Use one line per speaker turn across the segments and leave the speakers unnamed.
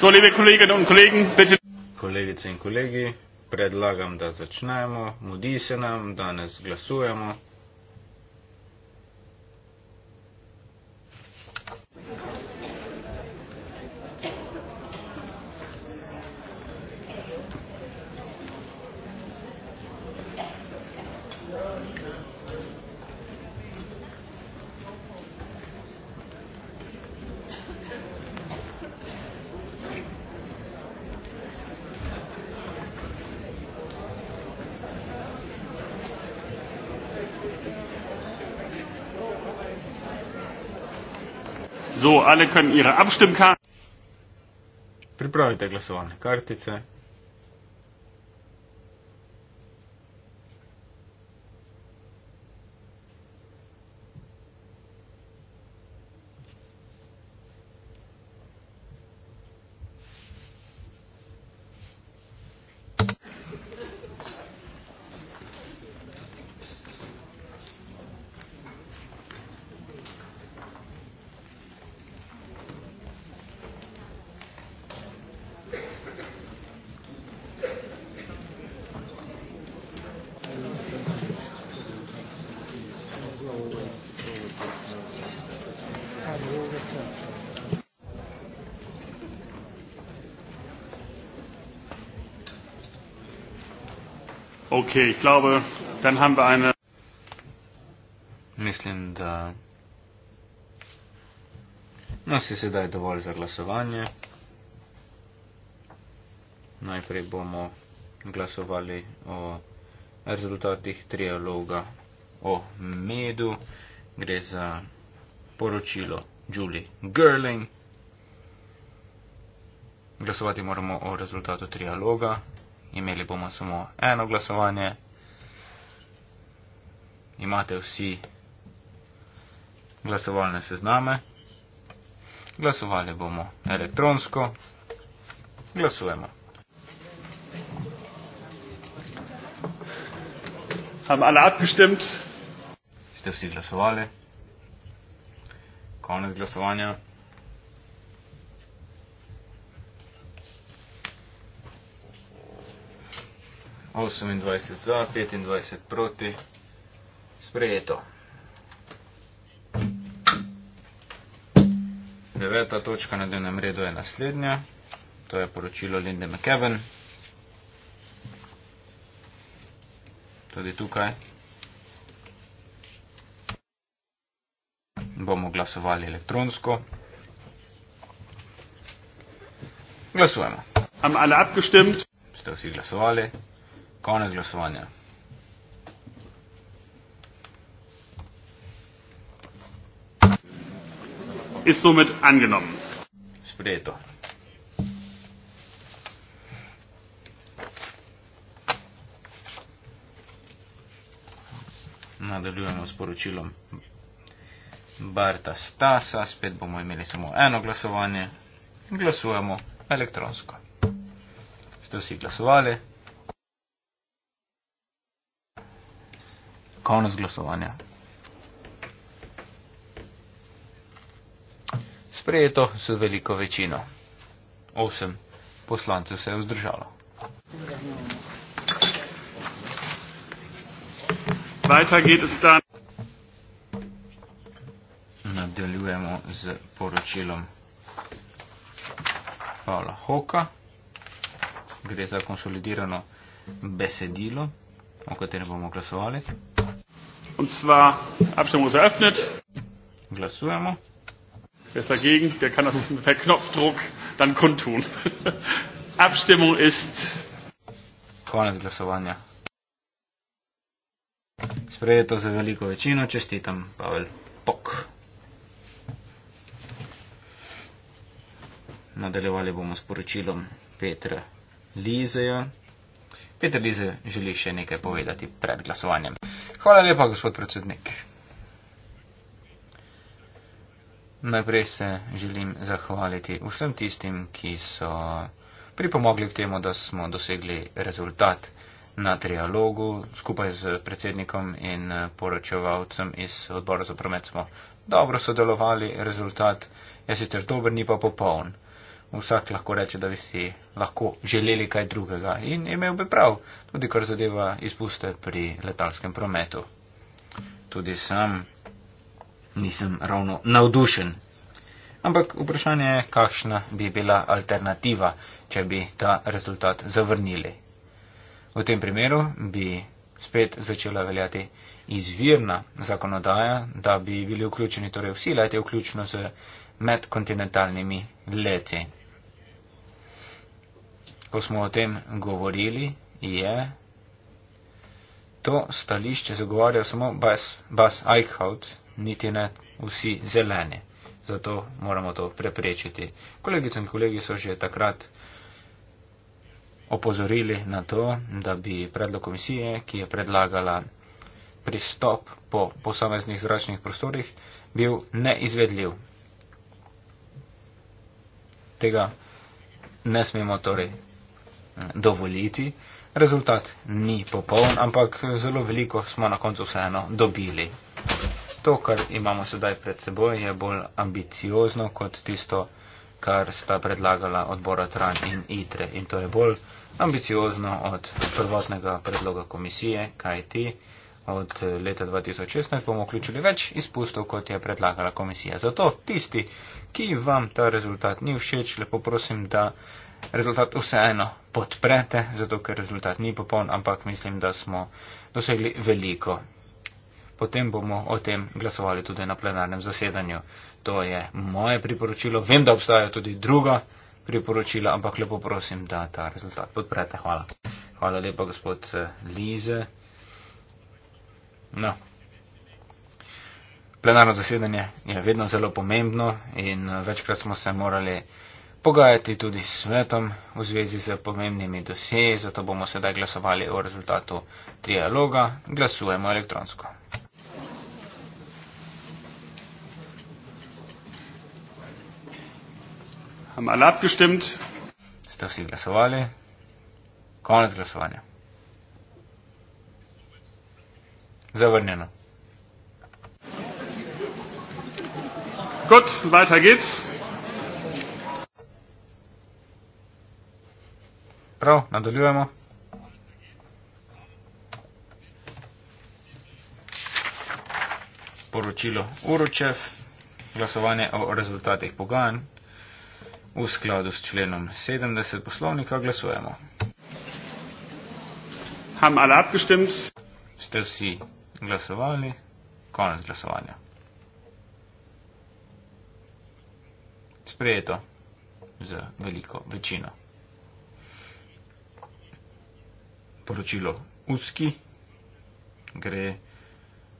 So, liebe Kolleginnen und Kollegen, bitte. Kolegice in kolegi, predlagam, da začnemo. Mudi se nam, danes glasujemo. alle können ihre Abstimmkarte. Pripravite glasovalne kartice,
Okay, ich glaube, dann haben wir eine.
Mislim, da nas je sedaj dovolj za glasovanje. Najprej bomo glasovali o rezultatih trialoga o medu. Gre za poročilo Julie Girling. Glasovati moramo o rezultatu trialoga imeli bomo samo eno glasovanje. Imate vsi glasovalne sezname. Glasovali bomo elektronsko. Glasujemo. Haben alle abgestimmt? Ste vsi glasovali? Konec glasovanja. 28 za, 25 proti, sprejeto. Deveta točka na dnevnem redu je naslednja, to je poročilo Linde McKeven. Tudi tukaj bomo glasovali elektronsko. Glasujemo. Ste vsi glasovali? Konec glasovanja. Sprejeto. Nadaljujemo s poročilom Barta Stasa. Spet bomo imeli samo eno glasovanje. Glasujemo elektronsko. Ste vsi glasovali? konec glasovanja. Sprejeto z veliko večino. Osem poslancev se je vzdržalo.
20.
Nadaljujemo z poročilom Pavla Hoka. Gre za konsolidirano besedilo, o katerem bomo glasovali. Und zwar
Abstimmung ist eröffnet. Glasuremo. Wer ist dagegen? Der kann das per Knopfdruck dann kundtun. Abstimmung ist.
Konec glasovanja. Sprejeto za veliko večino, čestitam, Pavel Pok. Nadaljevali bomo s poročilom Petra Lizeja. Peter Lize želi še nekaj povedati pred glasovanjem. Hvala lepa, gospod predsednik. Najprej se želim zahvaliti vsem tistim, ki so pripomogli k temu, da smo dosegli rezultat na trialogu skupaj z predsednikom in poročevalcem iz odbora za promet smo dobro sodelovali, rezultat je sicer dober, ni pa popoln vsak lahko reče, da bi si lahko želeli kaj drugega in imel bi prav, tudi kar zadeva izpuste pri letalskem prometu. Tudi sam nisem ravno navdušen. Ampak vprašanje je, kakšna bi bila alternativa, če bi ta rezultat zavrnili. V tem primeru bi spet začela veljati izvirna zakonodaja, da bi bili vključeni torej vsi leti, vključno z medkontinentalnimi leti ko smo o tem govorili, je to stališče zagovarjal samo Bas Eichhout, niti ne vsi zeleni. Zato moramo to preprečiti. Kolegice in kolegi so že takrat opozorili na to, da bi predlog komisije, ki je predlagala pristop po posameznih zračnih prostorih, bil neizvedljiv. Tega ne smemo torej dovoliti. Rezultat ni popoln, ampak zelo veliko smo na koncu vseeno dobili. To, kar imamo sedaj pred seboj, je bolj ambiciozno kot tisto, kar sta predlagala odbora Tran in ITRE. In to je bolj ambiciozno od prvotnega predloga komisije, kaj ti od eh, leta 2016 bomo vključili več izpustov, kot je predlagala komisija. Zato tisti, ki vam ta rezultat ni všeč, lepo prosim, da rezultat vseeno podprete, zato ker rezultat ni popoln, ampak mislim, da smo dosegli veliko. Potem bomo o tem glasovali tudi na plenarnem zasedanju. To je moje priporočilo. Vem, da obstajajo tudi druga priporočila, ampak lepo prosim, da ta rezultat podprete. Hvala. Hvala lepa, gospod eh, Lize. No. Plenarno zasedanje je vedno zelo pomembno in eh, večkrat smo se morali pogajati tudi s svetom v zvezi z pomembnimi doseji, zato bomo sedaj glasovali o rezultatu trialoga. Glasujemo elektronsko. Ste vsi glasovali? Konec glasovanja. zavrnjena.
Gut, weiter geht's.
Prav, nadaljujemo. Poročilo Uročev, glasovanje o rezultatih pogajanj. V skladu s členom 70 poslovnika glasujemo. Ste vsi glasovali, konec glasovanja. Sprejeto za veliko večino. Poročilo USKI gre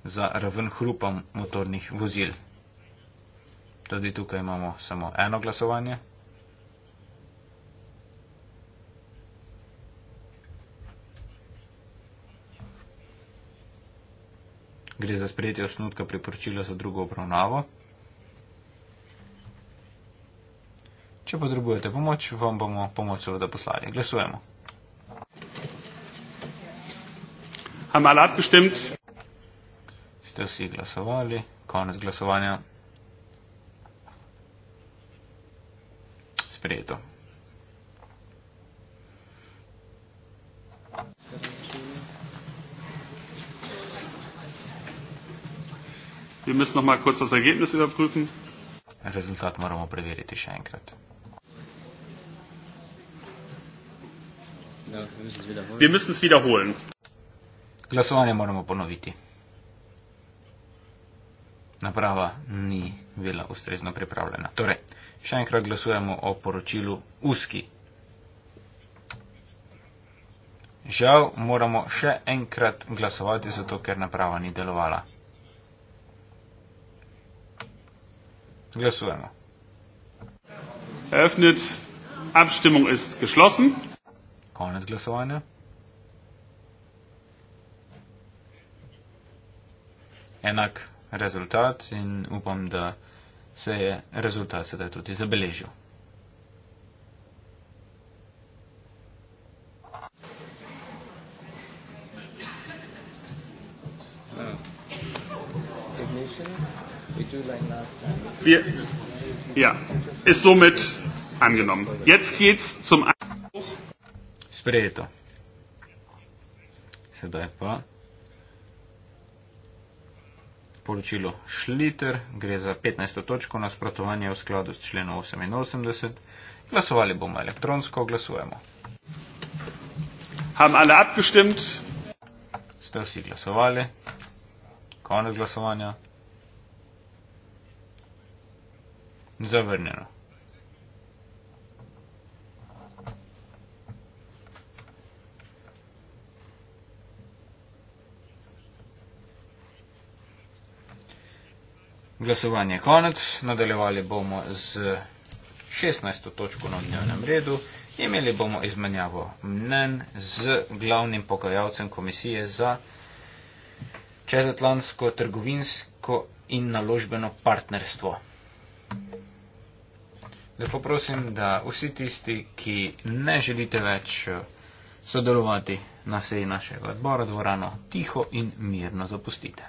za raven hrupa motornih vozil. Tudi tukaj imamo samo eno glasovanje. gre za sprejetje osnutka priporočila za drugo obravnavo. Če potrebujete pomoč, vam bomo pomoč seveda poslali. Glasujemo. Ste vsi glasovali? Konec glasovanja. Sprejeto. Wir müssen noch mal kurz das Ergebnis überprüfen. Resultat moramo preveriti še enkrat. Ja, wir müssen es wiederholen. Glasovanje moramo ponoviti. Naprava ni bila ustrezno pripravljena. Torej, še enkrat glasujemo o poročilu USKI. Žal moramo še enkrat glasovati, zato ker naprava ni delovala. Glasujemo. Eröffnet. Abstimmung ist geschlossen. Konec glasovanja. Enak rezultat in upam, da se je rezultat sedaj tudi zabeležil. Wir, ja, ist
somit angenommen. Jetzt geht's zum
Sprejeto. Sedaj pa poročilo Šliter, gre za 15. točko nasprotovanja v skladu s členom 88. Glasovali bomo elektronsko, glasujemo. Ham alle abgestimmt? Ste vsi glasovali? Konec glasovanja. zavrnjeno. Glasovanje konec, nadaljevali bomo z 16. točko na dnevnem redu, imeli bomo izmenjavo mnen z glavnim pogajalcem komisije za čezatlansko trgovinsko in naložbeno partnerstvo lepo prosim, da vsi tisti, ki ne želite več eh, sodelovati na seji našega odbora, dvorano tiho in mirno zapustite.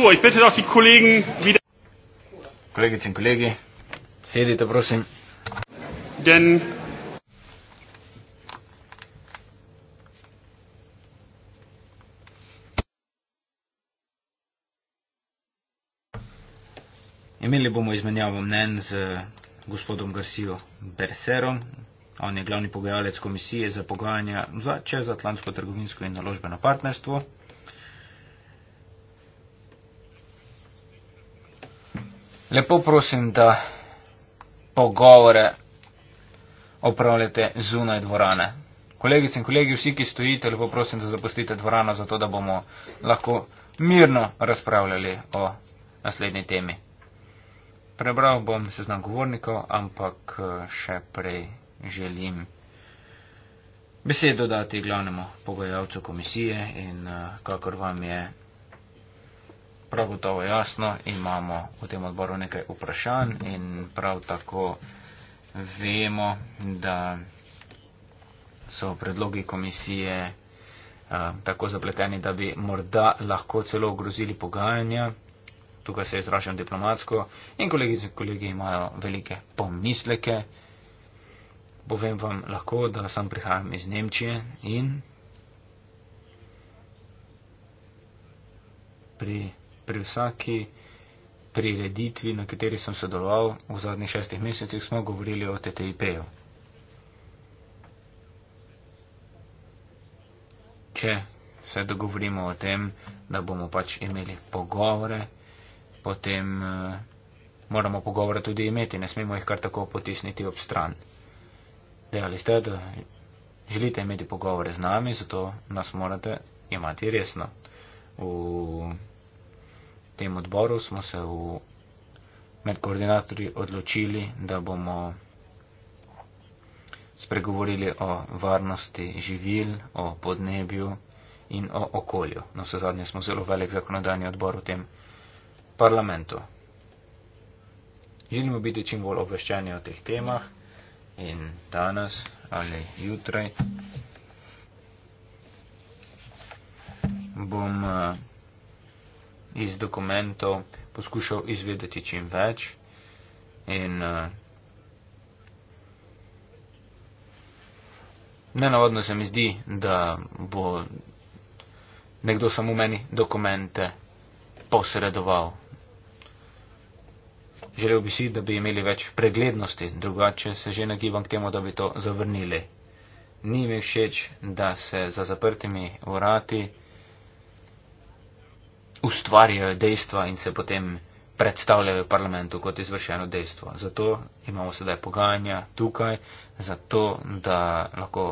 So, ich bitte doch die Kollegen wieder.
Kolleginnen und Kollegen, sedite, prosim. Denn. Imeli bomo izmenjavo mnen z gospodom Garcijo Berserom, on je glavni pogajalec komisije za pogajanja za čezatlantsko trgovinsko in naložbeno partnerstvo. lepo prosim, da pogovore opravljate zunaj dvorane. Kolegice in kolegi, vsi, ki stojite, lepo prosim, da zapustite dvorano, zato da bomo lahko mirno razpravljali o naslednji temi. Prebral bom seznam govornikov, ampak še prej želim besedo dati glavnemu pogojavcu komisije in kakor vam je prav gotovo jasno, imamo v tem odboru nekaj vprašanj in prav tako vemo, da so predlogi komisije uh, tako zapleteni, da bi morda lahko celo ogrozili pogajanja. Tukaj se izražam diplomatsko in kolegi in kolegi imajo velike pomisleke. Povem vam lahko, da sam prihajam iz Nemčije in pri pri vsaki prireditvi, na kateri sem sodeloval v zadnjih šestih mesecih, smo govorili o TTIP-ju. Če se dogovorimo o tem, da bomo pač imeli pogovore, potem uh, moramo pogovore tudi imeti, ne smemo jih kar tako potisniti ob stran. Dejali ste, da želite imeti pogovore z nami, zato nas morate imati resno. V tem odboru smo se v, med koordinatorji odločili, da bomo spregovorili o varnosti živil, o podnebju in o okolju. Na no, vse zadnje smo zelo velik zakonodajni odbor v tem parlamentu. Želimo biti čim bolj obveščeni o teh temah in danes ali jutraj bom. Uh, iz dokumentov poskušal izvedeti čim več in uh, nenavadno se mi zdi, da bo nekdo samo meni dokumente posredoval. Želel bi si, da bi imeli več preglednosti, drugače se že nagibam k temu, da bi to zavrnili. Ni mi všeč, da se za zaprtimi vrati ustvarjajo dejstva in se potem predstavljajo parlamentu kot izvršeno dejstvo. Zato imamo sedaj pogajanja tukaj, zato da lahko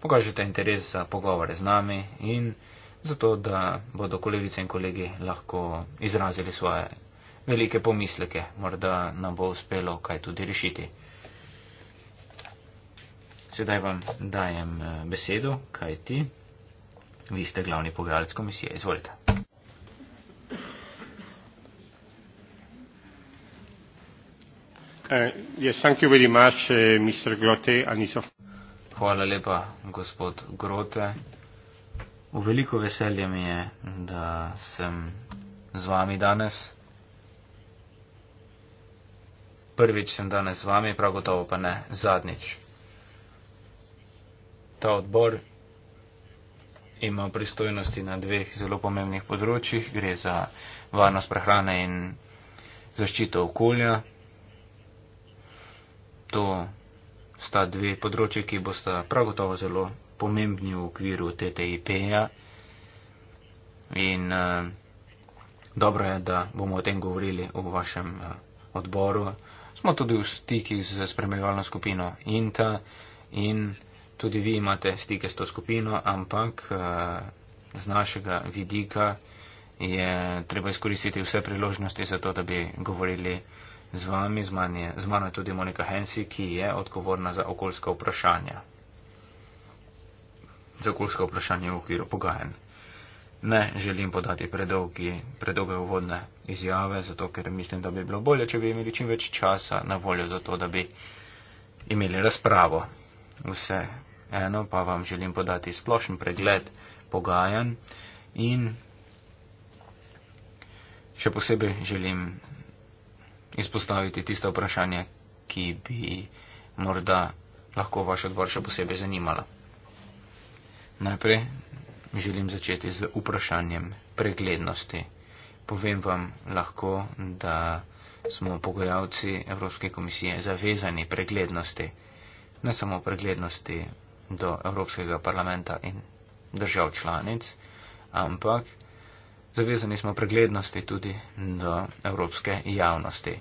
pokažete interes za pogovore z nami in zato da bodo kolegice in kolegi lahko izrazili svoje velike pomisleke, morda nam bo uspelo kaj tudi rešiti. Sedaj vam dajem eh, besedo, kaj ti. Vi ste glavni pogajalec komisije. Izvolite. Uh, uh, Hvala lepa, gospod Grote. V veliko veselje mi je, da sem z vami danes. Prvič sem danes z vami, prav gotovo pa ne zadnjič. Ta odbor ima pristojnosti na dveh zelo pomembnih področjih. Gre za varnost prehrane in zaščito okolja to sta dve področje, ki bosta prav gotovo zelo pomembni v okviru TTIP-ja. In uh, dobro je, da bomo o tem govorili v vašem uh, odboru. Smo tudi v stikih z spremljevalno skupino INTA in tudi vi imate stike s to skupino, ampak uh, z našega vidika. Uh, je treba izkoristiti vse priložnosti za to, da bi govorili z vami. Z, je, z mano je tudi Monika Hensi, ki je odgovorna za okoljska vprašanja. Za okoljska vprašanja v okviru pogajen. Ne želim podati predolgi, predolge uvodne izjave, zato ker mislim, da bi bilo bolje, če bi imeli čim več časa na voljo za to, da bi imeli razpravo. Vse eno pa vam želim podati splošen pregled pogajanj in Še posebej želim izpostaviti tiste vprašanje, ki bi morda lahko vaš odbor še posebej zanimala. Najprej želim začeti z vprašanjem preglednosti. Povem vam lahko, da smo pogojavci Evropske komisije zavezani preglednosti, ne samo preglednosti do Evropskega parlamenta in držav članic, ampak Zavezani smo preglednosti tudi do evropske javnosti.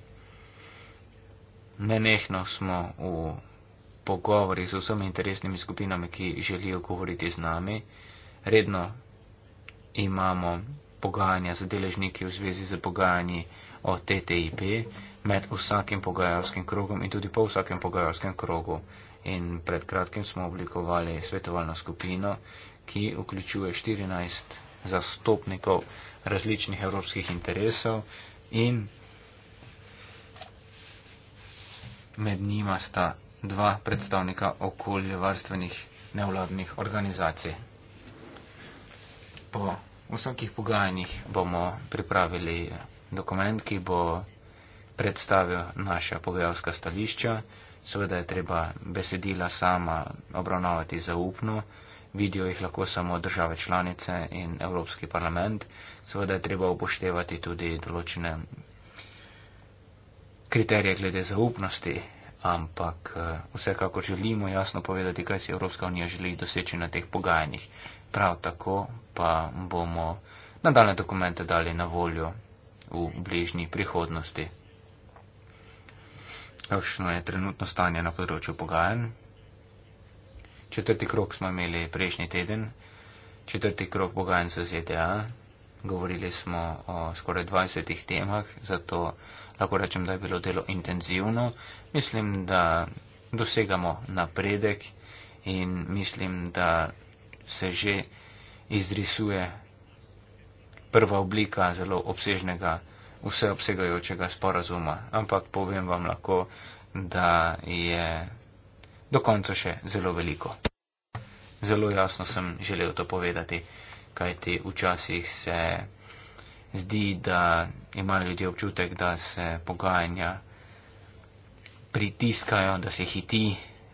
Nenehno smo v pogovori z vsemi interesnimi skupinami, ki želijo govoriti z nami. Redno imamo pogajanja z deležniki v zvezi z pogajanji o TTIP med vsakim pogajalskim krogom in tudi po vsakem pogajalskem krogu. In pred kratkim smo oblikovali svetovalno skupino, ki vključuje 14 zastopnikov različnih evropskih interesov in med njima sta dva predstavnika okoljevarstvenih nevladnih organizacij. Po vsakih pogajanjih bomo pripravili dokument, ki bo predstavil naša pogajalska stališča. Seveda je treba besedila sama obravnavati zaupno vidijo jih lahko samo države članice in Evropski parlament. Seveda je treba upoštevati tudi določene kriterije glede zaupnosti, ampak eh, vsekakor želimo jasno povedati, kaj si Evropska unija želi doseči na teh pogajanjih. Prav tako pa bomo nadaljne dokumente dali na voljo v bližnji prihodnosti. Kakšno je trenutno stanje na področju pogajanj? Četrti krok smo imeli prejšnji teden, četrti krok pogajanj z ZDA. Govorili smo o skoraj 20 temah, zato lahko rečem, da je bilo delo intenzivno. Mislim, da dosegamo napredek in mislim, da se že izrisuje prva oblika zelo obsežnega, vseobsegajočega sporazuma. Ampak povem vam lahko, da je do konca še zelo veliko. Zelo jasno sem želel to povedati, kajti včasih se zdi, da imajo ljudje občutek, da se pogajanja pritiskajo, da se hiti,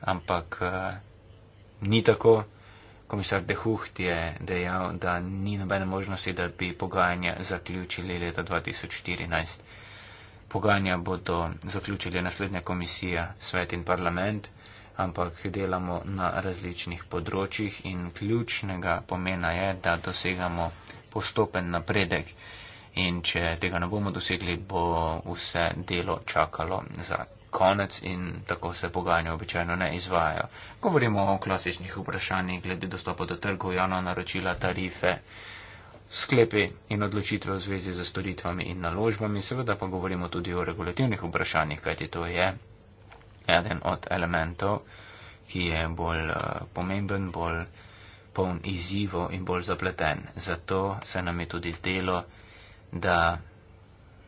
ampak uh, ni tako. Komisar De Hucht je dejal, da ni nobene možnosti, da bi pogajanja zaključili leta 2014. Pogajanja bodo zaključili naslednja komisija, svet in parlament. Uh, ampak delamo na različnih področjih in ključnega pomena je, da dosegamo postopen napredek. In če tega ne bomo dosegli, bo vse delo čakalo za konec in tako se pogajanja običajno ne izvajajo. Govorimo o klasičnih vprašanjih glede dostopa do trgu, javno naročila, tarife, sklepi in odločitve v zvezi z storitvami in naložbami, seveda pa govorimo tudi o regulativnih vprašanjih, kajti to je eden od elementov, ki je bolj uh, pomemben, bolj poln izzivo in bolj zapleten. Zato se nam je tudi zdelo, da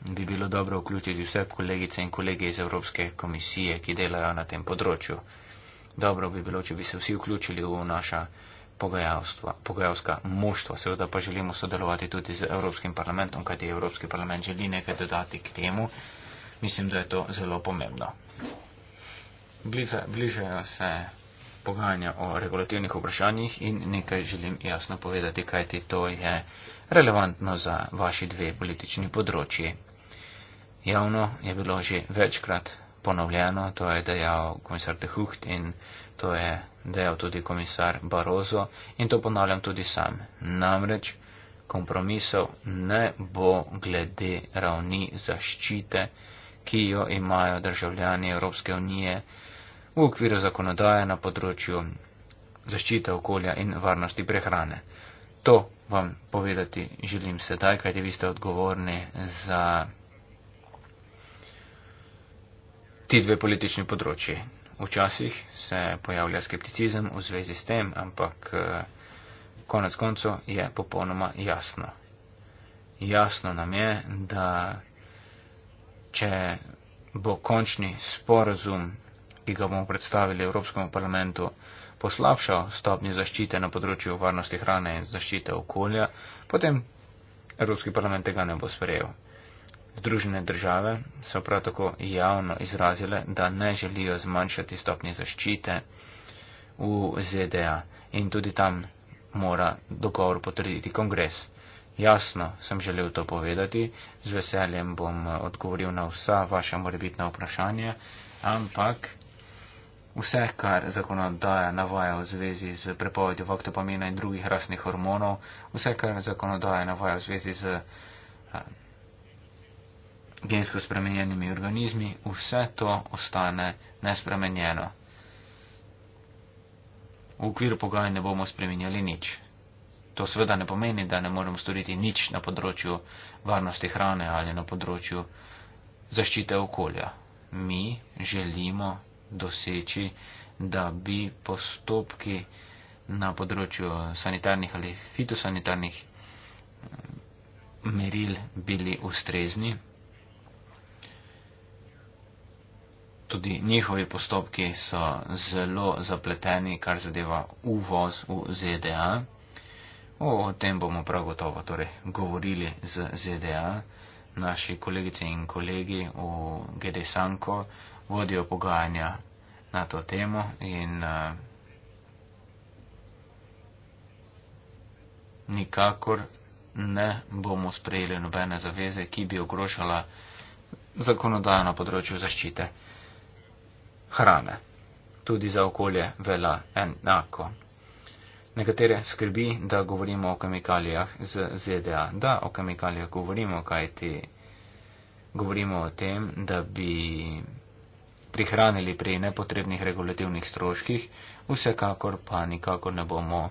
bi bilo dobro vključiti vse kolegice in kolege iz Evropske komisije, ki delajo na tem področju. Dobro bi bilo, če bi se vsi vključili v naša pogajalska moštva. Seveda pa želimo sodelovati tudi z Evropskim parlamentom, kajti Evropski parlament želi nekaj dodati k temu. Mislim, da je to zelo pomembno bliza, bližajo se pogajanja o regulativnih vprašanjih in nekaj želim jasno povedati, kaj ti to je relevantno za vaši dve politični področji. Javno je bilo že večkrat ponovljeno, to je dejal komisar De Hucht in to je dejal tudi komisar Barozo in to ponavljam tudi sam. Namreč kompromisov ne bo glede ravni zaščite, ki jo imajo državljani Evropske unije, v okviru zakonodaje na področju zaščite okolja in varnosti prehrane. To vam povedati želim sedaj, kajti vi ste odgovorni za ti dve politični področji. Včasih se pojavlja skepticizem v zvezi s tem, ampak eh, konec konco je popolnoma jasno. Jasno nam je, da če bo končni sporazum ki ga bomo predstavili Evropskemu parlamentu, poslabšal stopnjo zaščite na področju varnosti hrane in zaščite okolja, potem Evropski parlament tega ne bo sprejel. Združene države so prav tako javno izrazile, da ne želijo zmanjšati stopnje zaščite v ZDA in tudi tam mora dogovor potrditi kongres. Jasno sem želel to povedati, z veseljem bom odgovoril na vsa vaša morebitna vprašanja, ampak vse, kar zakonodaja navaja v zvezi z prepovedjo vaktopamina in drugih rasnih hormonov, vse, kar zakonodaja navaja v zvezi z eh, gensko spremenjenimi organizmi, vse to ostane nespremenjeno. V okviru pogajanj ne bomo spremenjali nič. To seveda ne pomeni, da ne moremo storiti nič na področju varnosti hrane ali na področju zaščite okolja. Mi želimo doseči, da bi postopki na področju sanitarnih ali fitosanitarnih eh, meril bili ustrezni. Tudi njihovi postopki so zelo zapleteni, kar zadeva uvoz v ZDA. O tem bomo prav gotovo torej, govorili z ZDA. Naši kolegice in kolegi v GD Sanko vodijo pogajanja na to temo in uh, nikakor ne bomo sprejeli nobene zaveze, ki bi ogrožala zakonodajo na področju zaščite hrane. Tudi za okolje vela enako. Nekatere skrbi, da govorimo o kemikalijah z ZDA. Da, o kemikalijah govorimo, kajti govorimo o tem, da bi prihranili pri nepotrebnih regulativnih stroških, vsekakor pa nikakor ne bomo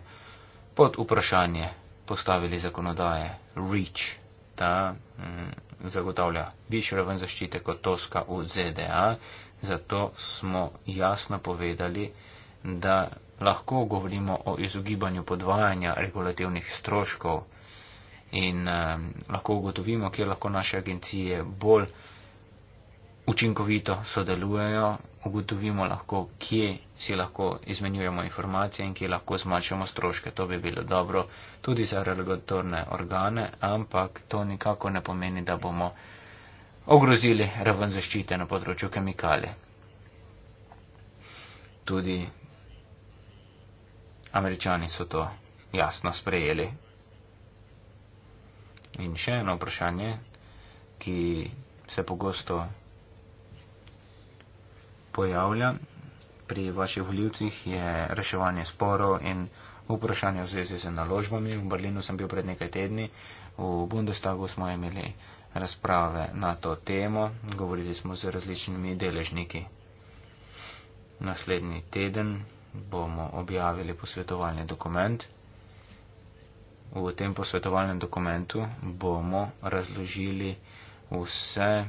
pod vprašanje postavili zakonodaje REACH, ta mm, zagotavlja višjo raven zaščite kot TOSKA v ZDA, zato smo jasno povedali, da lahko govorimo o izogibanju podvajanja regulativnih stroškov in eh, lahko ugotovimo, kje lahko naše agencije bolj eh, učinkovito sodelujejo, ugotovimo lahko, kje si lahko izmenjujemo informacije in kje lahko zmanjšamo stroške. To bi bilo dobro tudi za regulatorne organe, ampak to nikako ne pomeni, da bomo ogrozili raven zaščite na področju kemikalije. Tudi američani so to jasno sprejeli. In še eno vprašanje, ki se pogosto pojavlja pri vaših voljivcih, je reševanje sporov in vprašanje v zvezi z naložbami. V Berlinu sem bil pred nekaj tedni, v Bundestagu smo imeli razprave na to temo, govorili smo z različnimi deležniki. Naslednji teden bomo objavili posvetovalni dokument. V tem posvetovalnem dokumentu bomo razložili vse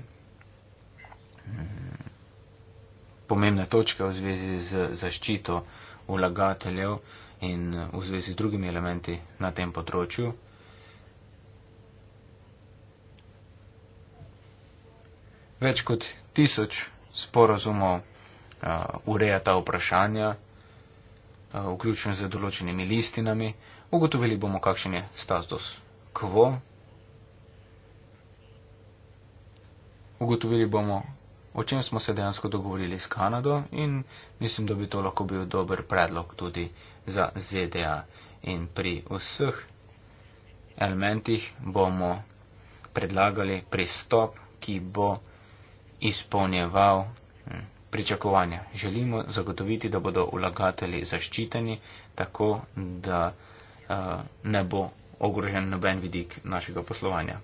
pomembne točke v zvezi z zaščito ulagateljev in v zvezi z drugimi elementi na tem področju. Več kot tisoč sporozumov ureja ta vprašanja, vključno z določenimi listinami. Ugotovili bomo, kakšen je status quo. Ugotovili bomo, o čem smo se dejansko dogovorili s Kanado in mislim, da bi to lahko bil dober predlog tudi za ZDA. In pri vseh elementih bomo predlagali pristop, ki bo izpolnjeval hm, pričakovanja. Želimo zagotoviti, da bodo vlagateli zaščiteni tako, da uh, ne bo ogrožen noben vidik našega poslovanja.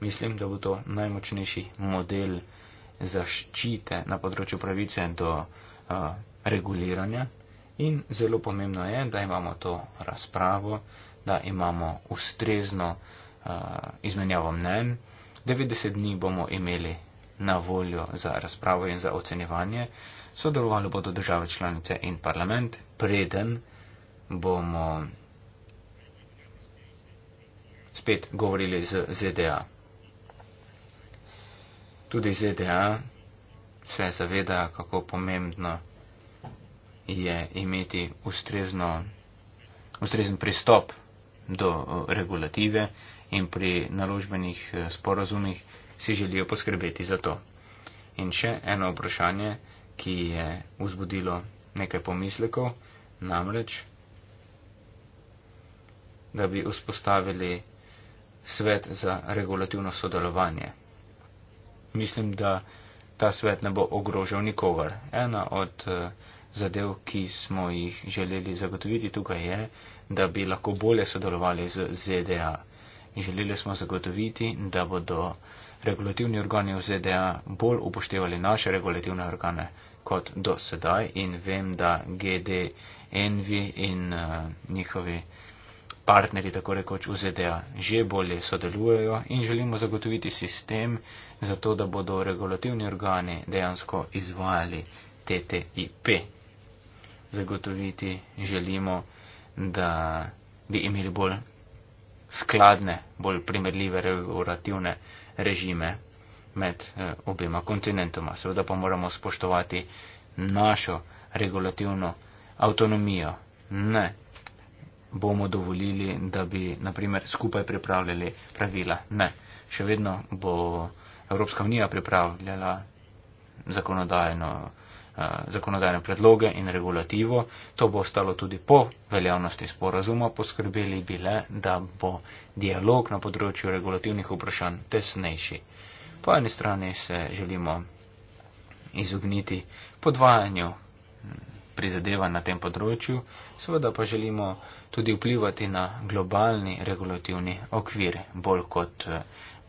Mislim, da bo to najmočnejši model zaščite na področju pravice do uh, reguliranja in zelo pomembno je, da imamo to razpravo, da imamo ustrezno uh, izmenjavo mnen. 90 dni bomo imeli na voljo za razpravo in za ocenjevanje. Sodelovali bodo države članice in parlament, preden bomo spet govorili z ZDA. Tudi ZDA se zaveda, kako pomembno je imeti ustrezno, ustrezen pristop do uh, regulative in pri naložbenih uh, sporozumih si želijo poskrbeti za to. In še eno vprašanje, ki je vzbudilo nekaj pomislekov, namreč, da bi vzpostavili svet za regulativno sodelovanje mislim, da ta svet ne bo ogrožal nikogar. Ena od eh, zadev, ki smo jih želeli zagotoviti tukaj, je, da bi lahko bolje sodelovali z ZDA. In želeli smo zagotoviti, da bodo regulativni organi v ZDA bolj upoštevali naše regulativne organe kot do sedaj. In vem, da GD, Envi in uh, njihovi partneri tako rekoč v ZDA že bolje sodelujejo in želimo zagotoviti sistem za to, da bodo regulativni organi dejansko izvajali TTIP. Zagotoviti želimo, da bi imeli bolj skladne, bolj primerljive regulativne režime med eh, obima kontinentoma. Seveda pa moramo spoštovati našo regulativno avtonomijo. Ne bomo dovolili, da bi naprimer skupaj pripravljali pravila. Ne, še vedno bo Evropska unija pripravljala zakonodajno, uh, zakonodajne predloge in regulativo. To bo ostalo tudi po veljavnosti sporazuma. Poskrbeli bi le, da bo dialog na področju regulativnih vprašanj tesnejši. Po eni strani se želimo izogniti podvajanju prizadeva na tem področju, seveda pa želimo tudi vplivati na globalni regulativni okvir, bolj kot eh,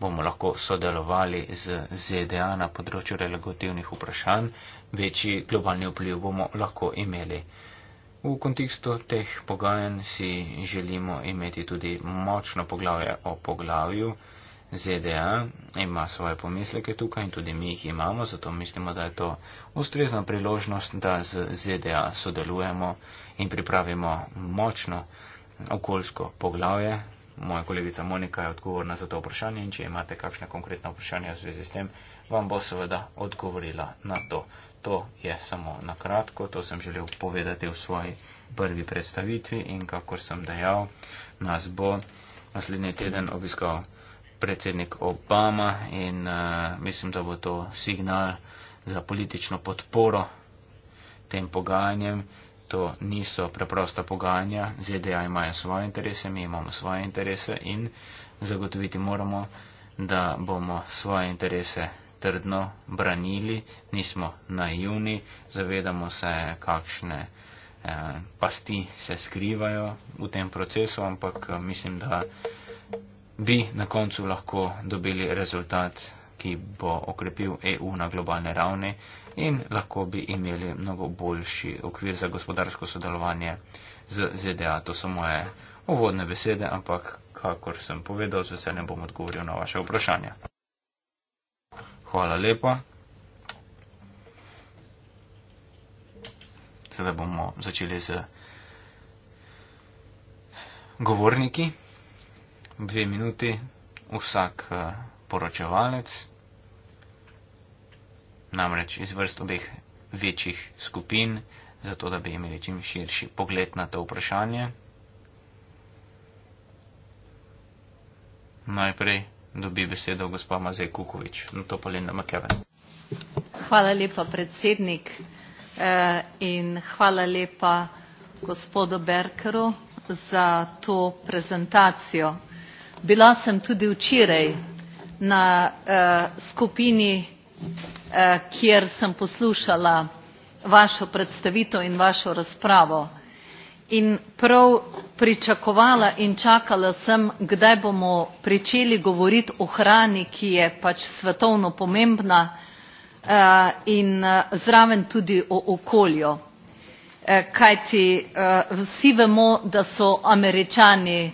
bomo lahko sodelovali z ZDA na področju regulativnih vprašanj, večji globalni vpliv bomo lahko imeli. V kontekstu teh pogajanj si želimo imeti tudi močno poglavje o poglavju, ZDA ima svoje pomisleke tukaj in tudi mi jih imamo, zato mislimo, da je to ustrezna priložnost, da z ZDA sodelujemo in pripravimo močno okoljsko poglavje. Moja kolegica Monika je odgovorna za to vprašanje in če imate kakšne konkretne vprašanja v zvezi s tem, vam bo seveda odgovorila na to. To je samo na kratko, to sem želel povedati v svoji prvi predstavitvi in kakor sem dejal, nas bo naslednji teden obiskal predsednik Obama in uh, mislim, da bo to signal za politično podporo tem pogajanjem. To niso preprosta pogajanja, ZDA imajo svoje interese, mi imamo svoje interese in zagotoviti moramo, da bomo svoje interese trdno branili, nismo na juni, zavedamo se, kakšne eh, pasti se skrivajo v tem procesu, ampak eh, mislim, da bi na koncu lahko dobili rezultat, ki bo okrepil EU na globalne ravni in lahko bi imeli mnogo boljši okvir za gospodarsko sodelovanje z ZDA. To so moje uvodne besede, ampak kakor sem povedal, z veseljem bom odgovoril na vaše vprašanja. Hvala lepa. Sedaj bomo začeli z govorniki dve minuti vsak eh, poročevalec, namreč iz vrst obeh večjih skupin, zato da bi imeli čim širši pogled na to vprašanje. Najprej dobi besedo gospa Mazej Kukovič, na to pa Linda McKeven.
Hvala lepa, predsednik, eh, in hvala lepa gospodu Berkeru za to prezentacijo bila sem tudi včeraj na eh, skupini eh, kjer sem poslušala vašo predstavitev in vašo razpravo in prav pričakovala in čakala sem kdaj bomo pričeli govoriti o hrani ki je pač svetovno pomembna eh, in zraven tudi o okolju kajti vsi vemo da so američani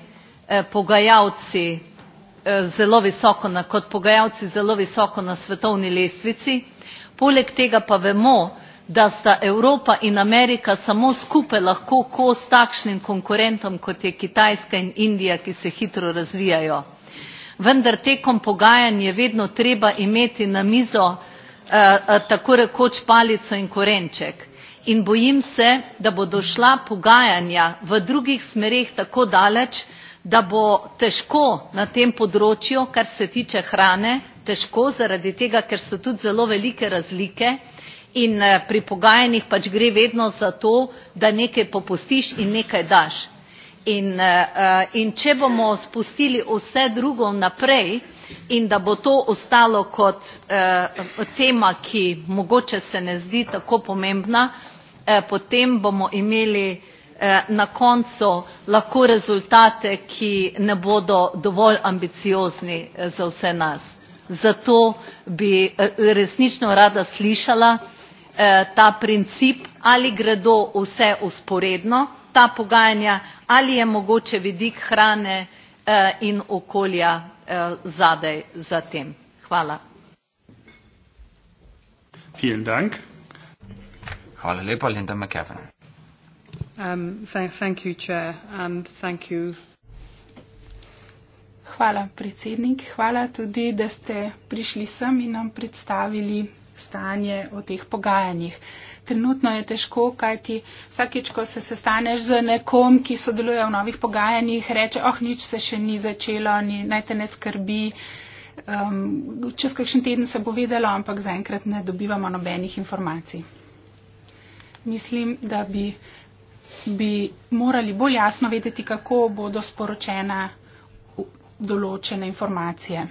Eh, pogajalci eh, zelo visoko kot pogajalci zelo visoko na svetovni lestvici poleg tega pa vemo da sta evropa in amerika samo skupaj lahko kos takšnim konkurentom kot je kitajska in indija ki se hitro razvijajo. vendar tekom pogajanj je vedno treba imeti na mizo eh, tako rekoč palico in korenček in bojim se da bodo šla pogajanja v drugih smereh tako daleč da bo težko na tem področju kar se tiče hrane težko zaradi tega ker so tudi zelo velike razlike in eh, pri pogajanjih pač gre vedno za to da nekaj popustiš in nekaj daš in, eh, eh, in če bomo spustili vse drugo naprej in da bo to ostalo kot eh, tema, ki mogoče se ne zdi tako pomembna, eh, potem bomo imeli Eh, na koncu lahko rezultate ki ne bodo dovolj ambiciozni eh, za vse nas. zato bi eh, resnično rada slišala ta princip ali gredo vse vzporedno ta pogajanja ali je mogoče vidik hrane in okolja zadaj za tem. Hvala.
Vielen Dank. Hvala lepa, Linda McEwen.
Um,
Hvala, predsednik. Hvala tudi, da ste prišli sem in nam predstavili stanje o teh pogajanjih. Trenutno je težko, kajti vsakeč, ko se sestaneš z nekom, ki sodeluje v novih pogajanjih, reče, oh, nič se še ni začelo, ni, naj te ne skrbi. Um, čez kakšen teden se bo vedelo, ampak zaenkrat ne dobivamo nobenih informacij. Mislim, da bi bi morali bolj jasno vedeti, kako bodo sporočena določene informacije.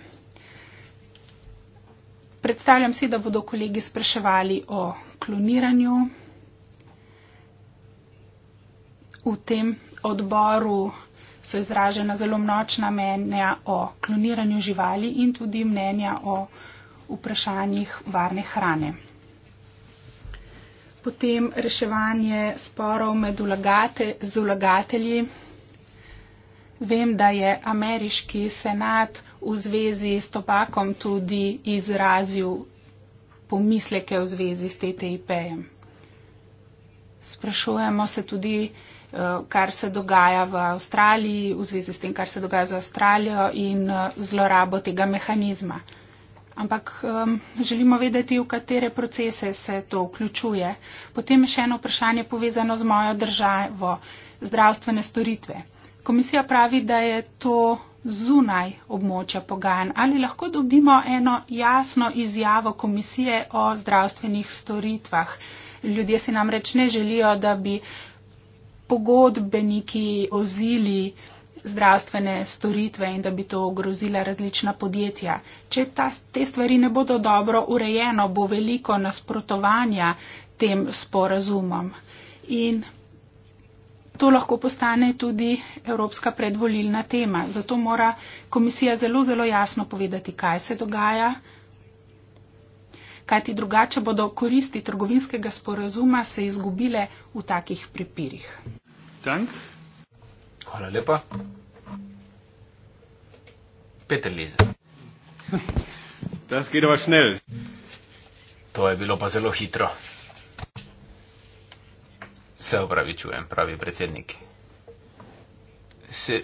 Predstavljam si, da bodo kolegi spraševali o kloniranju. V tem odboru so izražena zelo močna mnenja o kloniranju živali in tudi mnenja o vprašanjih varne hrane potem reševanje sporov med ulagate, z ulagatelji. Vem, da je ameriški senat v zvezi s topakom tudi izrazil pomisleke v zvezi s TTIP-jem. Sprašujemo se tudi, eh, kar se dogaja v Avstraliji, v zvezi s tem, kar se dogaja z Avstralijo in eh, zlorabo tega mehanizma ampak um, želimo vedeti, v katere procese se to vključuje. Potem je še eno vprašanje povezano z mojo državo, zdravstvene storitve. Komisija pravi, da je to zunaj območja pogajanj. Ali lahko dobimo eno jasno izjavo komisije o zdravstvenih storitvah? Ljudje si namreč ne želijo, da bi pogodbeniki ozili zdravstvene storitve in da bi to grozila različna podjetja. Če ta, te stvari ne bodo dobro urejeno, bo veliko nasprotovanja tem sporazumom. In to lahko postane tudi evropska predvolilna tema. Zato mora komisija zelo, zelo jasno povedati, kaj se dogaja. Kaj ti drugače bodo koristi trgovinskega sporazuma se izgubile v takih prepirih?
Dank. Hvala lepa. Peter Lize. Das geht aber schnell. To je bilo pa zelo hitro. Se opravičujem, pravi predsednik.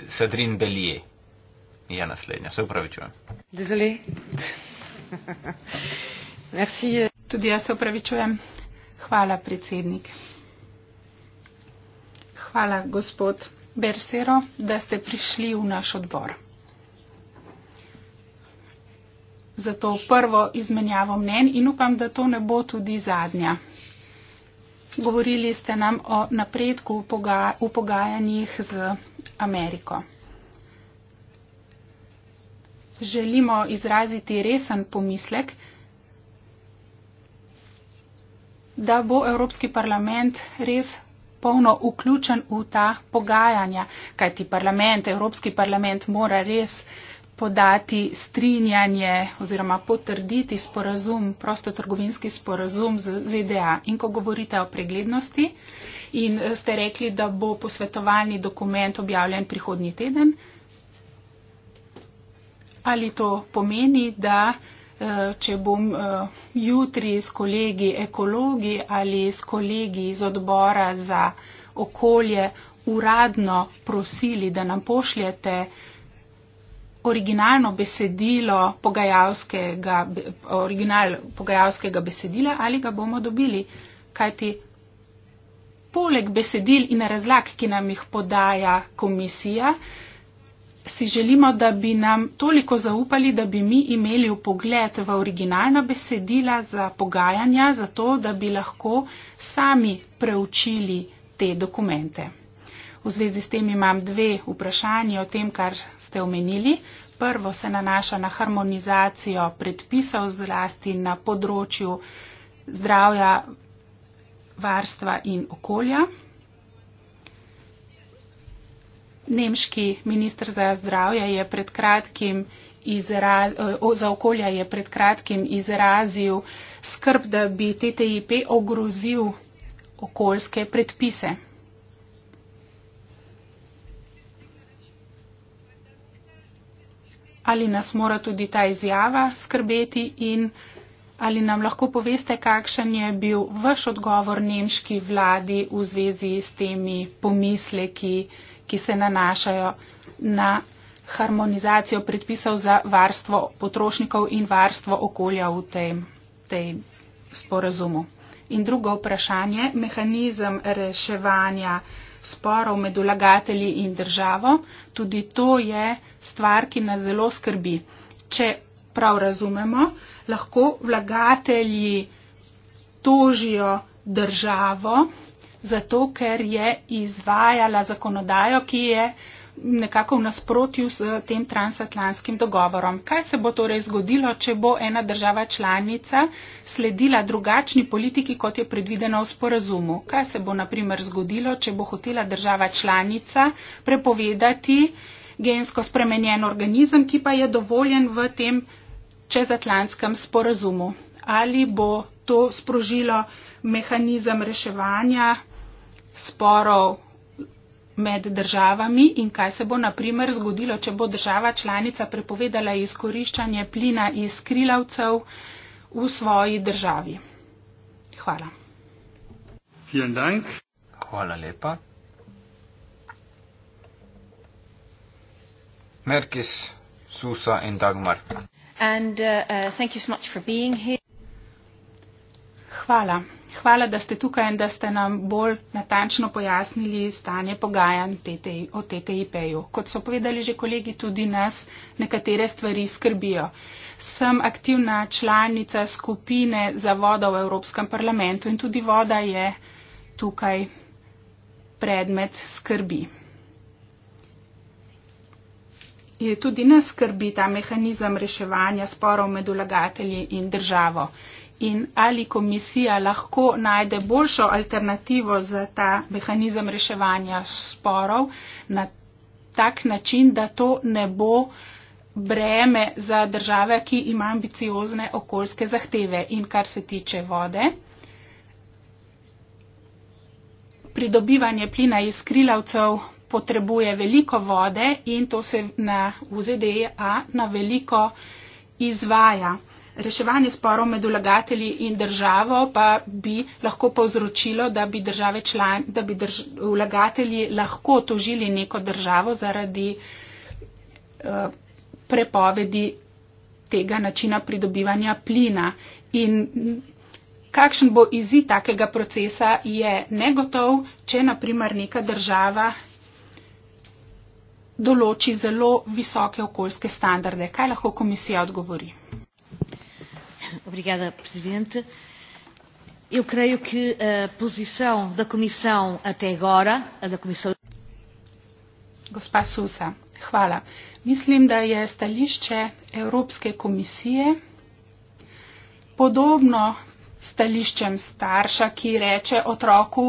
Sedrin Belije je naslednja. Se opravičujem.
Dezoli.
Merci. Tudi jaz se opravičujem. Hvala, predsednik. Hvala, gospod. Bersero, da ste prišli v naš odbor. Zato prvo izmenjavo mnen in upam, da to ne bo tudi zadnja. Govorili ste nam o napredku v, poga v pogajanjih z Ameriko. Želimo izraziti resen pomislek, da bo Evropski parlament res polno vključen v ta pogajanja, kajti parlament, Evropski parlament mora res podati strinjanje oziroma potrditi sporazum, prostotrgovinski sporazum z ZDA. In ko govorite o preglednosti in ste rekli, da bo posvetovalni dokument objavljen prihodnji teden, ali to pomeni, da Eh, če bom eh, jutri s kolegi ekologi ali s kolegi iz odbora za okolje uradno prosili, da nam pošljete originalno besedilo pogajalskega, original pogajalskega besedila ali ga bomo dobili. Kajti poleg besedil in razlag, ki nam jih podaja komisija, si želimo, da bi nam toliko zaupali, da bi mi imeli upogled v originalna besedila za pogajanja, zato da bi lahko sami preučili te dokumente. V zvezi s tem imam dve vprašanje o tem, kar ste omenili. Prvo se nanaša na harmonizacijo predpisov zlasti na področju zdravja, varstva in okolja. Nemški ministr za zdravje je pred kratkim Izraz, eh, za okolje je pred kratkim izrazil skrb, da bi TTIP ogrozil okoljske predpise. Ali nas mora tudi ta izjava skrbeti in ali nam lahko poveste, kakšen je bil vaš odgovor nemški vladi v zvezi s temi pomisleki, ki se nanašajo na harmonizacijo predpisov za varstvo potrošnikov in varstvo okolja v tem, tem sporazumu. In drugo vprašanje, mehanizem reševanja sporov med ulagatelji in državo, tudi to je stvar, ki nas zelo skrbi. Če prav razumemo, lahko vlagatelji tožijo državo zato ker je izvajala zakonodajo, ki je nekako v nasprotju s tem transatlantskim dogovorom. Kaj se bo torej zgodilo, če bo ena država članica sledila drugačni politiki, kot je predvideno v sporazumu? Kaj se bo naprimer zgodilo, če bo hotela država članica prepovedati gensko spremenjen organizem, ki pa je dovoljen v tem čezatlantskem sporazumu? Ali bo to sprožilo mehanizem reševanja sporov med državami in kaj se bo naprimer zgodilo, če bo država članica prepovedala izkoriščanje plina iz krilavcev v svoji državi. Hvala.
Hvala lepa. Merkis, Susa in Dagmar.
And, uh,
uh, Hvala, Hvala, da ste tukaj in da ste nam bolj natančno pojasnili stanje pogajanj o TTIP-ju. Kot so povedali že kolegi, tudi nas nekatere stvari skrbijo. Sem aktivna članica skupine za vodo v Evropskem parlamentu in tudi voda je tukaj predmet skrbi. Je tudi nas skrbi ta mehanizem reševanja sporov med ulagatelji in državo in ali komisija lahko najde boljšo alternativo za ta mehanizem reševanja sporov na tak način, da to ne bo breme za države, ki ima ambiciozne okoljske zahteve. In kar se tiče vode, pridobivanje plina iz krilavcev potrebuje veliko vode in to se na UZDA e na veliko izvaja reševanje sporov med vlagatelji in državo pa bi lahko povzročilo, da bi, član, da bi drž, vlagatelji lahko tožili neko državo zaradi eh, prepovedi tega načina pridobivanja plina. In kakšen bo izid takega procesa je negotov, če naprimer neka država določi zelo visoke okoljske standarde. Kaj lahko komisija odgovori?
Obrigada, Presidente. Eu creio que a posição da Comissão até agora, a da Comissão. Gospa Susa, hvala.
Mislim, da je stališče Evropske komisije podobno stališčem starša, ki reče otroku,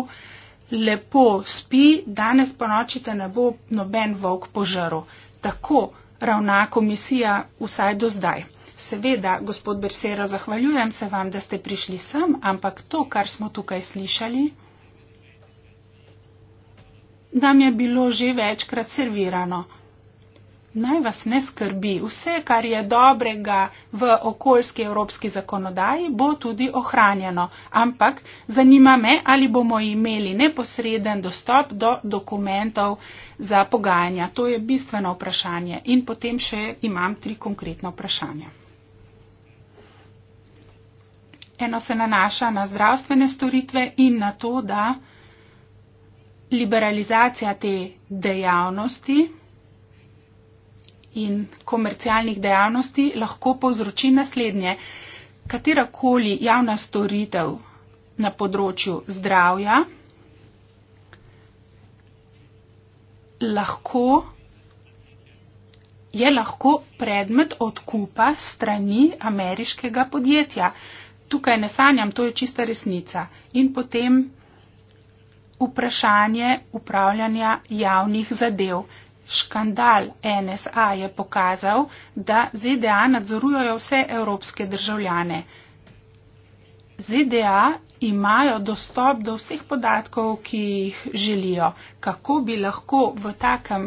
lepo spi, danes po noči te ne bo noben volk požaru. Tako ravna komisija vsaj do zdaj. Seveda, gospod Bersero, zahvaljujem se vam, da ste prišli sem, ampak to, kar smo tukaj slišali, nam je bilo že večkrat servirano. Naj vas ne skrbi, vse, kar je dobrega v okoljski evropski zakonodaji, bo tudi ohranjeno. Ampak zanima me, ali bomo imeli neposreden dostop do dokumentov za pogajanja. To je bistveno vprašanje. In potem še imam tri konkretna vprašanja. Eno se nanaša na zdravstvene storitve in na to, da liberalizacija te dejavnosti in komercialnih dejavnosti lahko povzroči naslednje. Katerakoli javna storitev na področju zdravja lahko, je lahko predmet odkupa strani ameriškega podjetja tukaj ne sanjam, to je čista resnica. In potem vprašanje upravljanja javnih zadev. Škandal NSA je pokazal, da ZDA nadzorujejo vse evropske državljane. ZDA imajo dostop do vseh podatkov, ki jih želijo. Kako bi lahko v takem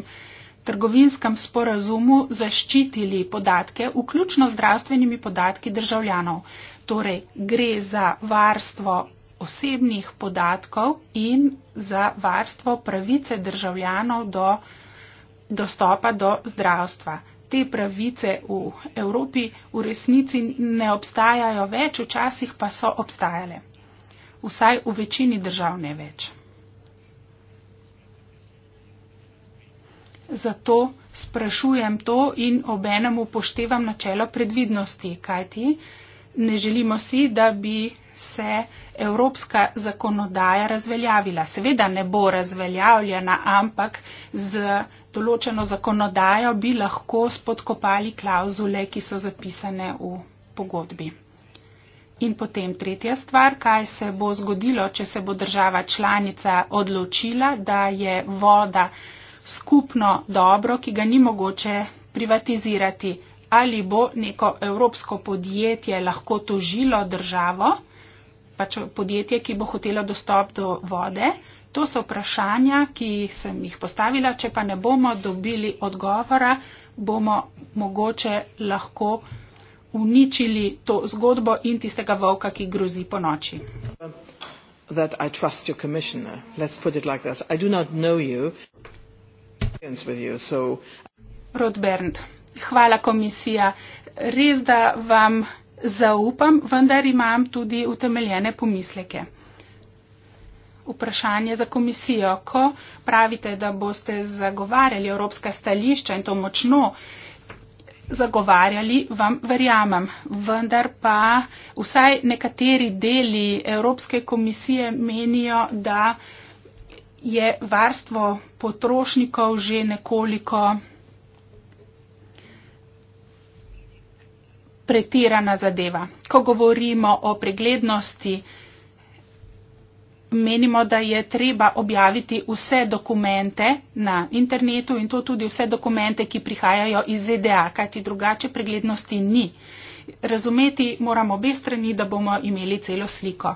trgovinskem sporazumu zaščitili podatke, vključno zdravstvenimi podatki državljanov? Torej gre za varstvo osebnih podatkov in za varstvo pravice državljanov do dostopa do zdravstva. Te pravice v Evropi v resnici ne obstajajo več, včasih pa so obstajale. Vsaj v večini držav ne več. Zato sprašujem to in obenem upoštevam načelo predvidnosti, kajti ne želimo si, da bi se evropska zakonodaja razveljavila. Seveda ne bo razveljavljena, ampak z določeno zakonodajo bi lahko spodkopali klauzule, ki so zapisane v pogodbi. In potem tretja stvar, kaj se bo zgodilo, če se bo država članica odločila, da je voda skupno dobro, ki ga ni mogoče privatizirati ali bo neko evropsko podjetje lahko tožilo državo, pač podjetje, ki bo hotelo dostop do vode. To so vprašanja, ki sem jih postavila. Če pa ne bomo dobili odgovora, bomo mogoče lahko uničili to zgodbo in tistega volka, ki grozi po noči.
That I trust your commissioner. Let's put it like this. I do not know you. With you so. Rod
Bernd. Hvala, komisija. Res, da vam zaupam, vendar imam tudi utemeljene pomisleke. Vprašanje za komisijo. Ko pravite, da boste zagovarjali evropska stališča in to močno zagovarjali, vam verjamem. Vendar pa vsaj nekateri deli Evropske komisije menijo, da je varstvo potrošnikov že nekoliko pretirana zadeva. Ko govorimo o preglednosti, menimo, da je treba objaviti vse dokumente na internetu in to tudi vse dokumente, ki prihajajo iz ZDA, kajti drugače preglednosti ni. Razumeti moramo obe strani, da bomo imeli celo sliko.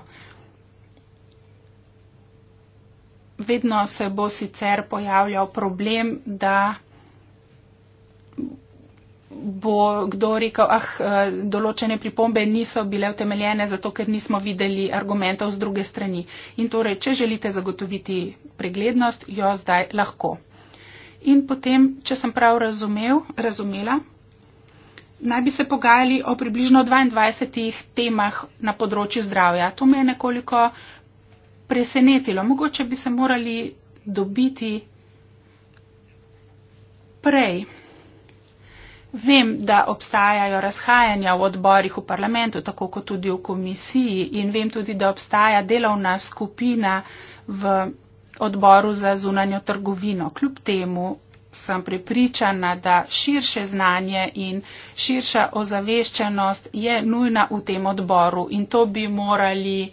Vedno se bo sicer pojavljal problem, da bo kdo rekel, ah, eh, določene pripombe niso bile utemeljene, zato ker nismo videli argumentov z druge strani. In torej, če želite zagotoviti preglednost, jo zdaj lahko. In potem, če sem prav razumel, razumela, naj bi se pogajali o približno 22 temah na področju zdravja. To me je nekoliko presenetilo. Mogoče bi se morali dobiti prej. Vem, da obstajajo razhajanja v odborih v parlamentu, tako kot tudi v komisiji in vem tudi, da obstaja delovna skupina v odboru za zunanjo trgovino. Kljub temu sem prepričana, da širše znanje in širša ozaveščenost je nujna v tem odboru in to bi morali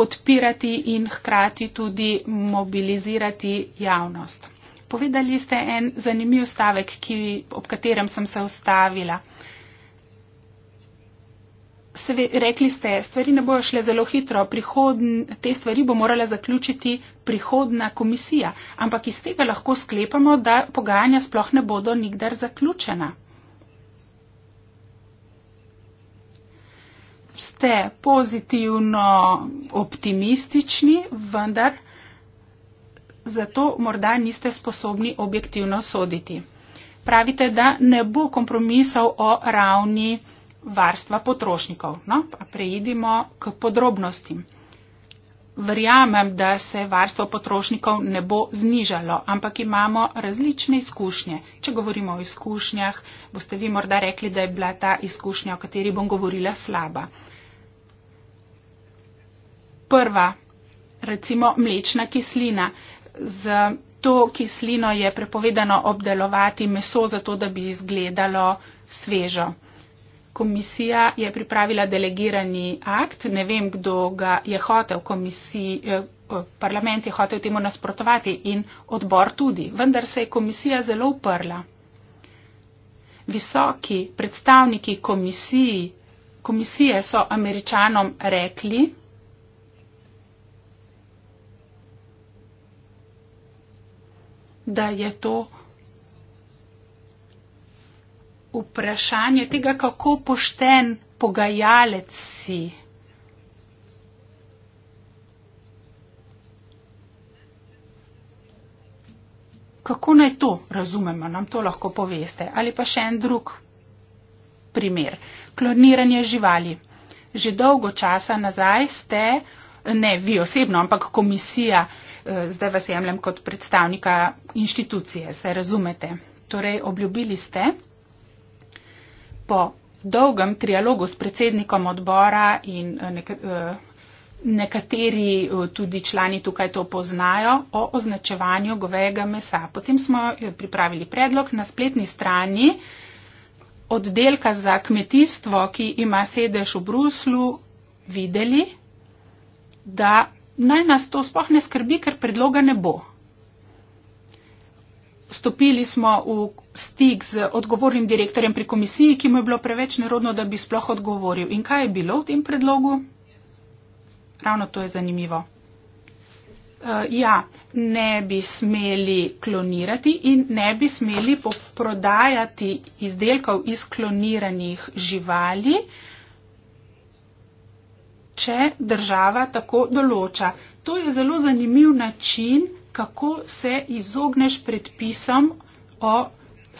podpirati in hkrati tudi mobilizirati javnost. Povedali ste en zanimiv stavek, ki, ob katerem sem se ustavila. Sve, rekli ste, stvari ne bojo šle zelo hitro, prihodn, te stvari bo morala zaključiti prihodna komisija, ampak iz tega lahko sklepamo, da pogajanja sploh ne bodo nikdar zaključena. Ste pozitivno optimistični, vendar zato morda niste sposobni objektivno soditi. Pravite, da ne bo kompromisov o ravni varstva potrošnikov. No, pa preidimo k podrobnostim. Verjamem, da se varstvo potrošnikov ne bo znižalo, ampak imamo različne izkušnje. Če govorimo o izkušnjah, boste vi morda rekli, da je bila ta izkušnja, o kateri bom govorila, slaba. Prva, recimo mlečna kislina z to kislino je prepovedano obdelovati meso, zato da bi izgledalo svežo. Komisija je pripravila delegirani akt, ne vem, kdo ga je hotel, komisij, eh, parlament je hotel temu nasprotovati in odbor tudi, vendar se je komisija zelo uprla. Visoki predstavniki komisiji, komisije so američanom rekli, da je to vprašanje tega, kako pošten pogajalec si. Kako naj to razumemo, nam to lahko poveste. Ali pa še en drug primer. Kloniranje živali. Že dolgo časa nazaj ste, ne vi osebno, ampak komisija, uh, Eh, zdaj vas jemljem kot predstavnika inštitucije, se razumete. Torej, obljubili ste po dolgem trialogu s predsednikom odbora in eh, eh, nekateri tudi člani tukaj to poznajo o označevanju govejega mesa. Potem smo pripravili predlog na spletni strani oddelka za kmetijstvo, ki ima sedež v Bruslu, videli, da naj nas to sploh ne skrbi, ker predloga ne bo. Stopili smo v stik z odgovornim direktorjem pri komisiji, ki mu je bilo preveč nerodno, da bi sploh odgovoril. In kaj je bilo v tem predlogu? Ravno to je zanimivo. Uh, ja, ne bi smeli klonirati in ne bi smeli poprodajati izdelkov iz kloniranih živali. Uh, če država tako določa. To je zelo zanimiv način, kako se izogneš predpisom o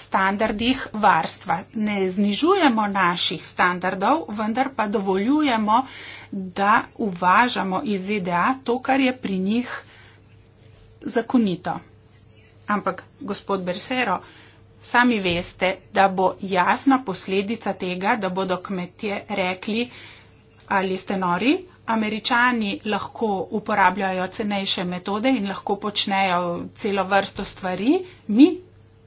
standardih varstva. Ne znižujemo naših standardov, vendar pa dovoljujemo, da uvažamo iz ZDA to, kar je pri njih zakonito. Ampak, gospod Bersero, sami veste, da bo jasna posledica tega, da bodo kmetje rekli, ali ste nori. Američani lahko uporabljajo cenejše metode in lahko počnejo celo vrsto stvari. Mi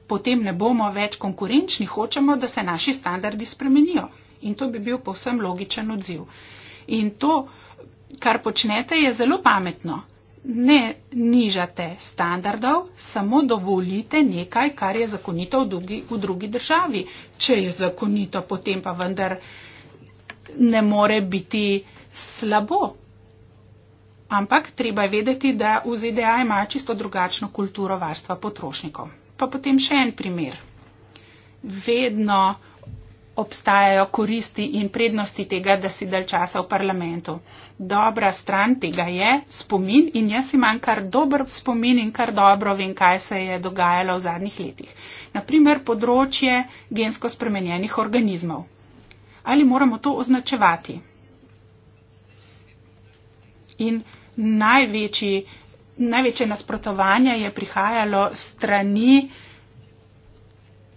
potem ne bomo več konkurenčni, hočemo, da se naši standardi spremenijo. In to bi bil povsem logičen odziv. In to, kar počnete, je zelo pametno. Ne nižate standardov, samo dovolite nekaj, kar je zakonito v drugi, v drugi državi. Če je zakonito, potem pa vendar ne more biti slabo. Ampak treba je vedeti, da v ZDA ima čisto drugačno kulturo varstva potrošnikov. Pa potem še en primer. Vedno obstajajo koristi in prednosti tega, da si dal časa v parlamentu. Dobra stran tega je spomin in jaz imam kar dober spomin in kar dobro vem, kaj se je dogajalo v zadnjih letih. Naprimer področje gensko spremenjenih organizmov ali moramo to označevati. In največji, največje nasprotovanje je prihajalo strani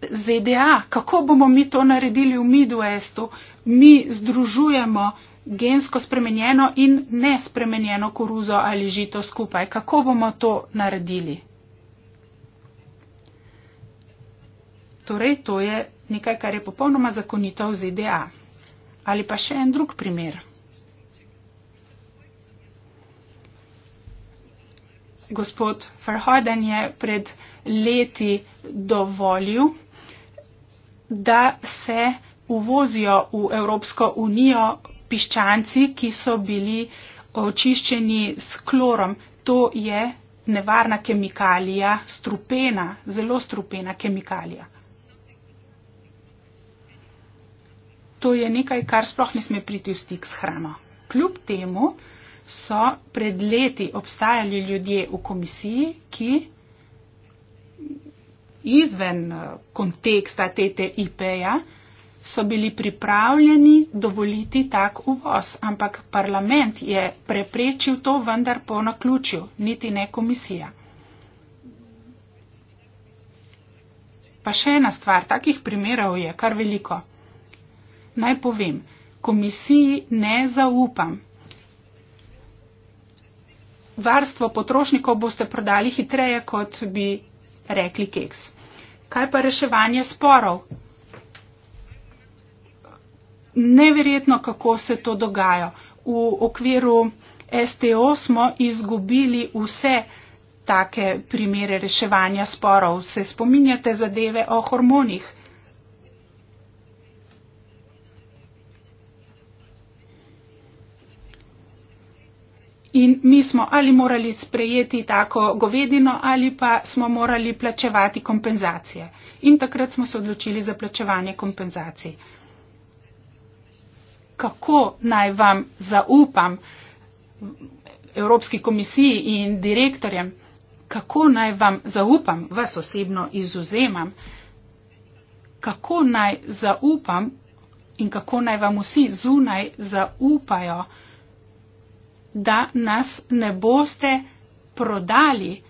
ZDA. Kako bomo mi to naredili v Midwestu? Mi združujemo gensko spremenjeno in nespremenjeno koruzo ali žito skupaj. Kako bomo to naredili? Torej, to je nekaj, kar je popolnoma zakonito v ZDA. Ali pa še en drug primer. Gospod Verhoeven je pred leti dovolil, da se uvozijo v Evropsko unijo piščanci, ki so bili očiščeni s klorom. To je nevarna kemikalija, strupena, zelo strupena kemikalija. to je nekaj, kar sploh ne sme priti v stik s hrano. Kljub temu so pred leti obstajali ljudje v komisiji, ki izven eh, konteksta TTIP-ja so bili pripravljeni dovoliti tak uvoz, ampak parlament je preprečil to vendar po naključju, niti ne komisija. Pa še ena stvar, takih primerov je kar veliko naj povem, komisiji ne zaupam. Varstvo potrošnikov boste prodali hitreje, kot bi rekli keks. Kaj pa reševanje sporov? Neverjetno, kako se to dogaja. V okviru STO smo izgubili vse take primere reševanja sporov. Se spominjate zadeve o hormonih? In mi smo ali morali sprejeti tako govedino ali pa smo morali plačevati kompenzacije. In takrat smo se odločili za plačevanje kompenzacij. Kako naj vam zaupam, Evropski komisiji in direktorjem, kako naj vam zaupam, vas osebno izuzemam, kako naj zaupam in kako naj vam vsi zunaj zaupajo, da nas ne boste prodali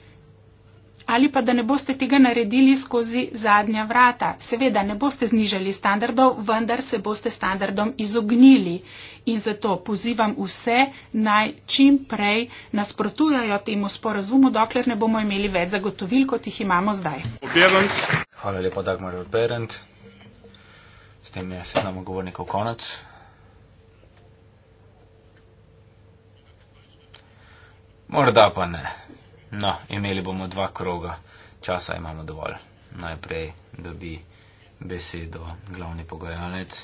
ali pa da ne boste tega naredili skozi zadnja vrata. Seveda ne boste znižali standardov, vendar se boste standardom izognili. In zato pozivam vse naj čim prej nasprotujajo temu sporazumu, dokler ne bomo imeli več zagotovil, kot jih imamo zdaj.
Hvala lepa, Dagmar Berend. S tem je seznam govornikov konec. Morda pa ne. No, imeli bomo dva kroga, časa imamo dovolj. Najprej dobi besedo glavni pogajalec,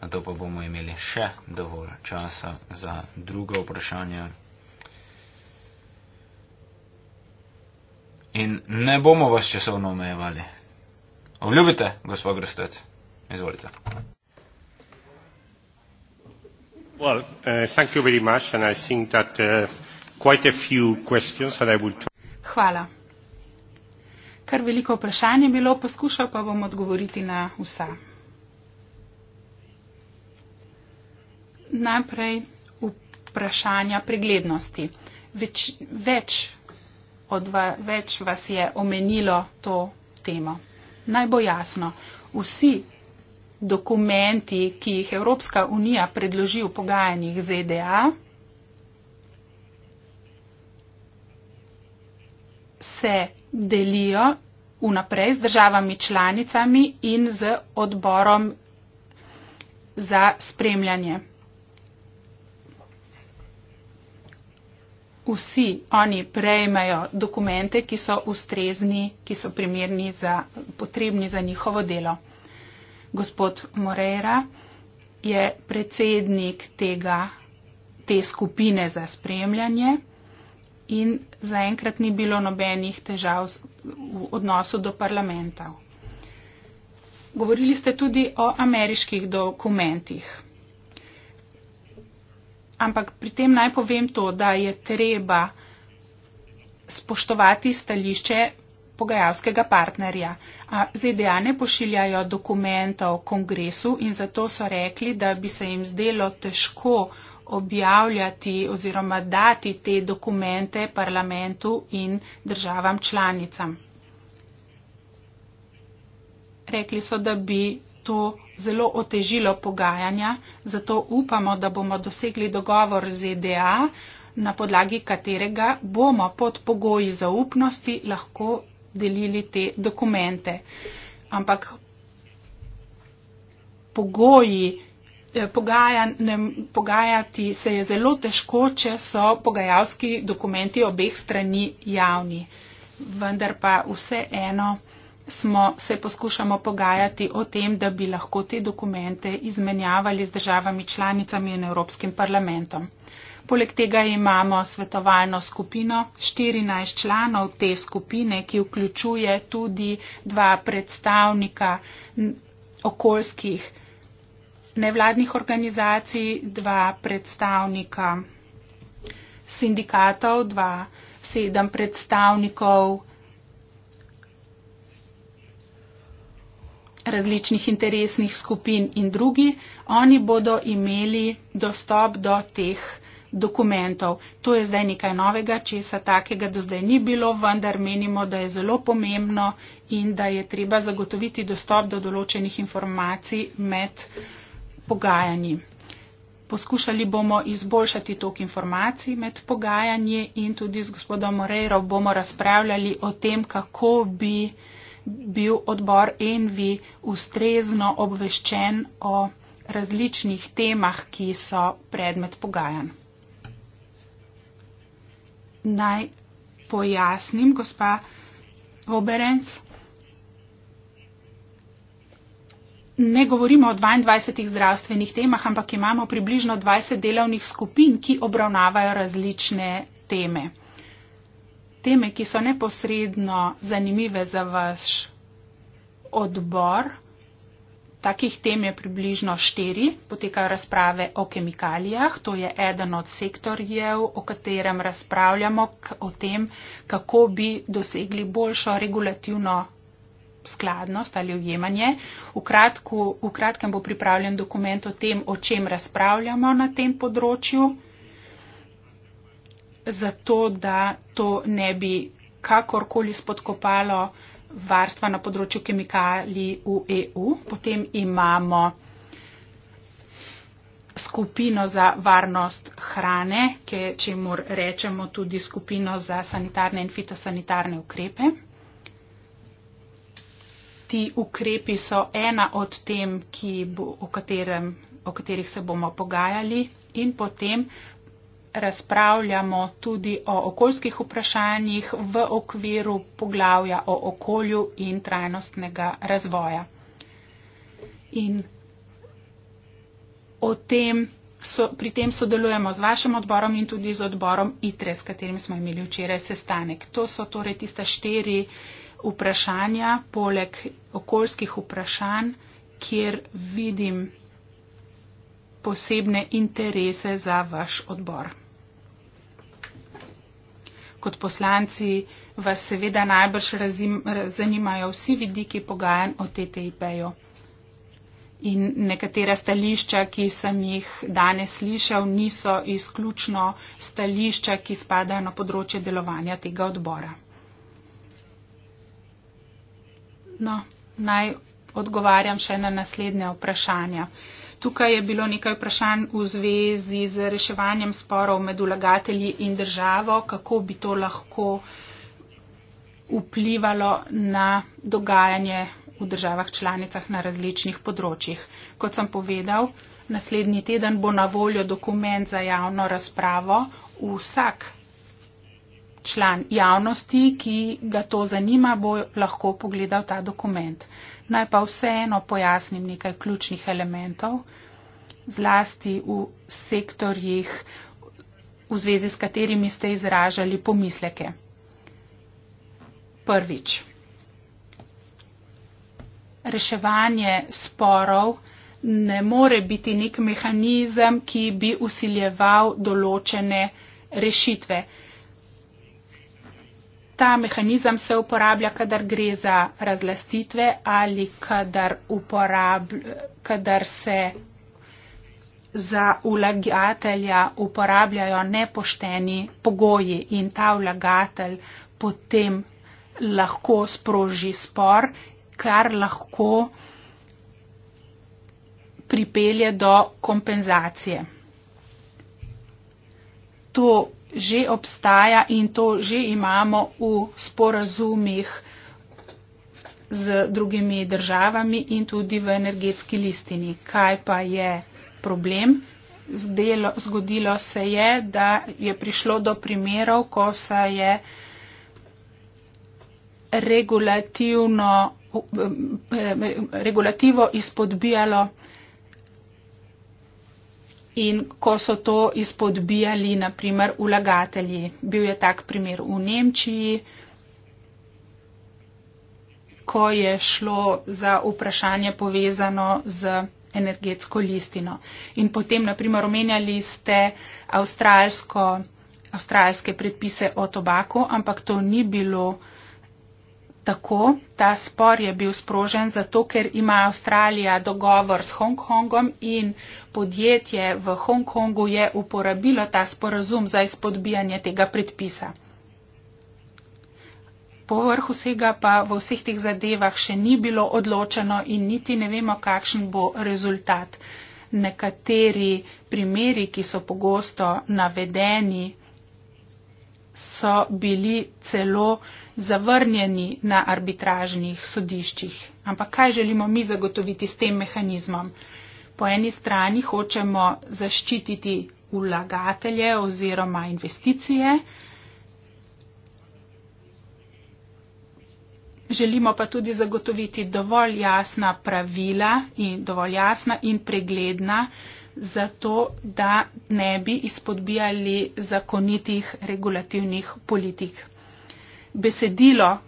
na to pa bomo imeli še dovolj časa za druga vprašanja. In ne bomo vas časovno omejevali. Obljubite, gospod Grstec, izvolite. Well, uh, thank you very much and I think that uh,
Hvala. Kar veliko vprašanje bilo, poskušal pa bom odgovoriti na vsa. Najprej vprašanja preglednosti. Več, več, odva, več vas je omenilo to temo. Naj bo jasno, vsi dokumenti, ki jih Evropska unija predloži v pogajanjih ZDA, se delijo vnaprej z državami članicami in z odborom za spremljanje. Vsi oni prejmejo dokumente, ki so ustrezni, ki so primerni za, potrebni za njihovo delo. Gospod Moreira je predsednik tega, te skupine za spremljanje in zaenkrat ni bilo nobenih težav v odnosu do parlamenta. Govorili ste tudi o ameriških dokumentih. Ampak pri tem naj povem to, da je treba spoštovati stališče pogajalskega partnerja. ZDA ne pošiljajo dokumentov kongresu in zato so rekli, da bi se jim zdelo težko objavljati oziroma dati te dokumente parlamentu in državam članicam. Rekli so, da bi to zelo otežilo pogajanja, zato upamo, da bomo dosegli dogovor z EDA, na podlagi katerega bomo pod pogoji zaupnosti lahko delili te dokumente. Ampak pogoji Eh, pogajati se je zelo težko, če so pogajalski dokumenti obeh strani javni. Vendar pa vse eno smo se poskušamo pogajati o tem, da bi lahko te dokumente izmenjavali z državami članicami in Evropskim parlamentom. Poleg tega imamo svetovalno skupino, 14 članov te skupine, ki vključuje tudi dva predstavnika okoljskih nevladnih organizacij, dva predstavnika sindikatov, dva sedem predstavnikov različnih interesnih skupin in drugi, oni bodo imeli dostop do teh dokumentov. To je zdaj nekaj novega, česa takega do zdaj ni bilo, vendar menimo, da je zelo pomembno in da je treba zagotoviti dostop do določenih informacij med uh, pogajanji. Poskušali bomo izboljšati tok informacij med pogajanji in tudi z gospodom Morejro bomo razpravljali o tem, kako bi bil odbor Envi ustrezno obveščen o različnih temah, ki so predmet pogajanj. Naj pojasnim, gospa Oberenc, ne govorimo o 22 zdravstvenih temah, ampak imamo približno 20 delovnih skupin, ki obravnavajo različne teme. Teme, ki so neposredno zanimive za vaš odbor, takih tem je približno štiri, potekajo razprave o kemikalijah, to je eden od sektorjev, o katerem razpravljamo, o tem, kako bi dosegli boljšo regulativno skladnost ali ujemanje. V, kratku, v kratkem bo pripravljen dokument o tem, o čem razpravljamo na tem področju, zato da to ne bi kakorkoli spodkopalo varstva na področju kemikalij v EU. Potem imamo skupino za varnost hrane, ki je, če mor rečemo, tudi skupino za sanitarne in fitosanitarne ukrepe ti ukrepi so ena od tem, bo, o, katerem, o katerih se bomo pogajali in potem razpravljamo tudi o okoljskih vprašanjih v okviru poglavja o okolju in trajnostnega razvoja. In o tem so, pri tem sodelujemo z vašim odborom in tudi z odborom ITRE, s katerim smo imeli včeraj sestanek. To so torej tiste štiri vprašanja, poleg okoljskih vprašanj, kjer vidim posebne interese za vaš odbor. Kot poslanci vas seveda najbrž razim, zanimajo vsi vidiki pogajanj o TTIP-ju. In nekatera stališča, ki sem jih danes slišal, niso izključno stališča, ki spadajo na področje delovanja tega odbora. trenutno, naj odgovarjam še na naslednje vprašanja. Tukaj je bilo nekaj vprašanj v zvezi z reševanjem sporov med vlagatelji in državo, kako bi to lahko vplivalo na dogajanje v državah članicah na različnih področjih. Kot sem povedal, naslednji teden bo na voljo dokument za javno razpravo. Vsak član javnosti, ki ga to zanima, bo lahko pogledal ta dokument. Naj pa vseeno pojasnim nekaj ključnih elementov, zlasti v sektorjih, v zvezi s katerimi ste izražali pomisleke. Prvič. Reševanje sporov ne more biti nek mehanizem, ki bi usiljeval določene rešitve. Ta mehanizem se uporablja, kadar gre za razlastitve ali kadar, uporablj, kadar se za vlagatelja uporabljajo nepošteni pogoji in ta vlagatelj potem lahko sproži spor, kar lahko pripelje do kompenzacije. To že obstaja in to že imamo v sporazumih z drugimi državami in tudi v energetski listini. Kaj pa je problem? Zdelo, zgodilo se je, da je prišlo do primerov, ko se je regulativno, eh, eh, regulativo izpodbijalo in ko so to izpodbijali, naprimer, ulagatelji. Bil je tak primer v Nemčiji, ko je šlo za vprašanje povezano z energetsko listino. In potem, naprimer, omenjali ste avstralske predpise o tobaku, ampak to ni bilo uh, tako. Ta spor je bil sprožen zato, ker ima Avstralija dogovor s Hongkongom in podjetje v Hongkongu je uporabilo ta sporazum za izpodbijanje tega predpisa. Povrh vsega pa v vseh teh zadevah še ni bilo odločeno in niti ne vemo, kakšen bo rezultat. Nekateri primeri, ki so pogosto navedeni, so bili celo zavrnjeni na arbitražnih sodiščih. Ampak kaj želimo mi zagotoviti s tem mehanizmom? Po eni strani hočemo zaščititi vlagatelje oziroma investicije, želimo pa tudi zagotoviti dovolj jasna pravila in dovolj jasna in pregledna, zato da ne bi izpodbijali zakonitih regulativnih politik besedilo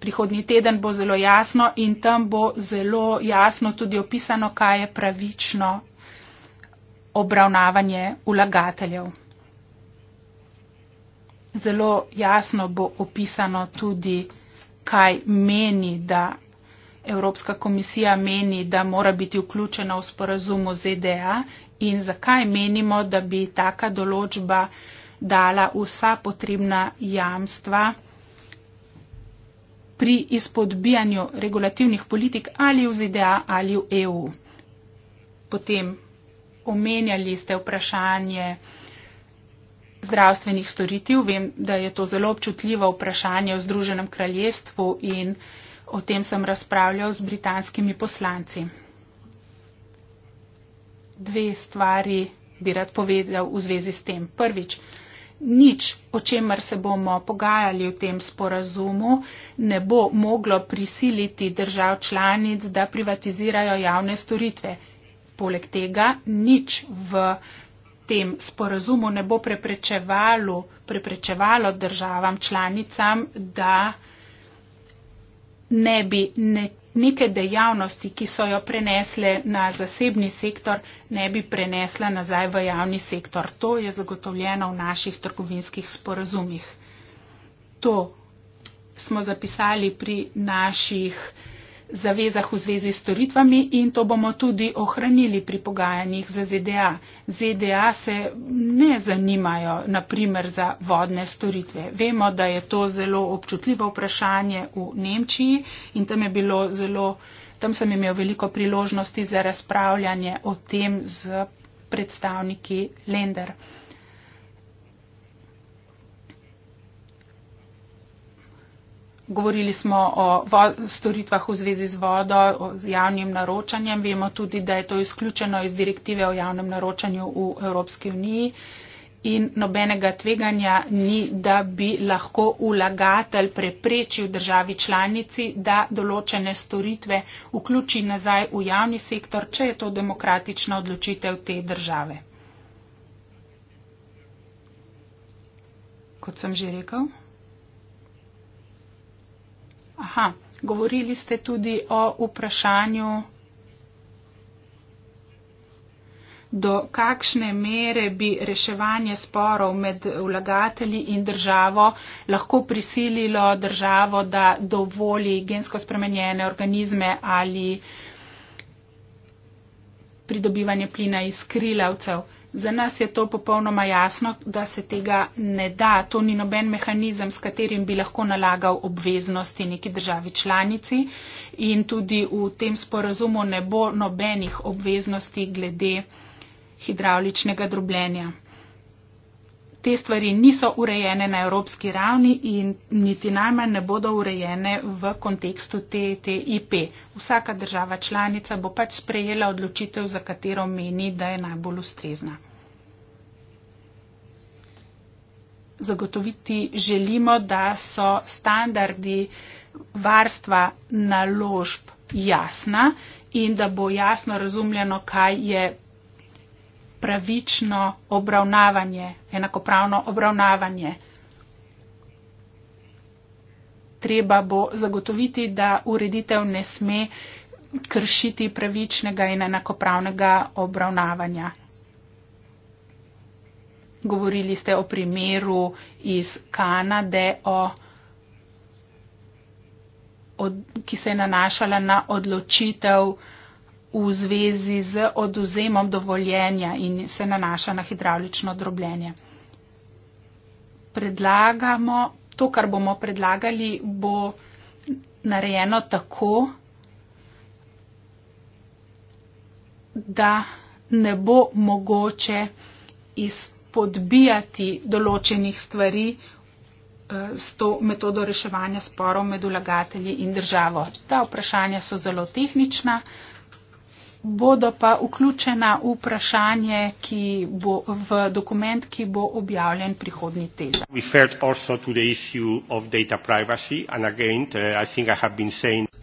prihodnji teden bo zelo jasno in tam bo zelo jasno tudi opisano, kaj je pravično obravnavanje vlagateljev. Zelo jasno bo opisano tudi, kaj meni, da Evropska komisija meni, da mora biti vključena v sporazumu ZDA in zakaj menimo, da bi taka določba dala vsa potrebna jamstva pri izpodbijanju regulativnih politik ali v ZDA ali v EU. Potem omenjali ste vprašanje zdravstvenih storitev. Vem, da je to zelo občutljivo vprašanje v Združenem kraljestvu in o tem sem razpravljal z britanskimi poslanci. Dve stvari bi rad povedal v zvezi s tem. Prvič, nič, o čemer se bomo pogajali v tem sporazumu, ne bo moglo prisiliti držav članic, da privatizirajo javne storitve. Poleg tega nič v tem sporazumu ne bo preprečevalo, preprečevalo državam članicam, da ne bi nekaj neke dejavnosti, ki so jo prenesle na zasebni sektor, ne bi prenesla nazaj v javni sektor. To je zagotovljeno v naših trgovinskih sporazumih. To smo zapisali pri naših uh, zavezah v zvezi s storitvami in to bomo tudi ohranili pri pogajanjih za ZDA. ZDA se ne zanimajo, naprimer, za vodne storitve. Vemo, da je to zelo občutljivo vprašanje v Nemčiji in tam je bilo zelo, tam sem imel veliko priložnosti za razpravljanje o tem z predstavniki Lender. Govorili smo o storitvah v zvezi z vodo, z javnim naročanjem. Vemo tudi, da je to izključeno iz direktive o javnem naročanju v Evropski uniji in nobenega tveganja ni, da bi lahko ulagatelj preprečil državi članici, da določene storitve vključi nazaj v javni sektor, če je to demokratična odločitev te države. Kot sem že rekel. Aha, govorili ste tudi o vprašanju, do kakšne mere bi reševanje sporov med vlagatelji in državo lahko prisililo državo, da dovoli gensko spremenjene organizme ali pridobivanje plina iz krilavcev. Za nas je to popolnoma jasno, da se tega ne da. To ni noben mehanizem, s katerim bi lahko nalagal obveznosti neki državi članici in tudi v tem sporazumu ne bo nobenih obveznosti glede hidravličnega drobljenja te stvari niso urejene na evropski ravni in niti najmanj ne bodo urejene v kontekstu TTIP. Vsaka država članica bo pač sprejela odločitev, za katero meni, da je najbolj ustrezna. Zagotoviti želimo, da so standardi varstva naložb jasna in da bo jasno razumljeno, kaj je pravično obravnavanje, enakopravno obravnavanje. Treba bo zagotoviti, da ureditev ne sme kršiti pravičnega in enakopravnega obravnavanja. Govorili ste o primeru iz Kanade, o, o, ki se je nanašala na odločitev v zvezi z oduzemom dovoljenja in se nanaša na hidravlično drobljenje. Predlagamo, to, kar bomo predlagali, bo narejeno tako, da ne bo mogoče izpodbijati določenih stvari eh, s to metodo reševanja sporov med ulagatelji in državo. Ta vprašanja so zelo tehnična bodo pa vključena v vprašanje, ki bo v dokument, ki bo objavljen prihodnji teden. Uh,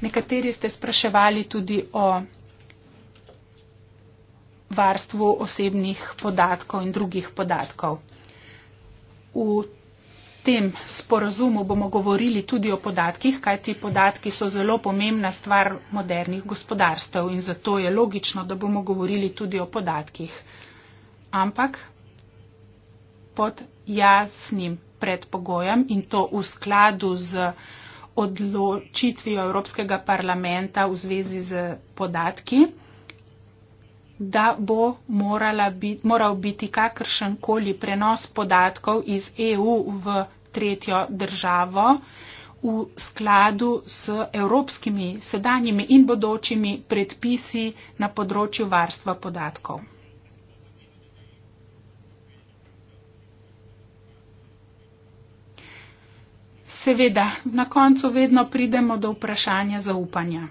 Nekateri ste spraševali tudi o varstvu osebnih podatkov in drugih podatkov. V tem sporozumu bomo govorili tudi o podatkih, kajti podatki so zelo pomembna stvar modernih gospodarstv in zato je logično, da bomo govorili tudi o podatkih. Ampak pod jasnim predpogojem in to v skladu z odločitvijo Evropskega parlamenta v zvezi z podatki da bo bit, moral biti kakršen koli prenos podatkov iz EU v tretjo državo v skladu s evropskimi sedanjimi in bodočimi predpisi na področju varstva podatkov. Seveda, na koncu vedno pridemo do vprašanja zaupanja.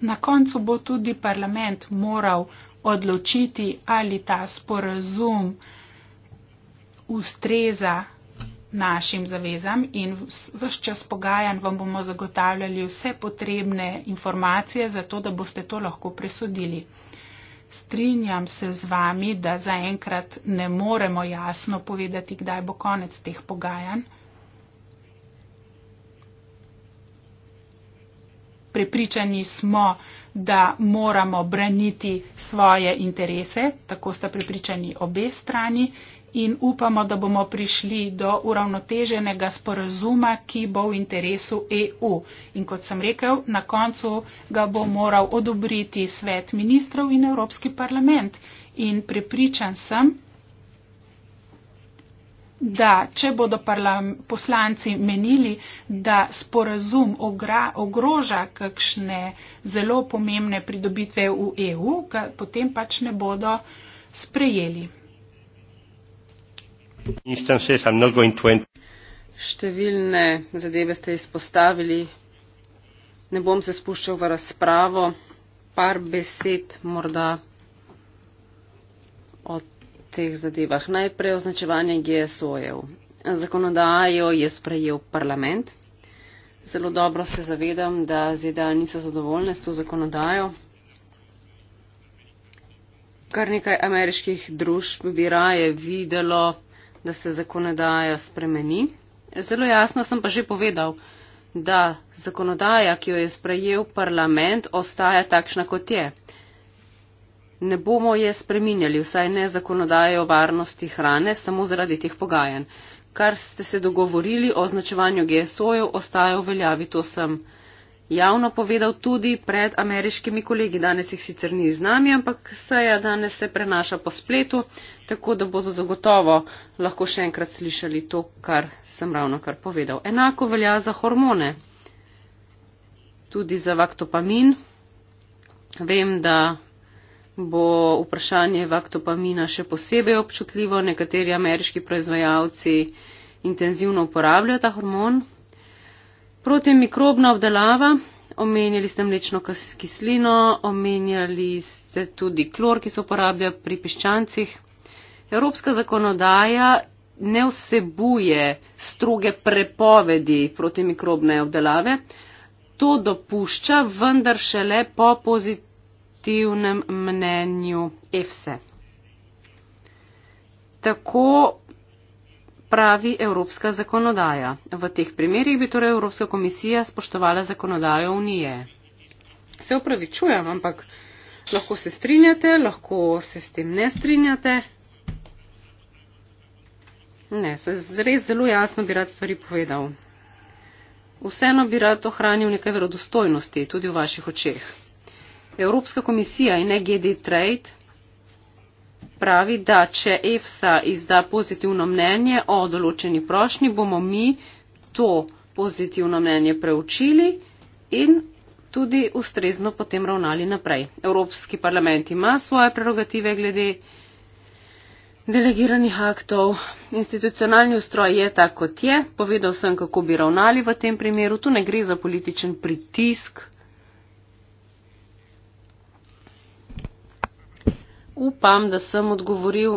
Na koncu bo tudi parlament moral odločiti, ali ta sporazum ustreza našim zavezam in vse čas pogajanj vam bomo zagotavljali vse potrebne informacije, zato da boste to lahko presodili. Strinjam se z vami, da zaenkrat ne moremo jasno povedati, kdaj bo konec teh pogajanj. prepričani smo, da moramo braniti svoje interese, tako sta prepričani obe strani in upamo, da bomo prišli do uravnoteženega sporazuma, ki bo v interesu EU. In kot sem rekel, na koncu ga bo moral odobriti svet ministrov in Evropski parlament. In prepričan sem, da če bodo poslanci menili, da sporazum ogroža kakšne zelo pomembne pridobitve v EU, ga potem pač ne bodo sprejeli.
Številne zadeve ste izpostavili. Ne bom se spuščal v razpravo. Par besed morda od teh zadevah. Najprej označevanje GSO-jev. Zakonodajo je sprejel parlament. Zelo dobro se zavedam, da ZDA niso zadovoljne s to zakonodajo. Kar nekaj ameriških družb bi raje videlo, da se zakonodaja spremeni. Zelo jasno sem pa že povedal, da zakonodaja, ki jo je sprejel parlament, ostaja takšna, kot je ne bomo je spreminjali, vsaj ne zakonodajo varnosti hrane, samo zaradi teh pogajanj. Kar ste se dogovorili o označevanju GSO-jev, ostaja v veljavi, to sem javno povedal tudi pred ameriškimi kolegi. Danes jih sicer ni z nami, ampak seja danes se prenaša po spletu, tako da bodo zagotovo lahko še enkrat slišali to, kar sem ravno kar povedal. Enako velja za hormone, tudi za vaktopamin. Vem, da bo vprašanje vaktopamina še posebej občutljivo. Nekateri ameriški proizvajalci intenzivno uporabljajo ta hormon. Protimikrobna obdelava, omenjali ste mlečno kislino, omenjali ste tudi klor, ki se uporablja pri piščancih. Evropska zakonodaja ne vsebuje stroge prepovedi protimikrobne obdelave. To dopušča, vendar šele po pozitivnosti pozitivnem mnenju EFSE. Tako pravi evropska zakonodaja. V teh primerjih bi torej Evropska komisija spoštovala zakonodajo Unije. Se upravičujem, ampak lahko se strinjate, lahko se s tem ne strinjate. Ne, se res zelo jasno bi rad stvari povedal. Vseeno bi rad ohranil nekaj verodostojnosti tudi v vaših očeh. Evropska komisija in ne GD Trade pravi, da če EFSA izda pozitivno mnenje o določeni prošnji, bomo mi to pozitivno mnenje preučili in tudi ustrezno potem ravnali naprej. Evropski parlament ima svoje prerogative glede delegiranih aktov. Institucionalni ustroj je tako, kot je. Povedal sem, kako bi ravnali v tem primeru. Tu ne gre za političen pritisk. Upam, da sem odgovoril,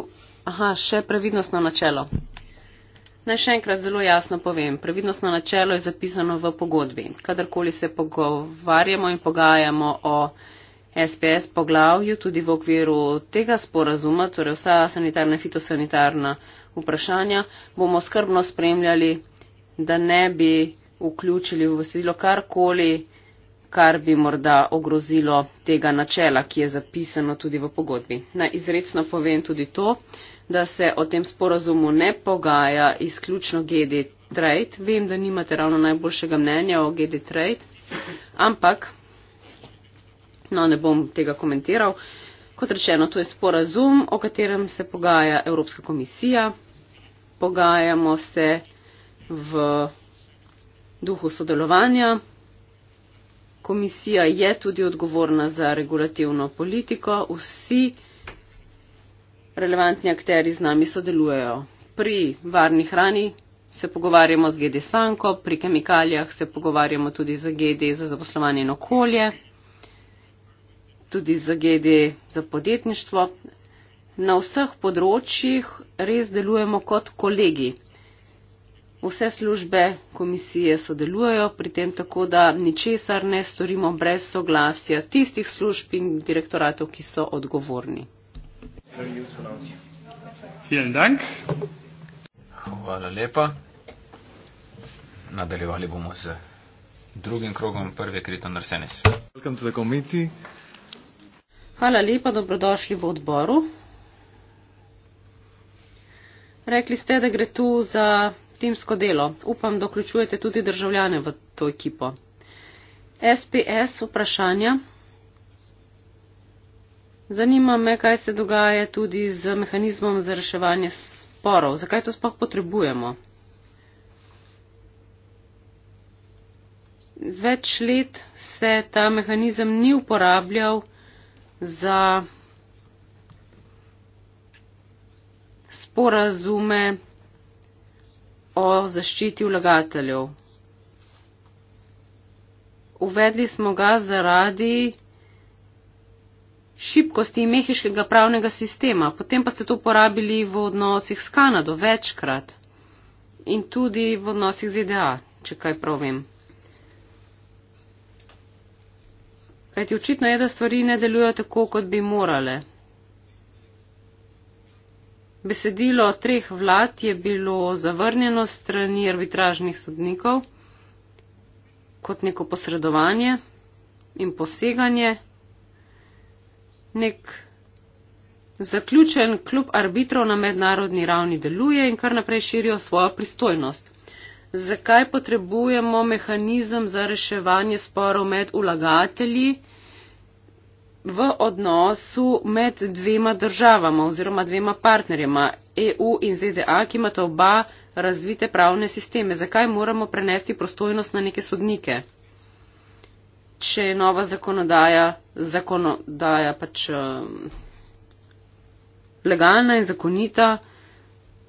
aha, še previdnostno načelo. Naj še enkrat zelo jasno povem. Previdnostno načelo je zapisano v pogodbi. Kadarkoli se pogovarjamo in pogajamo o SPS poglavju, tudi v okviru tega sporazuma, torej vsa sanitarna in fitosanitarna vprašanja, bomo skrbno spremljali, da ne bi vključili v vasilo karkoli, kar bi morda ogrozilo tega načela, ki je zapisano tudi v pogodbi. Na izredno povem tudi to, da se o tem sporazumu ne pogaja izključno GD Trade. Vem, da nimate ravno najboljšega mnenja o GD Trade, ampak, no ne bom tega komentiral, kot rečeno, to je sporazum, o katerem se pogaja Evropska komisija. Pogajamo se v duhu sodelovanja, komisija je tudi odgovorna za regulativno politiko, vsi relevantni akteri z nami sodelujejo. Pri varni hrani se pogovarjamo z GD Sanko, pri kemikalijah se pogovarjamo tudi z GD za zaposlovanje in okolje, tudi z GD za podjetništvo. Na vseh področjih res delujemo kot kolegi. Vse službe komisije sodelujejo pri tem tako, da ničesar ne storimo brez soglasja tistih služb in direktoratov, ki so odgovorni. Hvala lepa.
Nadaljevali bomo z drugim krogom. Prvi je Kriton Arsenis.
Hvala lepa, dobrodošli v odboru. Rekli ste, da gre tu za timsko delo. Upam, da vključujete tudi državljane v to ekipo. SPS vprašanja. Zanima me, kaj se dogaja tudi z mehanizmom za reševanje sporov. Zakaj to sploh potrebujemo? Več let se ta mehanizem ni uporabljal za sporazume o zaščiti vlagateljev. Uvedli smo ga zaradi šibkosti mehiškega pravnega sistema, potem pa ste to uporabili v odnosih s Kanado večkrat in tudi v odnosih z ZDA, če kaj prav vem. Kajti očitno je, da stvari ne delujejo tako, kot bi morale. Besedilo treh vlad je bilo zavrnjeno strani arbitražnih sodnikov kot neko posredovanje in poseganje. Nek zaključen klub arbitrov na mednarodni ravni deluje in kar naprej širijo svojo pristojnost. Zakaj potrebujemo mehanizem za reševanje sporov med ulagatelji? v odnosu med dvema državama oziroma dvema partnerjema EU in ZDA, ki imata oba razvite pravne sisteme. Zakaj moramo prenesti prostojnost na neke sodnike, če je nova zakonodaja, zakonodaja pač eh, legalna in zakonita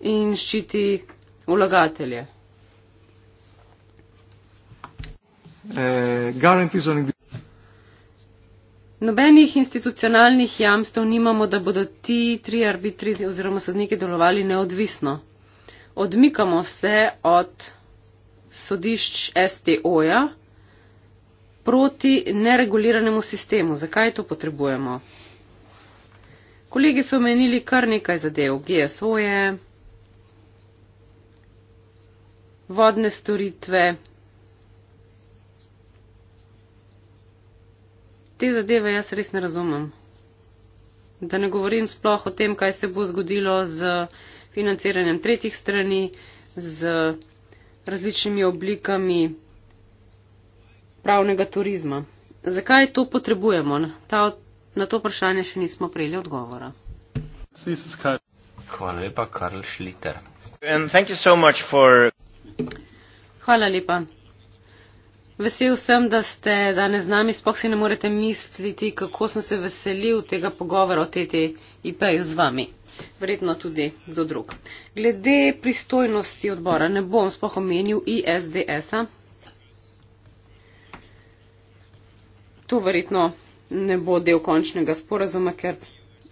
in ščiti vlagatelje? Eh, Nobenih institucionalnih jamstev nimamo, da bodo ti tri arbitri oziroma sodniki delovali neodvisno. Odmikamo se od sodišč STO-ja proti nereguliranemu sistemu. Zakaj to potrebujemo? Kolegi so omenili kar nekaj zadev. GSO-je, vodne storitve, te zadeve jaz res ne razumem. Da ne govorim sploh o tem, kaj se bo zgodilo z financiranjem tretjih strani, z različnimi oblikami pravnega turizma. Zakaj to potrebujemo? Ta, na to vprašanje še nismo prejeli odgovora.
Hvala
lepa, Karl Schlitter.
Hvala lepa. Vesel sem, da ste danes z nami, spoh si ne morete misliti, kako sem se veselil tega pogovora o TTIP-ju z vami. Verjetno tudi do drug. Glede pristojnosti odbora ne bom spoh omenil ISDS-a. To verjetno ne bo del končnega sporazuma, ker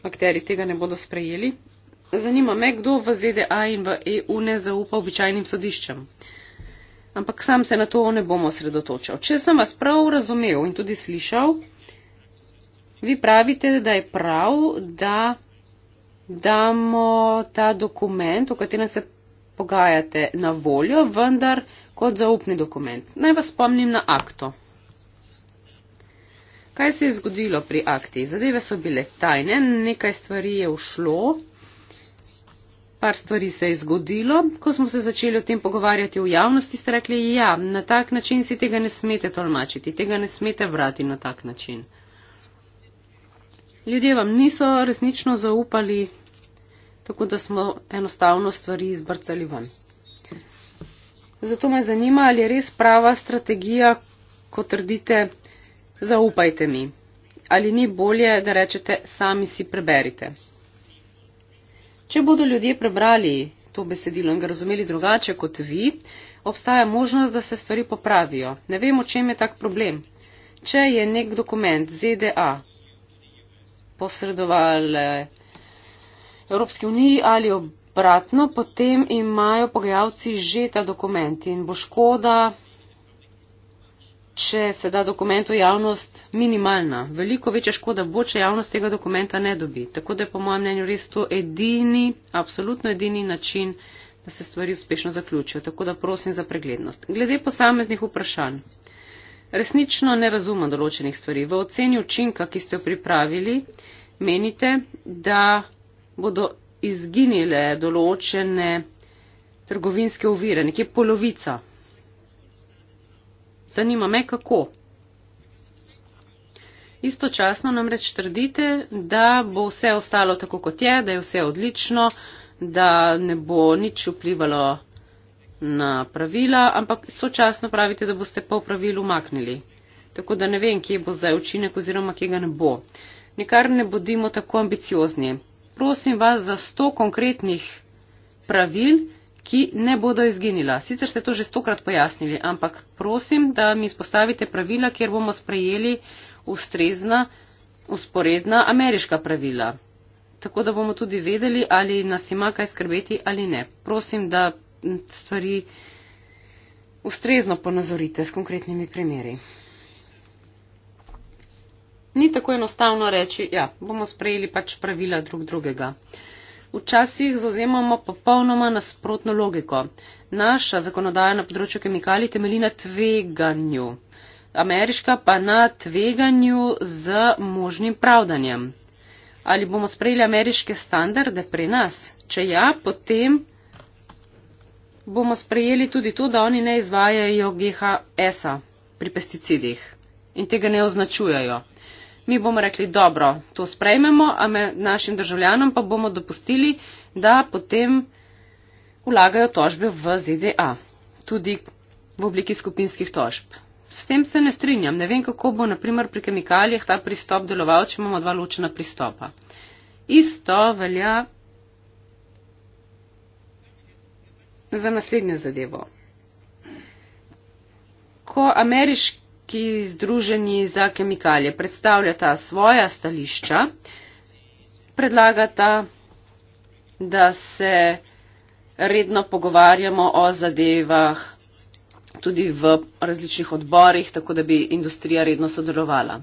akteri tega ne bodo sprejeli. Zanima me, kdo v ZDA in v EU ne zaupa običajnim sodiščem ampak sam se na to ne bom osredotočal. Če sem vas prav razumel in tudi slišal, vi pravite, da je prav, da damo ta dokument, o katerem se pogajate, na voljo, vendar kot zaupni dokument. Naj vas spomnim na akto. Kaj se je zgodilo pri akti? Zadeve so bile tajne, nekaj stvari je ušlo par stvari se je zgodilo, ko smo se začeli o tem pogovarjati v javnosti, ste rekli, ja, na tak način si tega ne smete tolmačiti, tega ne smete vrati na tak način. Ljudje vam niso resnično zaupali, tako da smo enostavno stvari izbrcali ven. Zato me zanima, ali je res prava strategija, ko trdite, zaupajte mi. Ali ni bolje, da rečete, sami si preberite. Če bodo ljudje prebrali to besedilo in ga razumeli drugače kot vi, obstaja možnost, da se stvari popravijo. Ne vem, o čem je tak problem. Če je nek dokument ZDA posredoval Evropski uniji ali obratno, potem imajo pogajalci že ta dokument in bo škoda če se da dokument v javnost, minimalna. Veliko večja škoda bo, če javnost tega dokumenta ne dobi. Tako da je po mojem mnenju res to edini, absolutno edini način, da se stvari uspešno zaključijo. Tako da prosim za preglednost. Glede posameznih vprašanj. Resnično ne razumem določenih stvari. V oceni učinka, ki ste jo pripravili, menite, da bodo izginile določene trgovinske ovire, nekje polovica Zanima me, kako. Istočasno namreč trdite, da bo vse ostalo tako, kot je, da je vse odlično, da ne bo nič vplivalo na pravila, ampak sočasno pravite, da boste pa v pravilu maknili. Tako da ne vem, kje bo zdaj učinek oziroma kje ga ne bo. Nikar ne bodimo tako ambiciozni. Prosim vas za sto konkretnih pravil, ki ne bodo izginila. Sicer ste to že stokrat pojasnili, ampak prosim, da mi izpostavite pravila, kjer bomo sprejeli ustrezna, usporedna ameriška pravila. Tako da bomo tudi vedeli, ali nas ima kaj skrbeti ali ne. Prosim, da stvari ustrezno ponazorite s konkretnimi primeri. Ni tako enostavno reči, ja, bomo sprejeli pač pravila drug drugega včasih zauzemamo popolnoma nasprotno logiko. Naša zakonodaja na področju kemikalij temelji na tveganju, ameriška pa na tveganju z možnim pravdanjem. Ali bomo sprejeli ameriške standarde pri nas? Če ja, potem bomo sprejeli tudi to, da oni ne izvajajo GHS-a pri pesticidih in tega ne označujajo mi bomo rekli dobro, to sprejmemo, a me, našim državljanom pa bomo dopustili, da potem vlagajo tožbe v ZDA, tudi v obliki skupinskih tožb. S tem se ne strinjam. Ne vem, kako bo naprimer pri kemikalijah ta pristop deloval, če imamo dva ločena pristopa. Isto velja za naslednjo zadevo. Ko ameriški ki združeni za kemikalije predstavljata svoja stališča, predlagata, da se redno pogovarjamo o zadevah tudi v različnih odborih, tako da bi industrija redno sodelovala.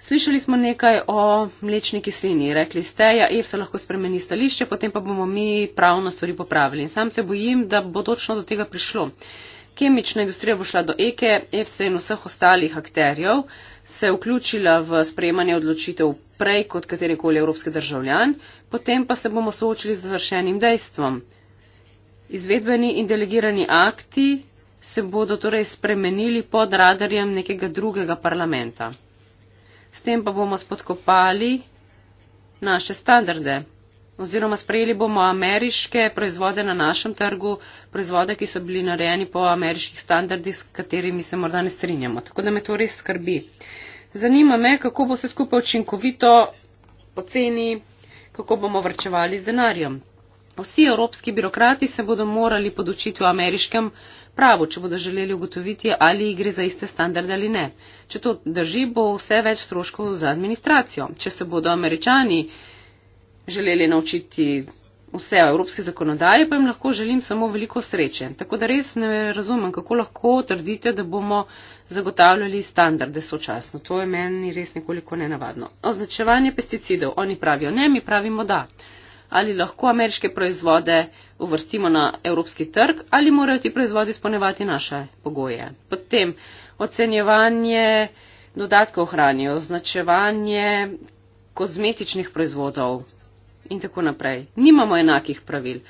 Slišali smo nekaj o mlečni kislini. Rekli ste, ja, EF se lahko spremeni stališče, potem pa bomo mi pravno stvari popravili. In sam se bojim, da bo točno do tega prišlo. Uh, kemična industrija bo šla do Eke, EFSA in vseh ostalih akterjev, se je vključila v sprejemanje odločitev prej kot katerikoli evropski državljan, potem pa se bomo soočili z završenim dejstvom. Izvedbeni in delegirani akti se bodo torej spremenili pod radarjem nekega drugega parlamenta. S tem pa bomo spodkopali naše standarde oziroma sprejeli bomo ameriške proizvode na našem trgu, proizvode, ki so bili narejeni po ameriških standardih, s katerimi se morda ne strinjamo. Tako da me to res skrbi. Zanima me, kako bo vse skupaj učinkovito poceni, kako bomo vrčevali z denarjem. Vsi evropski birokrati se bodo morali podučiti v ameriškem pravu, če bodo želeli ugotoviti, ali gre za iste standarde ali ne. Če to drži, bo vse več stroškov za administracijo. Če se bodo američani želeli naučiti vse evropske zakonodaje, pa jim lahko želim samo veliko sreče. Tako da res ne razumem, kako lahko trdite, da bomo zagotavljali standarde sočasno. To je meni res nekoliko nenavadno. Označevanje pesticidov. Oni pravijo ne, mi pravimo da. Ali lahko ameriške proizvode uvrstimo na evropski trg ali morajo ti proizvodi spolnevati naše pogoje. Potem ocenjevanje dodatkov hranijo, označevanje kozmetičnih proizvodov, in tako naprej. Nimamo enakih pravil.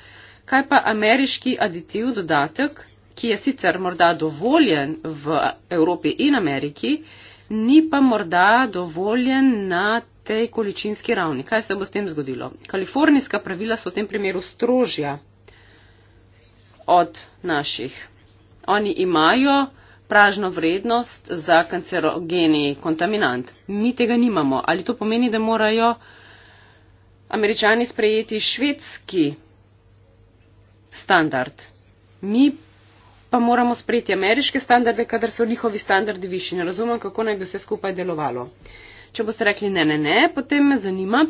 Kaj pa ameriški aditiv dodatek, ki je sicer morda dovoljen v Evropi in Ameriki, ni pa morda dovoljen na tej količinski ravni. Kaj se bo s tem zgodilo? Kalifornijska pravila so v tem primeru strožja od naših. Oni imajo pražno vrednost za kancerogeni kontaminant. Mi tega nimamo. Ali to pomeni, da morajo američani sprejeti švedski standard. Mi pa moramo sprejeti ameriške standarde, kadar so njihovi standardi višji. Ne razumem, kako naj bi vse skupaj delovalo. Če boste rekli ne, ne, ne, potem me zanima,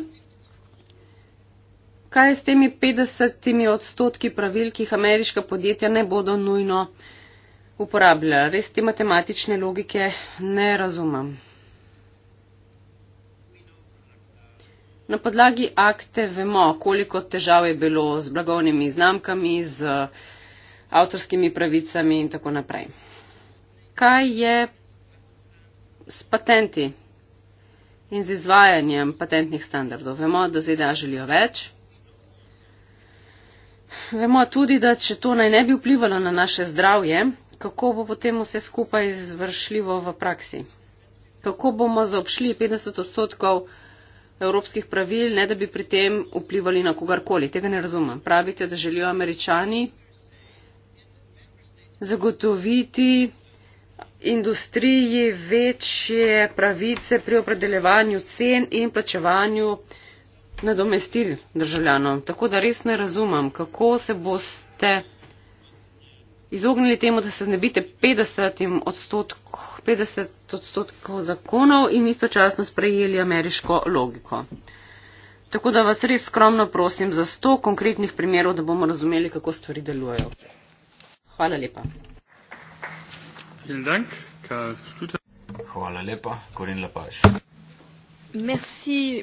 kaj je s temi 50 odstotki pravil, ki jih ameriška podjetja ne bodo nujno uporabljala. Res te matematične logike ne razumem. Na podlagi akte vemo, koliko težav je bilo z blagovnimi znamkami, z eh, avtorskimi pravicami in tako naprej. Kaj je s patenti in z izvajanjem patentnih standardov? Vemo, da ZDA želijo več. Vemo tudi, da če to naj ne bi vplivalo na naše zdravje, kako bo potem vse skupaj izvršljivo v praksi. Kako bomo zaobšli 50 odstotkov evropskih pravil, ne da bi pri tem vplivali na kogarkoli. Tega ne razumem. Pravite, da želijo američani zagotoviti industriji večje pravice pri opredeljevanju cen in plačevanju nadomestil državljanom. Tako da res ne razumem, kako se boste izognili temu, da se znebite 50 odstotkov, 50 odstotkov zakonov in istočasno sprejeli ameriško logiko. Tako da vas res skromno prosim za 100 konkretnih primerov, da bomo razumeli, kako stvari delujejo. Hvala lepa.
Hvala lepa, Korin Lapaš.
Merci,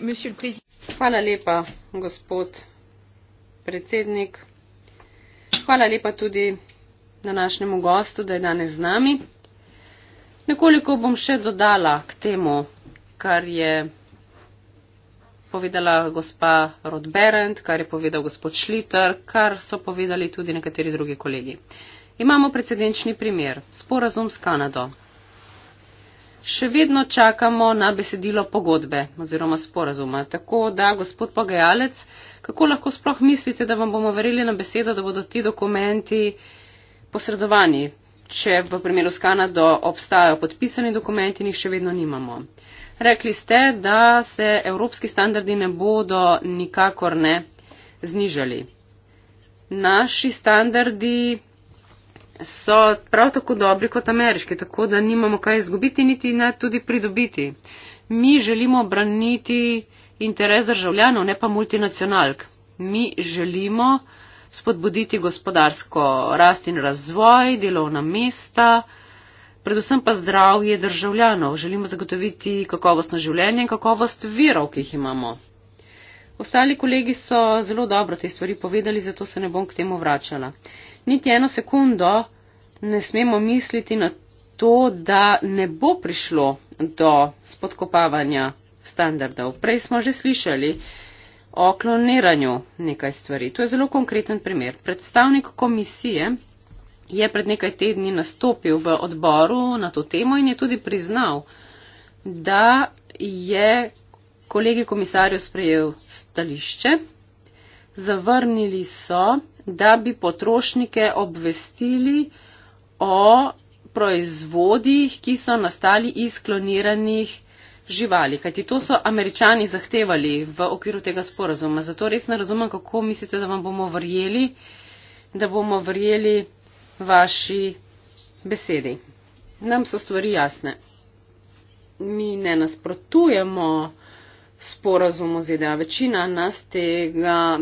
Hvala lepa, gospod predsednik. Hvala lepa tudi današnjemu gostu, da je danes z nami. Nekoliko bom še dodala k temu, kar je povedala gospa Rodberend, kar je povedal gospod Šliter, kar so povedali tudi nekateri drugi kolegi. Imamo precedenčni primer, sporazum s Kanado. Še vedno čakamo na besedilo pogodbe oziroma sporazuma. Tako da, gospod pogajalec, kako lahko sploh mislite, da vam bomo verjeli na besedo, da bodo ti dokumenti posredovani, če v primeru s Kanado obstajajo podpisani dokumenti in jih še vedno nimamo. Rekli ste, da se evropski standardi ne bodo nikakor ne znižali. Naši standardi so prav tako dobri kot ameriški, tako da nimamo kaj izgubiti, niti ne tudi pridobiti. Mi želimo braniti interes državljanov, ne pa multinacionalk. Mi želimo, spodbuditi gospodarsko rast in razvoj, delovna mesta, predvsem pa zdravje državljanov. Želimo zagotoviti kakovostno življenje in kakovost virov, ki jih imamo. Ostali kolegi so zelo dobro te stvari povedali, zato se ne bom k temu vračala. Niti eno sekundo ne smemo misliti na to, da ne bo prišlo do spodkopavanja standardov. Prej smo že slišali, o kloniranju nekaj stvari. To je zelo konkreten primer. Predstavnik komisije je pred nekaj tedni nastopil v odboru na to temo in je tudi priznal, da je kolegi komisarju sprejel stališče. Zavrnili so, da bi potrošnike obvestili o proizvodih, ki so nastali iz kloniranih živali, kajti to so američani zahtevali v okviru tega sporazuma. Zato res ne razumem, kako mislite, da vam bomo verjeli, da bomo verjeli vaši besedi. Nam so stvari jasne. Mi ne nasprotujemo sporazumu ZDA. Večina nas tega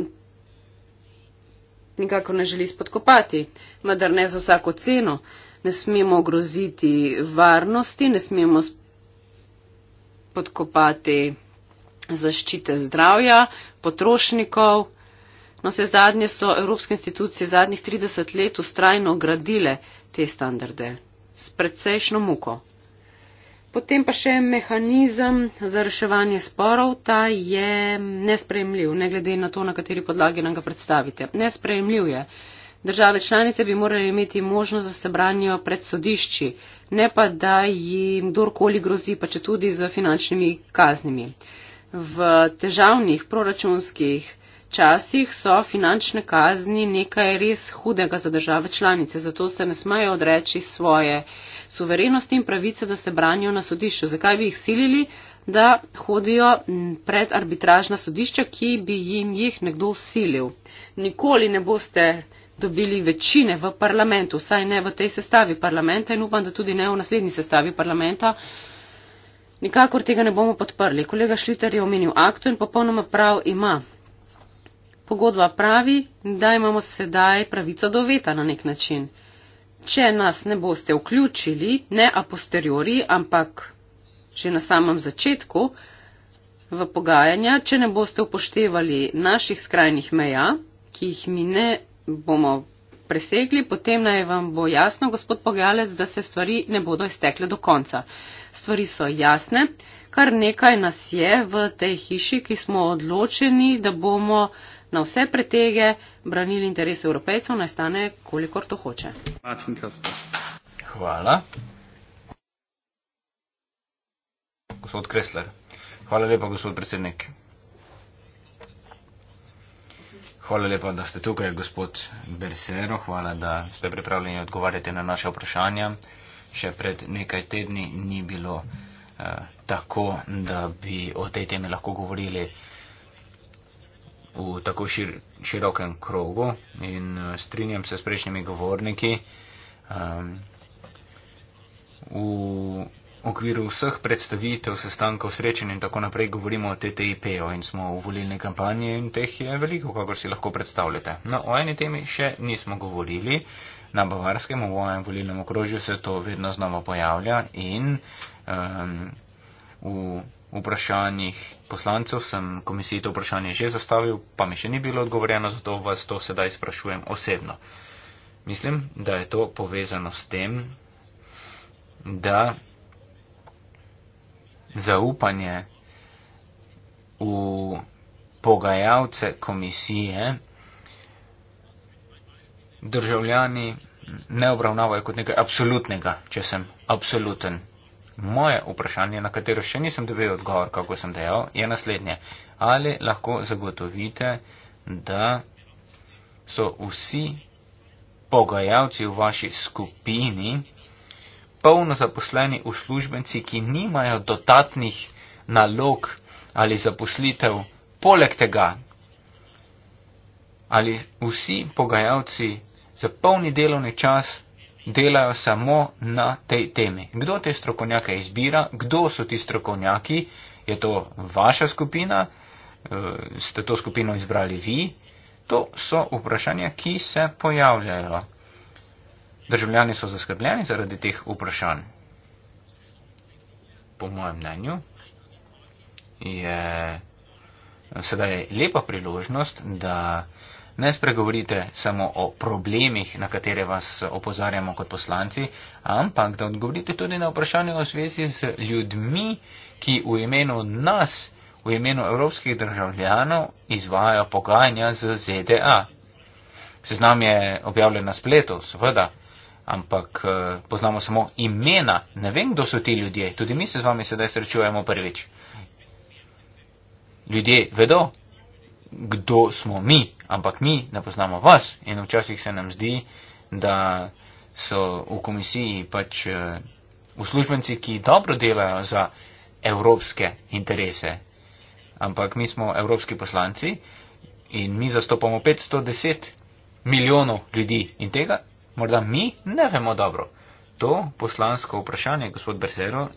nikako ne želi spodkopati, vendar ne za vsako ceno. Ne smemo groziti varnosti, ne smemo podkopati zaščite zdravja, potrošnikov. No, vse zadnje so evropske institucije zadnjih 30 let ustrajno gradile te standarde s precejšno muko. Potem pa še mehanizem za reševanje sporov, ta je nespremljiv, ne glede na to, na kateri podlagi nam ga predstavite. Nespremljiv je. Države članice bi morali imeti možnost za sebranje pred sodišči ne pa da jim kdorkoli grozi, pa če tudi z finančnimi kaznimi. V težavnih proračunskih časih so finančne kazni nekaj res hudega za države članice, zato se ne smejo odreči svoje suverenosti in pravice, da se branijo na sodišču. Zakaj bi jih silili, da hodijo pred arbitražna sodišča, ki bi jim jih nekdo usilil? Nikoli ne boste dobili večine v parlamentu, vsaj ne v tej sestavi parlamenta in upam, da tudi ne v naslednji sestavi parlamenta, nikakor tega ne bomo podprli. Kolega Šliter je omenil aktu in popolnoma prav ima. Pogodba pravi, da imamo sedaj pravico do veta na nek način. Če nas ne boste vključili, ne a posteriori, ampak že na samem začetku v pogajanja, če ne boste upoštevali naših skrajnih meja, ki jih mi ne bomo presegli, potem naj vam bo jasno, gospod pogajalec, da se stvari ne bodo iztekle do konca. Stvari so jasne, kar nekaj nas je v tej hiši, ki smo odločeni, da bomo na vse pretege branili interese evropejcev, naj stane, kolikor to hoče.
Hvala. Gospod Kresler. Hvala lepa, gospod predsednik. Hvala lepa, da ste tukaj, gospod Bersero. Hvala, da ste pripravljeni odgovarjati na naše vprašanja. Še pred nekaj tedni ni bilo eh, tako, da bi o tej temi lahko govorili v tako šir, širokem krogu in eh, strinjam se s prejšnjimi govorniki. Eh, okviru vseh predstavitev, sestankov, srečen in tako naprej govorimo o TTIP-u in smo v volilni kampanji in teh je veliko, kakor si lahko predstavljate. No, o eni temi še nismo govorili. Na Bavarskem v mojem volilnem okrožju se to vedno znova pojavlja in um, v vprašanjih poslancev sem komisiji to vprašanje že zastavil, pa mi še ni bilo odgovorjeno, zato vas to sedaj sprašujem osebno. Mislim, da je to povezano s tem, da zaupanje v pogajalce komisije državljani ne obravnavajo kot nekaj absolutnega, če sem absoluten. Moje vprašanje, na katero še nisem dobil odgovor, kako sem dejal, je naslednje. Ali lahko zagotovite, da so vsi pogajalci v vaši skupini polno zaposleni uslužbenci, ki nimajo dodatnih nalog ali zaposlitev poleg tega. Ali vsi pogajalci za polni delovni čas delajo samo na tej temi? Kdo te strokovnjake izbira? Kdo so ti strokovnjaki? Je to vaša skupina? Eh, ste to skupino izbrali vi? To so vprašanja, ki se pojavljajo. Državljani so zaskrbljeni zaradi teh vprašanj. Po mojem mnenju je sedaj lepa priložnost, da ne spregovorite samo o problemih, na katere vas opozarjamo kot poslanci, ampak da odgovorite tudi na vprašanje o svesi z ljudmi, ki v imenu nas, v imenu evropskih državljanov, izvajajo pogajanja z ZDA. Seznam je objavljen na spletu, seveda ampak eh, poznamo samo imena. Ne vem, kdo so ti ljudje. Tudi mi se z vami sedaj srečujemo prvič. Ljudje vedo, kdo smo mi, ampak mi ne poznamo vas. In včasih se nam zdi, da so v komisiji pač eh, uslužbenci, ki dobro delajo za evropske interese. Ampak mi smo evropski poslanci in mi zastopamo 510 milijonov ljudi in tega Morda mi ne vemo dobro. To poslansko vprašanje, gospod Bersero,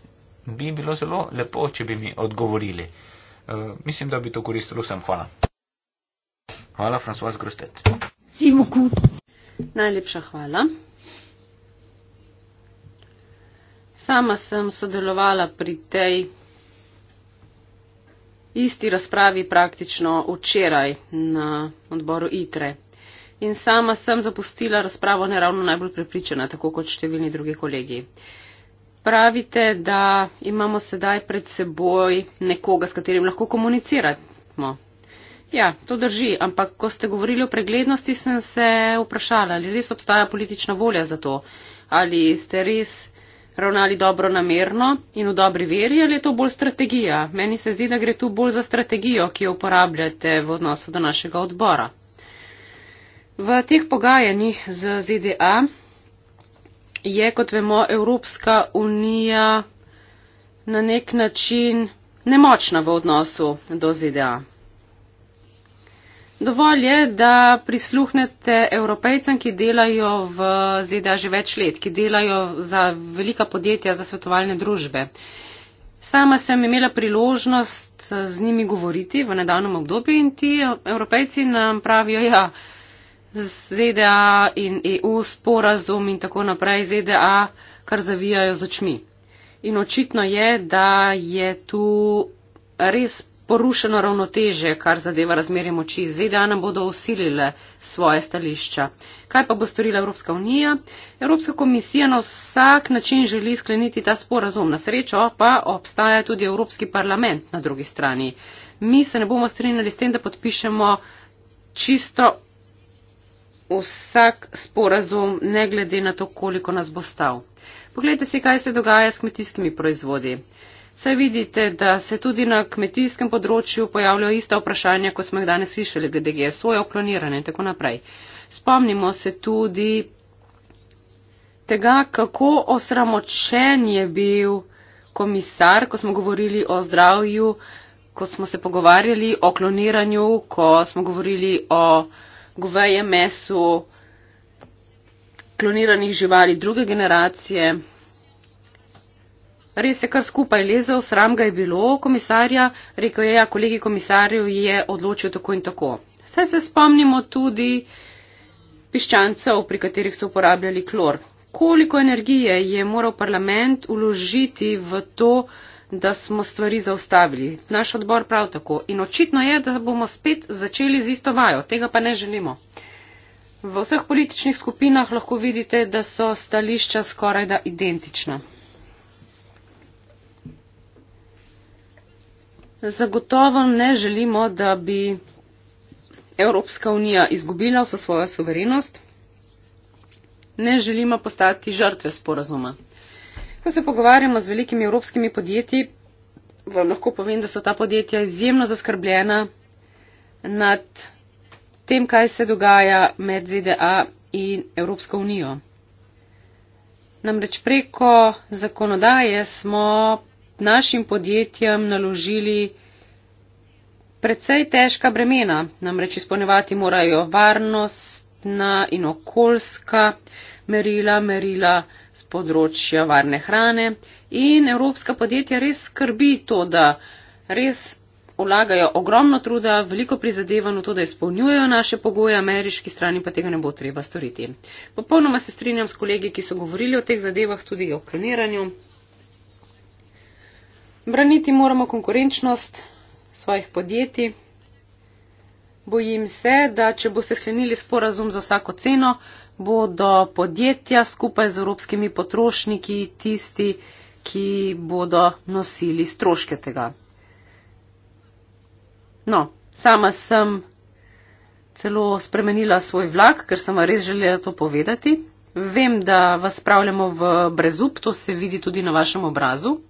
bi bilo zelo lepo, če bi mi odgovorili. E, mislim, da bi to koristilo vsem. Hvala. Hvala, Francois Grostec.
Simuku. Najlepša hvala. Sama sem sodelovala pri tej isti razpravi praktično včeraj na odboru ITRE in sama sem zapustila razpravo ne ravno najbolj prepričana, tako kot številni drugi kolegi. Pravite, da imamo sedaj pred seboj nekoga, s katerim lahko komuniciramo. Ja, to drži, ampak ko ste govorili o preglednosti, sem se vprašala, ali res obstaja politična volja za to, ali ste res ravnali dobro namerno in v dobri veri, ali je to bolj strategija. Meni se zdi, da gre tu bolj za strategijo, ki jo uporabljate v odnosu do našega odbora. V teh pogajanjih z ZDA je, kot vemo, Evropska unija na nek način nemočna v odnosu do ZDA. Dovolj je, da prisluhnete evropejcem, ki delajo v ZDA že več let, ki delajo za velika podjetja, za svetovalne družbe. Sama sem imela priložnost eh, z njimi govoriti v nedavnem obdobju in ti eh, evropejci nam pravijo, ja, ZDA in EU sporazum in tako naprej ZDA kar zavijajo z očmi. In očitno je, da je tu res porušeno ravnoteže, kar zadeva razmerje moči. ZDA nam bodo usilile svoje stališča. Kaj pa bo storila Evropska unija? Evropska komisija na vsak način želi skleniti ta sporazum. Na srečo pa obstaja tudi Evropski parlament na drugi strani. Mi se ne bomo strinjali s tem, da podpišemo čisto vsak sporazum, ne glede na to, koliko nas bo stal. Poglejte si, kaj se dogaja s kmetijskimi proizvodi. Saj vidite, da se tudi na kmetijskem področju pojavljajo ista vprašanja, kot smo jih danes slišali, glede GSO-ja, okloniranja in tako naprej. Spomnimo se tudi tega, kako osramočen je bil komisar, ko smo govorili o zdravju, ko smo se pogovarjali o kloniranju, ko smo govorili o goveje meso, kloniranih živali druge generacije. Res je kar skupaj lezel, sram ga je bilo komisarja, rekel je, ja, kolegi komisarju je odločil tako in tako. Saj se spomnimo tudi piščancev, pri katerih so uporabljali klor. Koliko energije je moral parlament uložiti v to, da da smo stvari zaustavili. Naš odbor prav tako. In očitno je, da bomo spet začeli z isto vajo. Tega pa ne želimo. V vseh političnih skupinah lahko vidite, da so stališča skoraj da identična. Zagotovo ne želimo, da bi Evropska unija izgubila vso svojo suverenost. Ne želimo postati žrtve sporazuma. Ko se pogovarjamo z velikimi evropskimi podjetji, vam lahko povem, da so ta podjetja izjemno zaskrbljena nad tem, kaj se dogaja med ZDA in Evropsko unijo. Namreč preko zakonodaje smo našim podjetjem naložili precej težka bremena, namreč izpolnevati morajo varnostna in okoljska merila, merila področja varne hrane in evropska podjetja res skrbi to, da res vlagajo ogromno truda, veliko prizadevanj v to, da izpolnjujejo naše pogoje, ameriški strani pa tega ne bo treba storiti. Popolnoma se strinjam s kolegi, ki so govorili o teh zadevah, tudi o kloniranju. Braniti moramo konkurenčnost svojih podjetij. Bojim se, da če boste sklenili sporazum za vsako ceno, bodo podjetja skupaj z evropskimi potrošniki tisti, ki bodo nosili stroške tega. No, sama sem celo spremenila svoj vlak, ker sem res želela to povedati. Vem, da vas spravljamo v brezup, to se vidi tudi na vašem obrazu.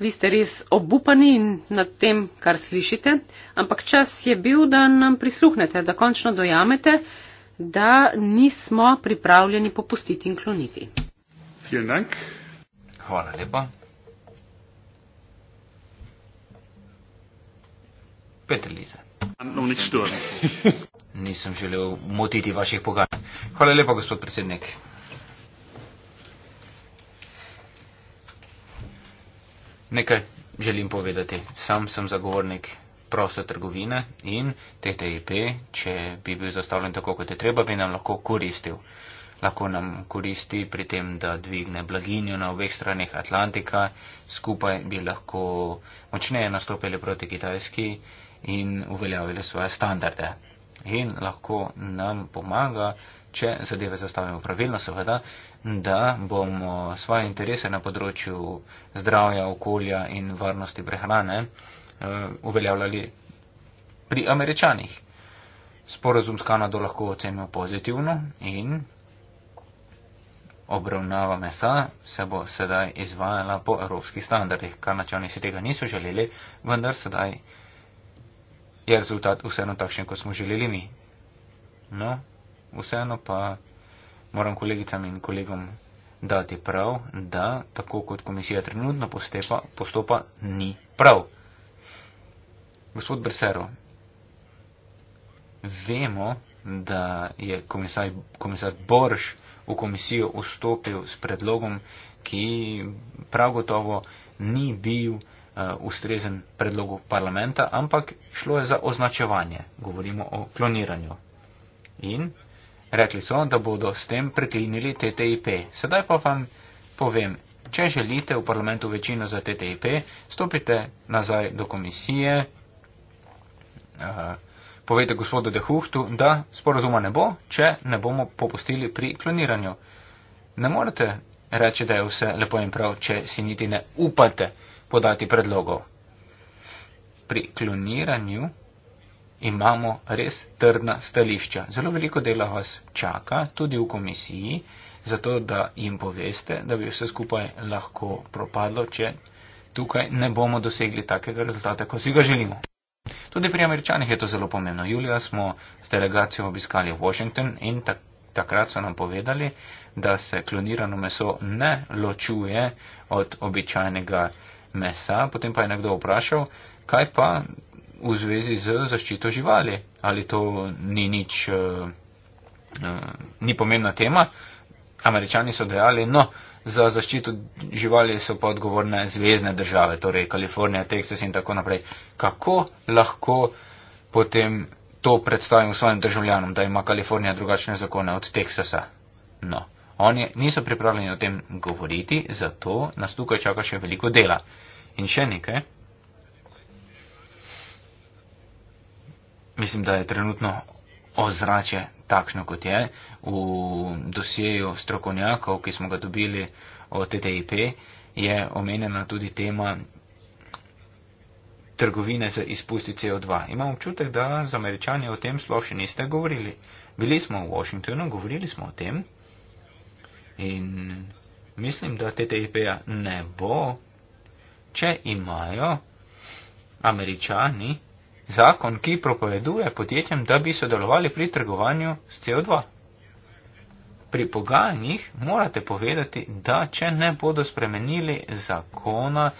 Vi ste res obupani nad tem, kar slišite, ampak čas je bil, da nam prisluhnete, da končno dojamete, da nismo pripravljeni popustiti in kloniti.
Hvala lepa. Petr Lize. No, nič dobro. Nisem želel motiti vaših pogajanj. Hvala lepa, gospod predsednik. Nekaj želim povedati. Sam sem zagovornik proste trgovine in TTIP, če bi bil zastavljen tako, kot je treba, bi nam lahko koristil. Lahko nam koristi pri tem, da dvigne blaginjo na obeh stranih Atlantika, skupaj bi lahko močneje nastopili proti Kitajski in uveljavili svoje standarde. In lahko nam pomaga, če zadeve zastavimo pravilno, seveda, da bomo svoje interese na področju zdravja, okolja in varnosti prehrane Eh, uveljavljali pri američanih. Sporazum s Kanado lahko ocenimo pozitivno in obravnava mesa se bo sedaj izvajala po evropskih standardih. Kanačani si tega niso želeli, vendar sedaj je rezultat vseeno takšen, kot smo želeli mi. No, vseeno pa moram kolegicam in kolegom dati prav, da tako kot komisija trenutno postepa, postopa, ni prav. Gospod Brsero, vemo, da je komisar, komisar Borš v komisijo vstopil s predlogom, ki prav gotovo ni bil uh, ustrezen predlogu parlamenta, ampak šlo je za označevanje, govorimo o kloniranju. In rekli so, da bodo s tem preklinili TTIP. Sedaj pa vam povem, če želite v parlamentu večino za TTIP, stopite nazaj do komisije Povejte gospodu Dehuhtu, da sporozuma ne bo, če ne bomo popustili pri kloniranju. Ne morete reči, da je vse lepo in prav, če si niti ne upate podati predlogov. Pri kloniranju imamo res trdna stališča. Zelo veliko dela vas čaka, tudi v komisiji, zato da jim poveste, da bi vse skupaj lahko propadlo, če tukaj ne bomo dosegli takega rezultata, kot si ga želimo. Tudi pri američanih je to zelo pomembno. Julija smo s delegacijo obiskali Washington in tak, takrat so nam povedali, da se klonirano meso ne ločuje od običajnega mesa. Potem pa je nekdo vprašal, kaj pa v zvezi z zaščito živali. Ali to ni nič, uh, uh, ni pomembna tema. Američani so dejali, no, za zaščito živali so pa odgovorne zvezdne države, torej Kalifornija, Teksas in tako naprej. Kako lahko potem to predstavimo svojim državljanom, da ima Kalifornija drugačne zakone od Teksasa? No, oni niso pripravljeni o tem govoriti, zato nas tukaj čaka še veliko dela. In še nekaj. Mislim, da je trenutno ozračje takšno, kot je v dosjeju strokovnjakov, ki smo ga dobili od TTIP, je omenjena tudi tema trgovine za izpusti CO2. Imam občutek, da z američani o tem sploh še niste govorili. Bili smo v Washingtonu, govorili smo o tem in mislim, da TTIP-ja ne bo, če imajo američani zakon, ki propoveduje podjetjem, da bi sodelovali pri trgovanju s CO2. Pri pogajanjih morate povedati, da če ne bodo spremenili zakona,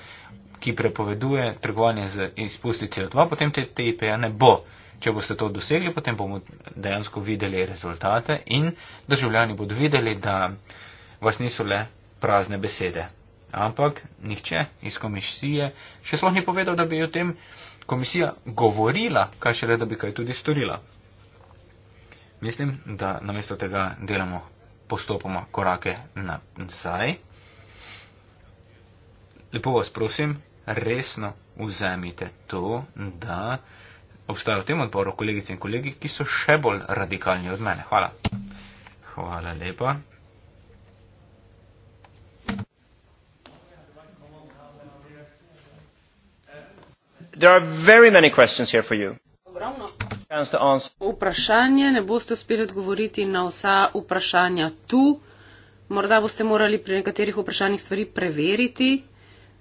ki prepoveduje trgovanje z izpusti CO2, potem te TIP-ja ne bo. Če boste to dosegli, potem bomo dejansko videli rezultate in državljani bodo videli, da vas niso le prazne besede. Ampak nihče iz komisije še sploh ni povedal, da bi o tem komisija govorila, kaj šele, da bi kaj tudi storila. Mislim, da namesto tega delamo postopoma korake nazaj. Lepo vas prosim, resno vzemite to, da obstajajo v tem odboru kolegice in kolegi, ki so še bolj radikalni od mene. Hvala. Hvala lepa.
There are very many questions here for you. Vprašanje, ne boste uspeli odgovoriti na vsa vprašanja tu. Morda boste morali pri nekaterih vprašanjih stvari preveriti.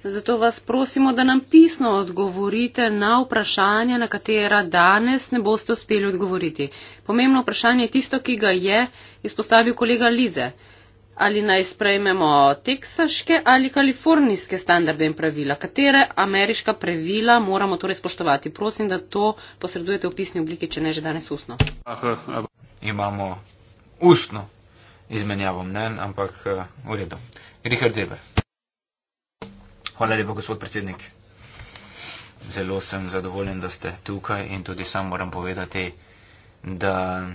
Zato vas prosimo, da nam pisno odgovorite na vprašanja, na katera danes ne boste uspeli odgovoriti. Pomembno vprašanje je tisto, ki ga je izpostavil kolega Lize ali naj sprejmemo teksaške ali kalifornijske standarde in pravila, katere ameriška pravila moramo torej spoštovati. Prosim, da to posredujete v pisni obliki, če ne že danes ustno.
Imamo ustno izmenjavo mnen, ampak eh, v redu. Richard Zeber. Hvala lepa, gospod predsednik. Zelo sem zadovoljen, da ste tukaj in tudi sam moram povedati, da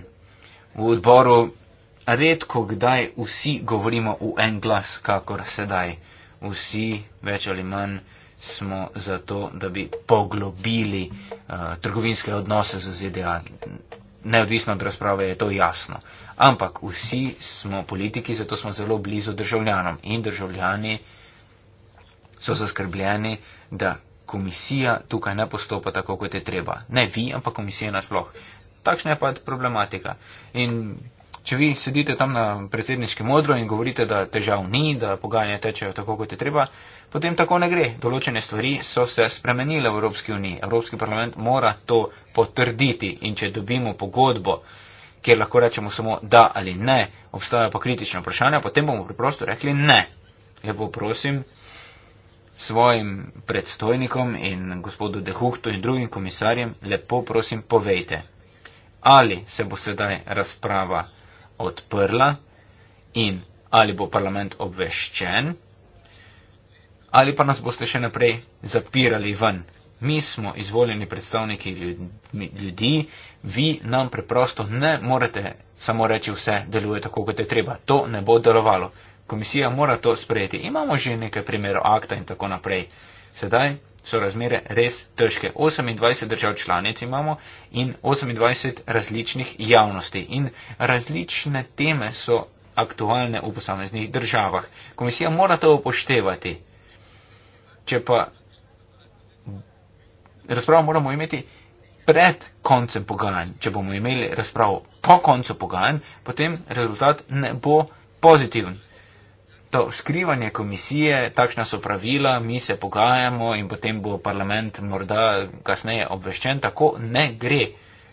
v odboru redko kdaj vsi govorimo v en glas, kakor sedaj. Vsi več ali manj smo zato, da bi poglobili uh, trgovinske odnose z ZDA. Neodvisno od razprave je to jasno. Ampak vsi smo politiki, zato smo zelo blizu državljanom. In državljani so zaskrbljeni, da komisija tukaj ne postopa tako, kot je treba. Ne vi, ampak komisija nasploh. Takšna je pa problematika. In če vi sedite tam na predsedniškem odru in govorite, da težav ni, da pogajanja tečejo tako, kot je treba, potem tako ne gre. Določene stvari so se spremenile v Evropski uniji. Evropski parlament mora to potrditi in če dobimo pogodbo, kjer lahko rečemo samo da ali ne, obstajajo pa kritične vprašanja, potem bomo preprosto rekli ne. Lepo ja, prosim svojim predstojnikom in gospodu Dehuhtu in drugim komisarjem, lepo prosim povejte, ali se bo sedaj razprava odprla in ali bo parlament obveščen ali pa nas boste še naprej zapirali ven. Mi smo izvoljeni predstavniki ljudi, vi nam preprosto ne morete samo reči vse deluje tako, kot je treba. To ne bo delovalo. Komisija mora to sprejeti. Imamo že nekaj primerov akta in tako naprej. Sedaj so razmere res težke. 28 držav članic imamo in 28 različnih javnosti in različne teme so aktualne v posameznih državah. Komisija mora to upoštevati. Če pa razpravo moramo imeti pred koncem pogajanj, če bomo imeli razpravo po koncu pogajanj, potem rezultat ne bo pozitiven to skrivanje komisije, takšna so pravila, mi se pogajamo in potem bo parlament morda kasneje obveščen, tako ne gre.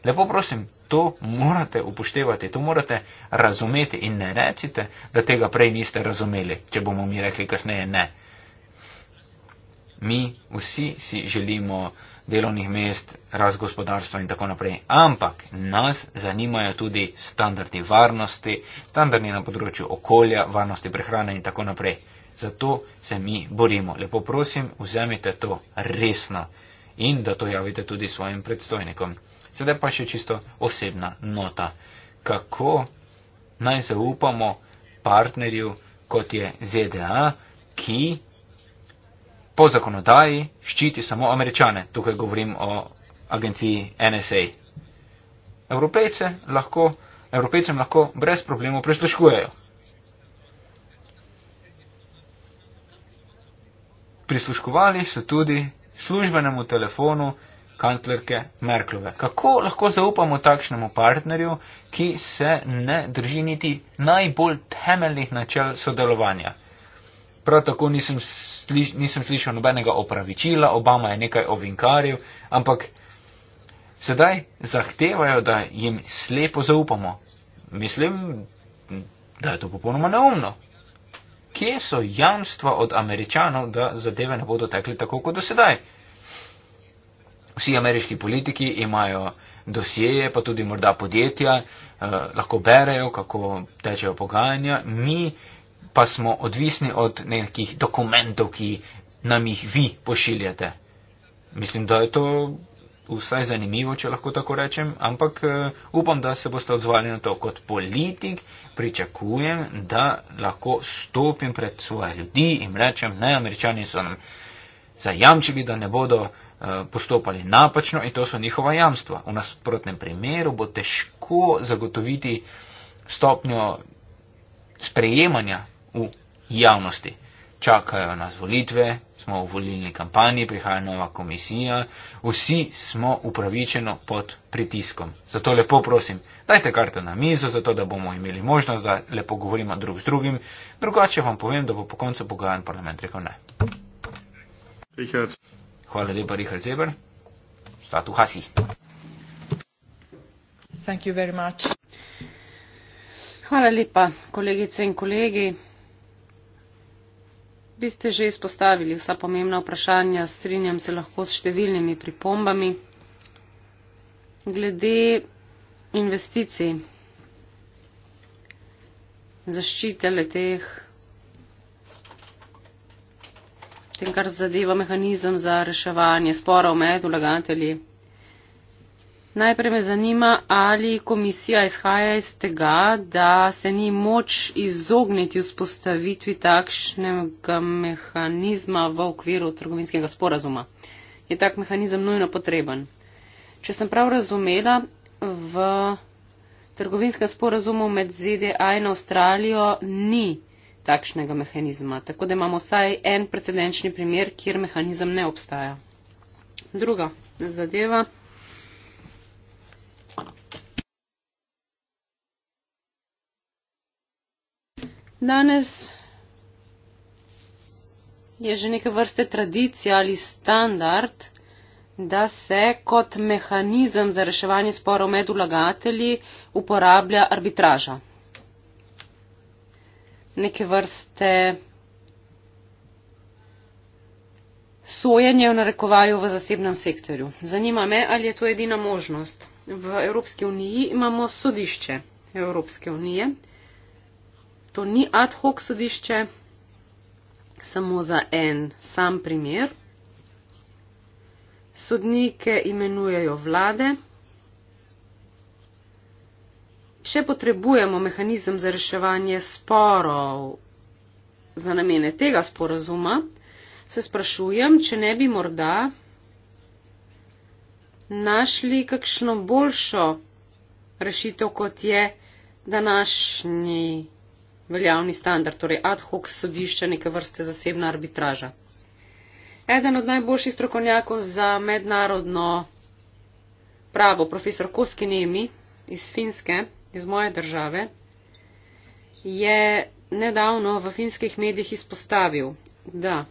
Lepo prosim, to morate upoštevati, to morate razumeti in ne recite, da tega prej niste razumeli, če bomo mi rekli kasneje ne. Mi vsi si želimo delovnih mest, rast gospodarstva in tako naprej. Ampak nas zanimajo tudi standardi varnosti, standardi na področju okolja, varnosti prehrane in tako naprej. Zato se mi borimo. Lepo prosim, vzemite to resno in da to javite tudi svojim predstojnikom. Sedaj pa še čisto osebna nota. Kako naj zaupamo partnerju, kot je ZDA, ki po zakonodaji ščiti samo američane. Tukaj govorim o agenciji NSA. Evropejce lahko, Evropejcem lahko brez problemov prisluškujejo. Prisluškovali so tudi službenemu telefonu kanclerke Merklove. Kako lahko zaupamo takšnemu partnerju, ki se ne drži niti najbolj temeljnih načel sodelovanja? Prav tako nisem, sliš, nisem slišal nobenega opravičila, Obama je nekaj ovinkaril, ampak sedaj zahtevajo, da jim slepo zaupamo. Mislim, da je to popolnoma neumno. Kje so jamstva od američanov, da zadeve ne bodo tekle tako kot do sedaj? Vsi ameriški politiki imajo dosjeje, pa tudi morda podjetja, eh, lahko berejo, kako tečejo pogajanja. Mi pa smo odvisni od nekih dokumentov, ki nam jih vi pošiljate. Mislim, da je to vsaj zanimivo, če lahko tako rečem, ampak eh, upam, da se boste odzvali na to kot politik. Pričakujem, da lahko stopim pred svoje ljudi in rečem, ne, američani so nam zajamčili, da ne bodo eh, postopali napačno in to so njihova jamstva. V nasprotnem primeru bo težko zagotoviti stopnjo sprejemanja v javnosti. Čakajo nas volitve, smo v volilni kampanji, prihaja nova komisija, vsi smo upravičeno pod pritiskom. Zato lepo prosim, dajte karto na mizo, zato da bomo imeli možnost, da lepo govorimo drug z drugim. Drugače vam povem, da bo po koncu pogajan parlament rekel ne. Richard. Hvala lepa, Richard Zeber. Satu Hasi.
Hvala lepa, kolegice in kolegi. Vi ste že izpostavili vsa pomembna vprašanja, strinjam se lahko s številnimi pripombami. Glede investicij, zaščite leteh, tem, kar zadeva mehanizem za reševanje sporov med vlagatelji. Najprej me zanima, ali komisija izhaja iz tega, da se ni moč izogniti vzpostavitvi takšnega mehanizma v okviru trgovinskega sporazuma. Je tak mehanizem nujno potreben? Če sem prav razumela, v trgovinskem sporazumu med ZDA in Avstralijo ni takšnega mehanizma, tako da imamo vsaj en precedenčni primer, kjer mehanizem ne obstaja. Druga zadeva. Danes je že neke vrste tradicija ali standard, da se kot mehanizem za reševanje sporov med ulagatelji uporablja arbitraža. Neke vrste sojenje v narekovaju v zasebnem sektorju. Zanima me, ali je to edina možnost. V Evropski uniji imamo sodišče Evropske unije, to ni ad hoc sodišče, samo za en sam primer. Sodnike imenujejo vlade. Če potrebujemo mehanizem za reševanje sporov za namene tega sporazuma, se sprašujem, če ne bi morda našli kakšno boljšo rešitev, kot je današnji veljavni standard, torej ad hoc sodišče neke vrste zasebna arbitraža. Eden od najboljših strokovnjakov za mednarodno pravo, profesor Koski Nemi iz Finske, iz moje države, je nedavno v finskih medijih izpostavil, da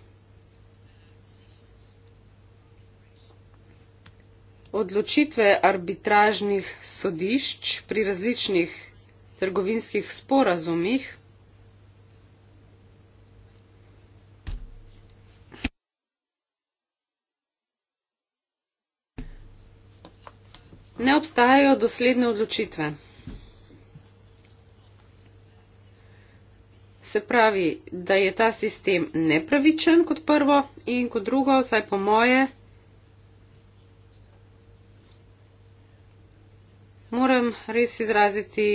odločitve arbitražnih sodišč pri različnih trgovinskih sporazumih Ne obstajajo dosledne odločitve. Se pravi, da je ta sistem nepravičen kot prvo in kot drugo, vsaj po moje, moram res izraziti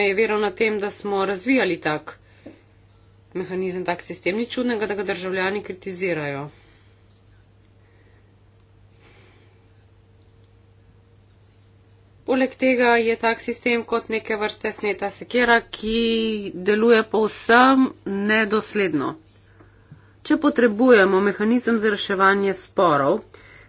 najevero na tem, da smo razvijali tak mehanizem, tak sistem. Ni čudnega, da ga državljani kritizirajo. Poleg tega je tak sistem kot neke vrste sneta sekera, ki deluje povsem nedosledno. Če potrebujemo mehanizem za reševanje sporov,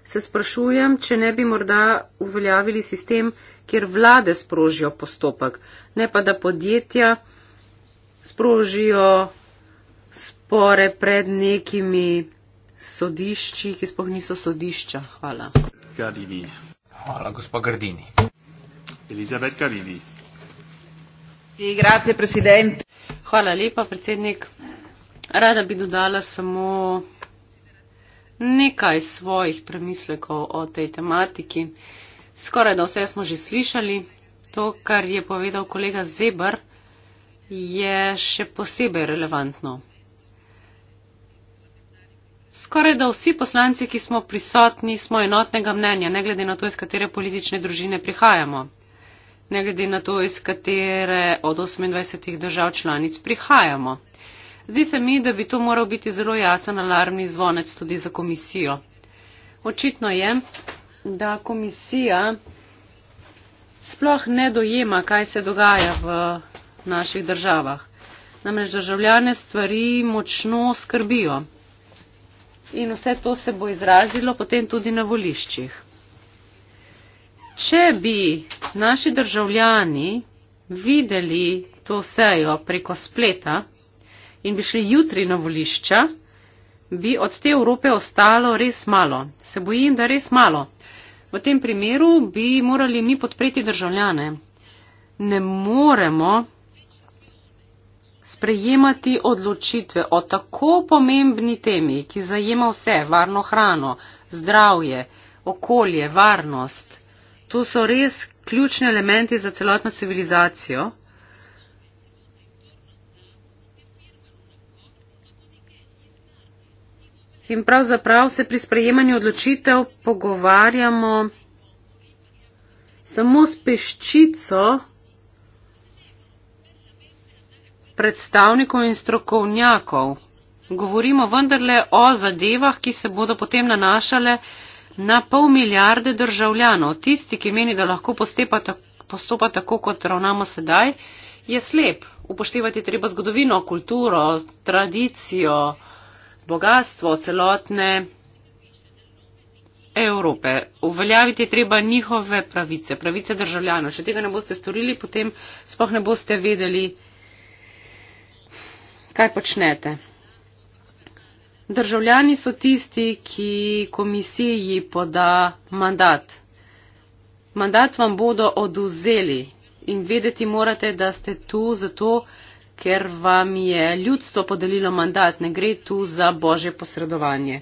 se sprašujem, če ne bi morda uveljavili sistem, kjer vlade sprožijo postopek, ne pa da podjetja sprožijo spore pred nekimi sodišči, ki spoh niso sodišča. Hvala.
Hvala, gospod Gardini. Elizabeth Kalidi.
Sì, grazie Presidente. Hvala lepa, predsednik. Rada bi dodala samo nekaj svojih premislekov o tej tematiki. Skoraj da vse smo že slišali. To, kar je povedal kolega Zebr, je še posebej relevantno. Skoraj da vsi poslanci, ki smo prisotni, smo enotnega mnenja, ne glede na to, iz katere politične družine prihajamo ne glede na to, iz katere od 28 držav članic prihajamo. Zdi se mi, da bi to moral biti zelo jasen alarmni zvonec tudi za komisijo. Očitno je, da komisija sploh ne dojema, kaj se dogaja v naših državah. Namreč državljane stvari močno skrbijo. In vse to se bo izrazilo potem tudi na voliščih če bi naši državljani videli to sejo preko spleta in bi šli jutri na volišča, bi od te Evrope ostalo res malo. Se bojim, da res malo. V tem primeru bi morali mi podpreti državljane. Ne moremo sprejemati odločitve o tako pomembni temi, ki zajema vse, varno hrano, zdravje, okolje, varnost to so res ključni elementi za celotno civilizacijo. In pravzaprav se pri sprejemanju odločitev pogovarjamo samo s peščico predstavnikov in strokovnjakov. Govorimo vendarle o zadevah, ki se bodo potem nanašale na pol milijarde državljanov. Tisti, ki meni, da lahko postopa tako, kot ravnamo sedaj, je slep. Upoštevati treba zgodovino, kulturo, tradicijo, bogatstvo celotne Evrope. Uveljaviti treba njihove pravice, pravice državljanov. Če tega ne boste storili, potem spoh ne boste vedeli, kaj počnete. Državljani so tisti, ki komisiji poda mandat. Mandat vam bodo oduzeli in vedeti morate, da ste tu zato, ker vam je ljudstvo podelilo mandat, ne gre tu za božje posredovanje.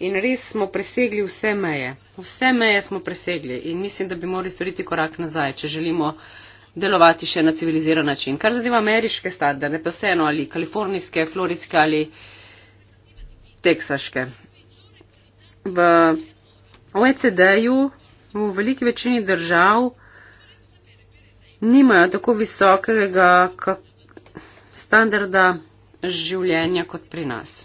In res smo presegli vse meje. Vse meje smo presegli in mislim, da bi morali storiti korak nazaj, če želimo delovati še na civiliziran način. Kar zadeva ameriške stadne, ne pa vseeno ali kalifornijske, floridske ali teksaške. V OECD-ju v veliki večini držav nimajo tako visokega standarda življenja kot pri nas.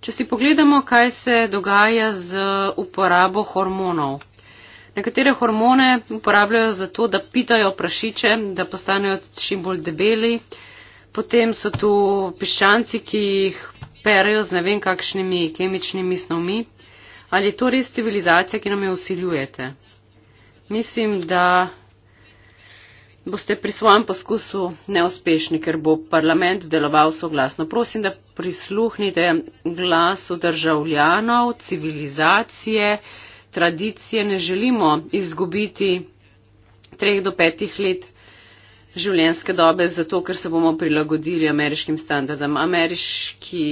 Če si pogledamo, kaj se dogaja z uporabo hormonov. Nekatere hormone uporabljajo zato, da pitajo prašiče, da postanejo čim bolj debeli, Potem so tu piščanci, ki jih perejo z ne vem kakšnimi kemičnimi snovmi. Ali je to res civilizacija, ki nam jo usiljujete? Mislim, da boste pri svojem poskusu neuspešni, ker bo parlament deloval soglasno. Prosim, da prisluhnite glasu državljanov, civilizacije, tradicije. Ne želimo izgubiti treh do petih let življenjske dobe, zato ker se bomo prilagodili ameriškim standardam. Ameriški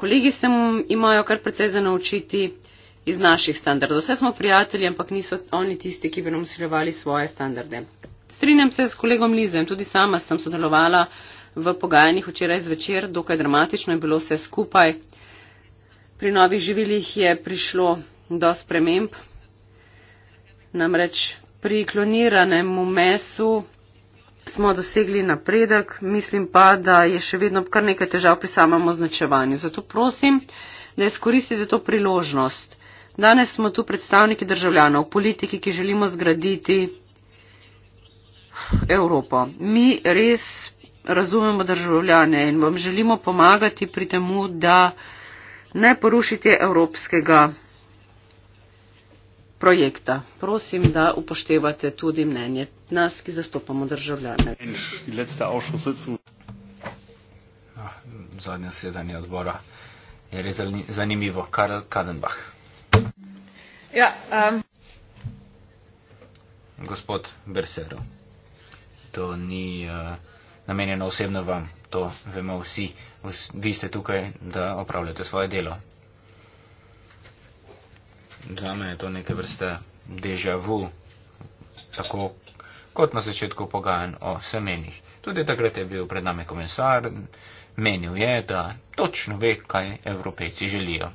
kolegi se imajo kar precej za naučiti iz naših standardov. Vse smo prijatelji, ampak niso oni tisti, ki bi nam usiljevali svoje standarde. Strinjam se s kolegom Lizem, tudi sama sem sodelovala v pogajanjih včeraj zvečer, dokaj dramatično je bilo vse skupaj. Pri novih živilih je prišlo do sprememb. Namreč pri kloniranem mesu smo dosegli napredek, mislim pa, da je še vedno kar nekaj težav pri samem označevanju. Zato prosim, da izkoristite to priložnost. Danes smo tu predstavniki državljanov, politiki, ki želimo zgraditi Evropo. Mi res razumemo državljane in vam želimo pomagati pri temu, da ne porušite evropskega projekta. Prosim, da upoštevate tudi mnenje nas, ki zastopamo državljane.
Ah, zadnje sedanje odbora je res zanimivo. Karel Kadenbach. Ja, um. Gospod Bersero, to ni uh, namenjeno osebno vam, to vemo vsi. Vi ste tukaj, da opravljate svoje delo. Za me je to neke vrste deja vu, tako kot na začetku pogajan o semenih. Tudi takrat je bil pred nami komisar, menil je, da točno ve, kaj evropejci želijo.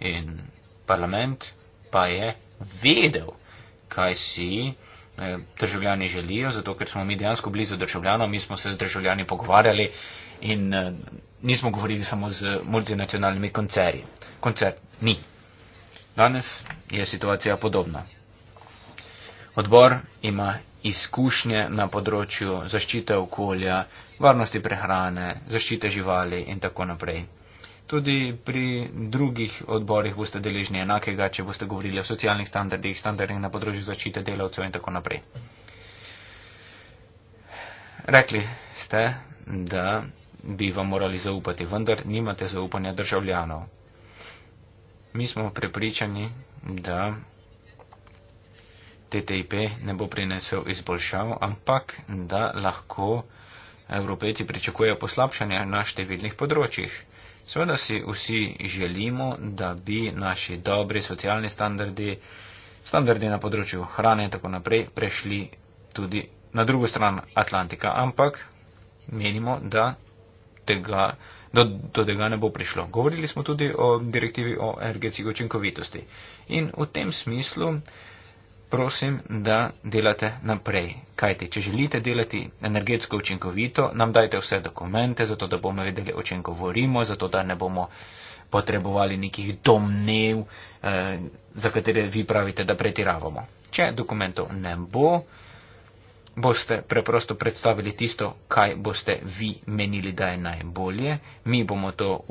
In parlament pa je vedel, kaj si eh, državljani želijo, zato ker smo mi dejansko blizu državljanov, mi smo se z državljani pogovarjali in eh, nismo govorili samo z multinacionalnimi koncerni. Koncert ni. Danes je situacija podobna. Odbor ima izkušnje na področju zaščite okolja, varnosti prehrane, zaščite živali in tako naprej. Tudi pri drugih odborih boste deležni enakega, če boste govorili o socialnih standardih, standardih na področju zaščite delavcev in tako naprej. Rekli ste, da bi vam morali zaupati, vendar nimate zaupanja državljanov mi smo prepričani, da TTIP ne bo prinesel izboljšav, ampak da lahko evropejci pričakujejo poslabšanje na številnih področjih. Seveda si vsi želimo, da bi naši dobri socialni standardi, standardi na področju hrane in tako naprej prešli tudi na drugo stran Atlantika, ampak menimo, da tega do, do tega ne bo prišlo. Govorili smo tudi o direktivi o energetski učinkovitosti. In v tem smislu prosim, da delate naprej. Kajti, če želite delati energetsko učinkovito, nam dajte vse dokumente, zato da bomo vedeli, o čem govorimo, zato da ne bomo potrebovali nekih domnev, eh, za katere vi pravite, da pretiravamo. Če dokumentov ne bo, boste preprosto predstavili tisto, kaj boste vi menili, da je najbolje. Mi bomo to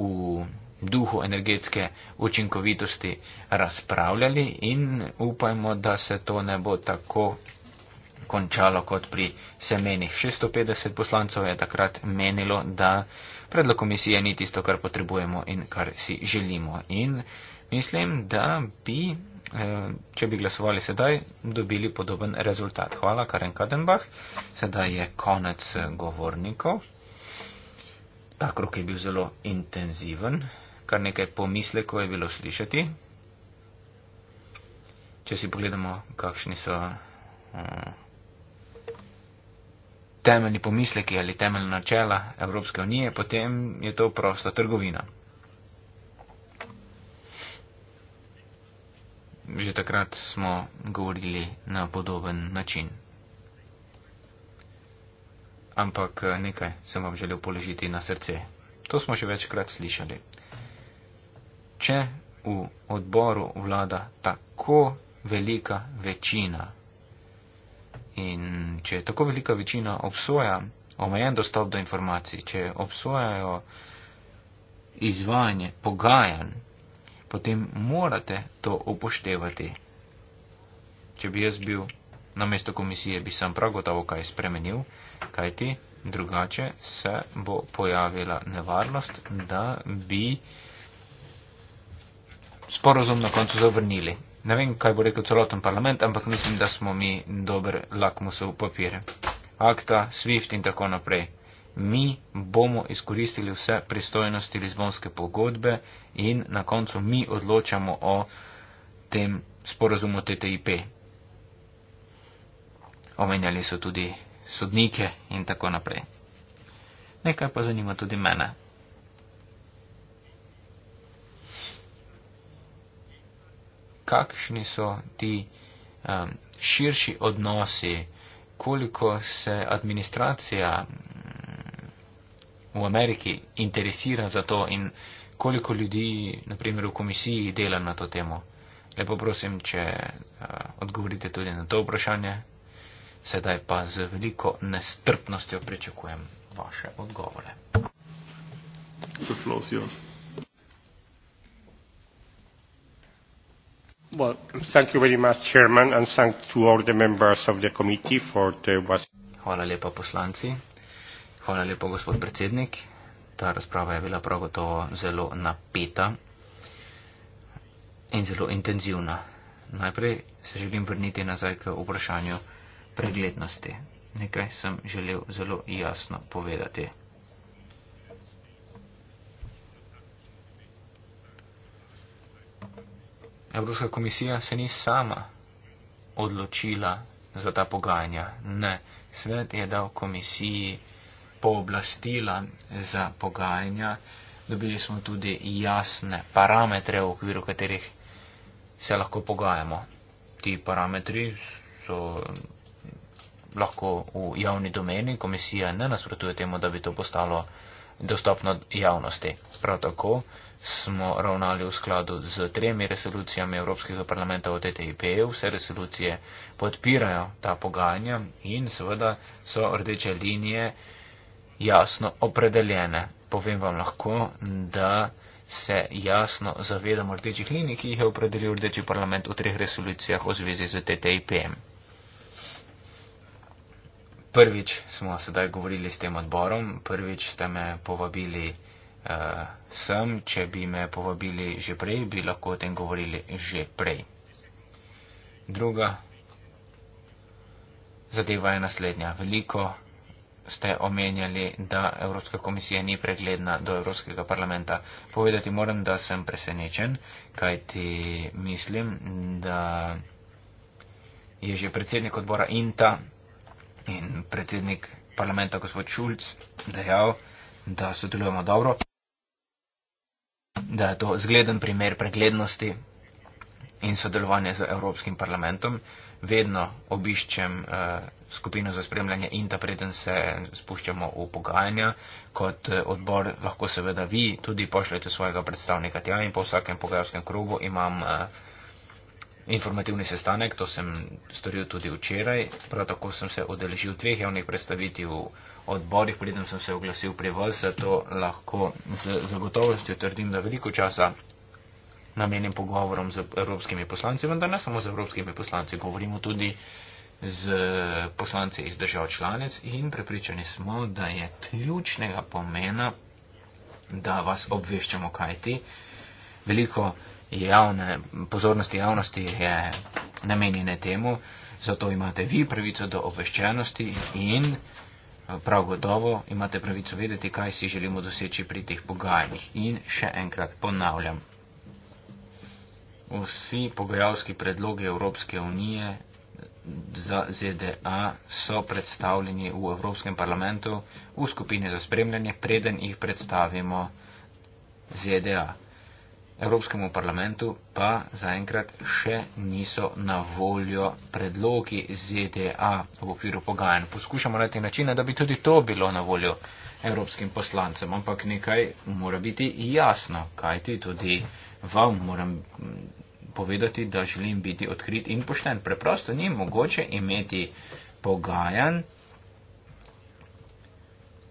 v duhu energetske učinkovitosti razpravljali in upajmo, da se to ne bo tako končalo kot pri semenih. 650 poslancov je takrat menilo, da predlog komisije ni tisto, kar potrebujemo in kar si želimo. In mislim, da bi, eh, če bi glasovali sedaj, dobili podoben rezultat. Hvala, Karen Kadenbach. Sedaj je konec eh, govornikov. Ta krok je bil zelo intenziven, kar nekaj pomislekov je bilo slišati. Če si pogledamo, kakšni so eh, temeljni pomisleki ali temeljna načela Evropske unije, potem je to prosta trgovina. že takrat smo govorili na podoben način. Ampak eh, nekaj sem vam želel položiti na srce. To smo že večkrat slišali. Če v odboru vlada tako velika večina in če tako velika večina obsoja omejen dostop do informacij, če obsojajo izvajanje pogajanj, potem morate to upoštevati. Če bi jaz bil na mesto komisije, bi sem prav gotovo kaj spremenil, kajti drugače se bo pojavila nevarnost, da bi sporozum na koncu zavrnili. Ne vem, kaj bo rekel celoten parlament, ampak mislim, da smo mi dober lakmusov papir. Akta, SWIFT in tako naprej mi bomo izkoristili vse pristojnosti Lizbonske pogodbe in na koncu mi odločamo o tem sporozumu TTIP. Omenjali so tudi sodnike in tako naprej. Nekaj pa zanima tudi mene. Kakšni so ti um, širši odnosi, koliko se administracija v Ameriki interesira za to in koliko ljudi, naprimer v komisiji, dela na to temo. Lepo prosim, če eh, odgovorite tudi na to vprašanje. Sedaj pa z veliko nestrpnostjo pričakujem vaše odgovore. Hvala lepa poslanci. Hvala lepo, gospod predsednik. Ta razprava je bila prav gotovo zelo napeta in zelo intenzivna. Najprej se želim vrniti nazaj k vprašanju preglednosti. Nekaj sem želel zelo jasno povedati. Evropska komisija se ni sama odločila za ta pogajanja. Ne, svet je dal komisiji pooblastila za pogajanja, dobili smo tudi jasne parametre, v okviru katerih se lahko pogajamo. Ti parametri so lahko v javni domeni, komisija ne nasprotuje temu, da bi to postalo dostopno javnosti. Prav tako smo ravnali v skladu z tremi resolucijami Evropskega parlamenta o TTIP-ju, vse resolucije podpirajo ta pogajanja in seveda so rdeče linije, jasno opredeljene. Povem vam lahko, da se jasno zavedamo rdečih linij, ki jih je opredelil rdeči parlament v treh resolucijah o zvezi z TTIP. Prvič smo sedaj govorili s tem odborom, prvič ste me povabili uh, sem, če bi me povabili že prej, bi lahko o tem govorili že prej. Druga zadeva je naslednja. Veliko ste omenjali, da Evropska komisija ni pregledna do Evropskega parlamenta. Povedati moram, da sem presenečen, kaj ti mislim, da je že predsednik odbora INTA in predsednik parlamenta gospod Šulc dejal, da sodelujemo dobro, da je to zgleden primer preglednosti in sodelovanje z Evropskim parlamentom. Vedno obiščem eh, skupino za spremljanje in ta preden se spuščamo v pogajanja, kot eh, odbor lahko seveda vi tudi pošljete svojega predstavnika tja in po vsakem pogajalskem krogu imam eh, informativni sestanek, to sem storil tudi včeraj, prav tako sem se odeležil dveh javnih predstavitev v odborih, preden sem se oglasil pri vas, zato lahko z zagotovostjo trdim, da veliko časa namenjen pogovorom z evropskimi poslanci, vendar ne samo z evropskimi poslanci, govorimo tudi z poslanci iz držav članic in prepričani smo, da je ključnega pomena, da vas obveščamo, kaj ti. Veliko javne, pozornosti javnosti je namenjene temu, zato imate vi pravico do obveščenosti in eh, prav gotovo imate pravico vedeti, kaj si želimo doseči pri teh pogajanjih. In še enkrat ponavljam, Vsi pogajalski predlogi Evropske unije za ZDA so predstavljeni v Evropskem parlamentu v skupini za spremljanje, preden jih predstavimo ZDA. Evropskemu parlamentu pa zaenkrat še niso na voljo predlogi ZDA v okviru pogajanj. Poskušamo najti načine, da bi tudi to bilo na voljo evropskim poslancem, ampak nekaj mora biti jasno, kajti tudi vam moram povedati, da želim biti odkrit in pošten. Preprosto ni mogoče imeti pogajanj,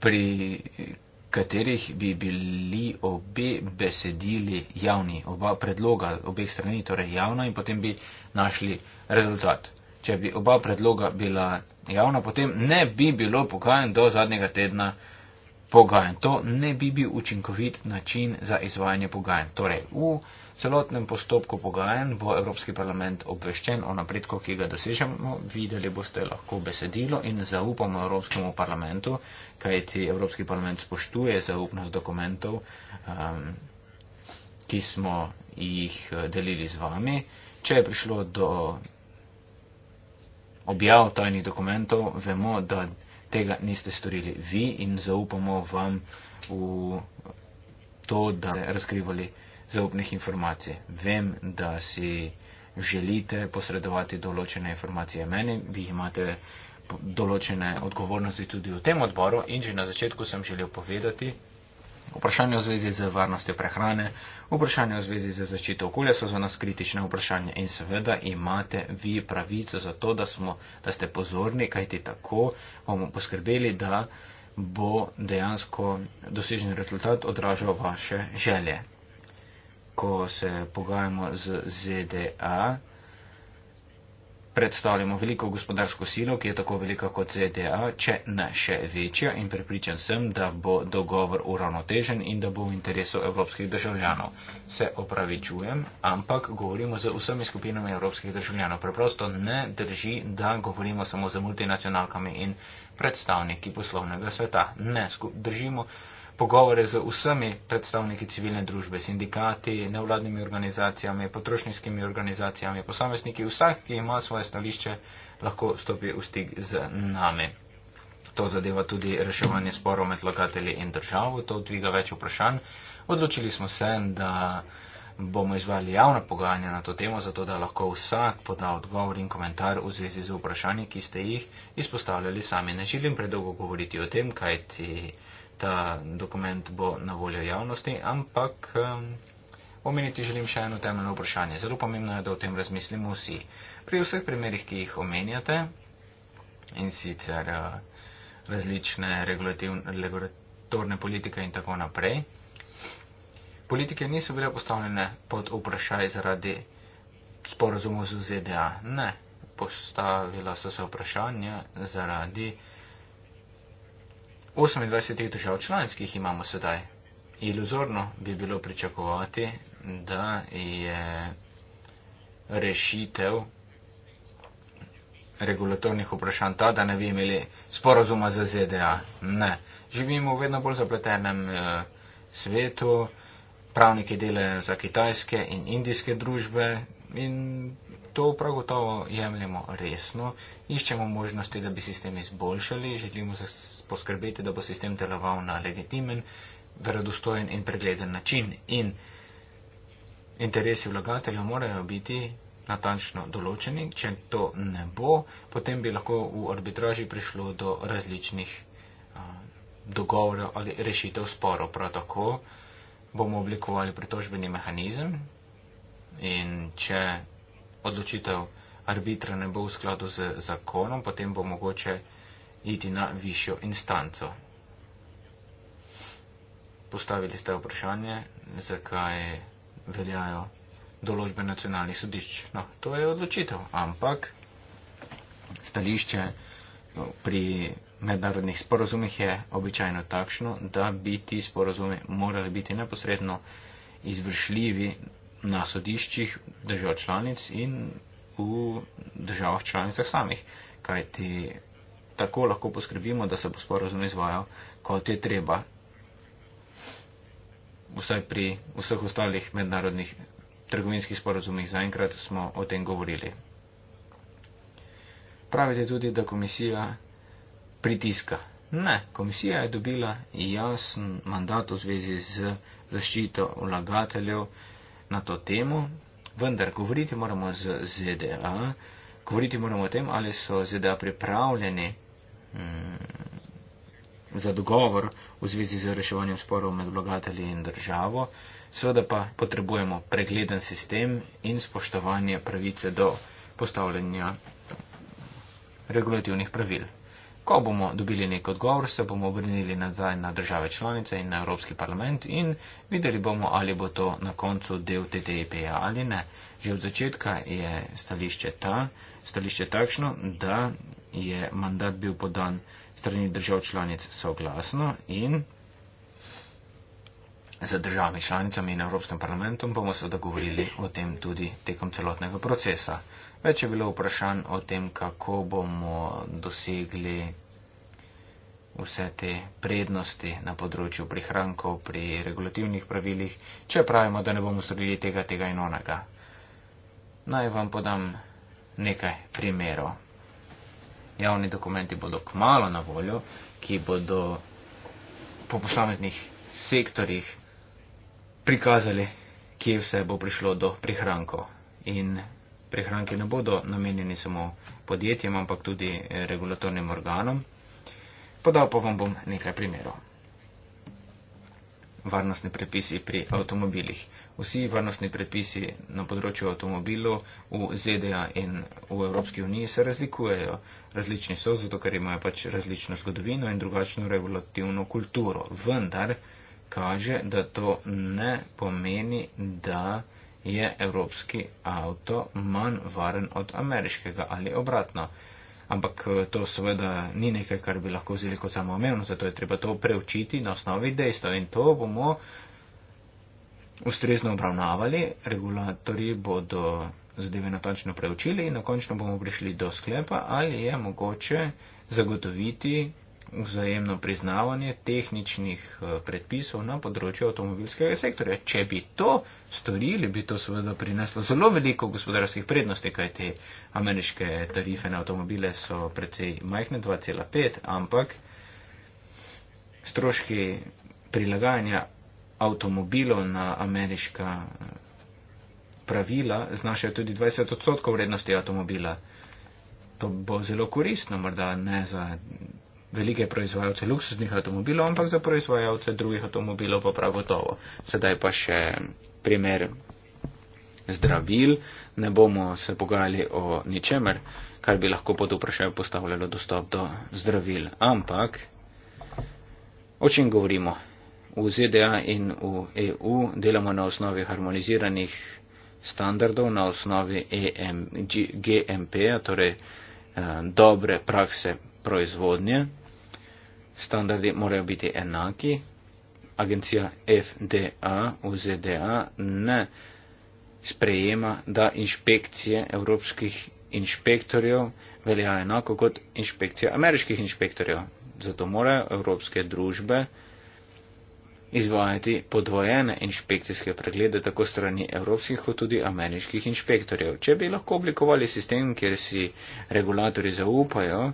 pri katerih bi bili obe besedili javni, oba predloga obeh strani, torej javno in potem bi našli rezultat. Če bi oba predloga bila javna, potem ne bi bilo pokajen do zadnjega tedna pogajanj. To ne bi bil učinkovit način za izvajanje pogajanj. Torej, v celotnem postopku pogajanj bo Evropski parlament obveščen o napredku, ki ga dosežemo. Videli boste lahko besedilo in zaupamo Evropskemu parlamentu, kajti Evropski parlament spoštuje zaupnost dokumentov, um, ki smo jih eh, delili z vami. Če je prišlo do objav tajnih dokumentov, vemo, da tega niste storili vi in zaupamo vam v to, da ste razkrivali zaupnih informacij. Vem, da si želite posredovati določene informacije meni, vi imate določene odgovornosti tudi v tem odboru in že na začetku sem želel povedati, Vprašanje v zvezi z varnostjo prehrane, vprašanje v zvezi z zaščito okolja so za nas kritične vprašanja in seveda imate vi pravico za to, da, smo, da ste pozorni, kajti tako bomo poskrbeli, da bo dejansko dosežen rezultat odražal vaše želje. Ko se pogajamo z ZDA, predstavljamo veliko gospodarsko silo, ki je tako velika kot ZDA, če ne še večja in prepričan sem, da bo dogovor uravnotežen in da bo v interesu evropskih državljanov. Se opravičujem, ampak govorimo z vsemi skupinami evropskih državljanov. Preprosto ne drži, da govorimo samo z multinacionalkami in predstavniki poslovnega sveta. Ne držimo pogovore z vsemi predstavniki civilne družbe, sindikati, nevladnimi organizacijami, potrošniškimi organizacijami, posamezniki, vsak, ki ima svoje stališče, lahko stopi v stik z nami. To zadeva tudi reševanje sporov med vlagatelji in državo, to dviga več vprašanj. Odločili smo se, da bomo izvali javna pogajanja na to temo, zato da lahko vsak poda odgovor in komentar v zvezi z vprašanji, ki ste jih izpostavljali sami. Ne želim predolgo govoriti o tem, kaj ti. Te ta dokument bo na voljo javnosti, ampak omeniti želim še eno temeljno vprašanje. Zelo pomembno je, da o tem razmislimo vsi. Pri vseh primerih, ki jih omenjate, in sicer eh, različne regulatorne politike in tako naprej, politike niso bile postavljene pod vprašaj zaradi sporozumov z ZDA. Ne, postavila so se vprašanja zaradi 28 držav članic, ki jih imamo sedaj. Iluzorno bi bilo pričakovati, da je rešitev regulatornih vprašanj ta, da ne bi imeli sporozuma za ZDA. Ne. Živimo v vedno bolj zapletenem eh, svetu, pravniki delajo za kitajske in indijske družbe, in to prav gotovo jemljemo resno. Iščemo možnosti, da bi sistem izboljšali, želimo se poskrbeti, da bo sistem deloval na legitimen, verodostojen in pregleden način. In interesi vlagateljev morajo biti natančno določeni. Če to ne bo, potem bi lahko v arbitraži prišlo do različnih dogovorov ali rešitev sporov. Prav tako bomo oblikovali pritožbeni mehanizem, In če odločitev arbitra ne bo v skladu z zakonom, potem bo mogoče iti na višjo instanco. Postavili ste vprašanje, zakaj veljajo določbe nacionalnih sodišč. No, to je odločitev, ampak stališče no, pri mednarodnih sporozumih je običajno takšno, da bi ti sporozumi morali biti neposredno izvršljivi na sodiščih držav članic in v državah članicah samih. Kaj ti tako lahko poskrbimo, da se bo sporozum izvajal, kot je treba, vsaj pri vseh ostalih mednarodnih trgovinskih sporozumih. Zaenkrat smo o tem govorili. Pravite tudi, da komisija pritiska. Ne, komisija je dobila jasen mandat v zvezi z zaščito vlagateljev, na to temo, vendar govoriti moramo z ZDA, govoriti moramo o tem, ali so ZDA pripravljeni mm, za dogovor v zvezi z reševanjem sporov med vlagatelji in državo, seveda pa potrebujemo pregleden sistem in spoštovanje pravice do postavljanja regulativnih pravil. Ko bomo dobili nek odgovor, se bomo obrnili nazaj na države članice in na Evropski parlament in videli bomo, ali bo to na koncu del TTIP-ja e ali ne. Že od začetka je stališče, ta, stališče takšno, da je mandat bil podan strani držav članic soglasno in za državami članicami in Evropskim parlamentom bomo se dogovorili o tem tudi tekom celotnega procesa. Več je bilo vprašanj o tem, kako bomo dosegli vse te prednosti na področju prihrankov pri regulativnih pravilih, če pravimo, da ne bomo storili tega, tega in onega. Naj vam podam nekaj primerov. Javni dokumenti bodo k malo na voljo, ki bodo po posameznih sektorjih prikazali, kje vse bo prišlo do prihrankov. In prihranki ne bodo namenjeni samo podjetjem, ampak tudi eh, regulatornim organom. Podal pa vam bom nekaj primerov. Varnostni predpisi pri avtomobilih. Vsi varnostni predpisi na področju avtomobilov v ZDA in v Evropski uniji se razlikujejo. Različni so, zato ker imajo pač različno zgodovino in drugačno regulativno kulturo. Vendar kaže, da to ne pomeni, da je evropski avto manj varen od ameriškega ali obratno. Ampak eh, to seveda ni nekaj, kar bi lahko vzeli kot samoumevno, zato je treba to preučiti na osnovi dejstev in to bomo ustrezno obravnavali, regulatori bodo zadeve natančno preučili in na končno bomo prišli do sklepa, ali je mogoče zagotoviti vzajemno priznavanje tehničnih eh, predpisov na področju avtomobilskega sektorja. Če bi to storili, bi to seveda prineslo zelo veliko gospodarskih prednosti, kaj te ameriške tarife na avtomobile so precej majhne, 2,5, ampak stroški prilagajanja avtomobilov na ameriška eh, pravila znašajo tudi 20 odstotkov vrednosti avtomobila. To bo zelo koristno, morda ne za velike proizvajalce luksuznih avtomobilov, ampak za proizvajalce drugih avtomobilov pa prav gotovo. Sedaj pa še primer zdravil. Ne bomo se pogajali o ničemer, kar bi lahko pod vprašanje postavljalo dostop do zdravil. Ampak o čem govorimo? V ZDA in v EU delamo na osnovi harmoniziranih standardov, na osnovi e GMP, torej eh, dobre prakse proizvodnje standardi morajo biti enaki. Agencija FDA v ZDA ne sprejema, da inšpekcije evropskih inšpektorjev veljajo enako kot inšpekcije ameriških inšpektorjev. Zato morajo evropske družbe izvajati podvojene inšpekcijske preglede tako strani evropskih kot tudi ameriških inšpektorjev. Če bi lahko oblikovali sistem, kjer si regulatori zaupajo,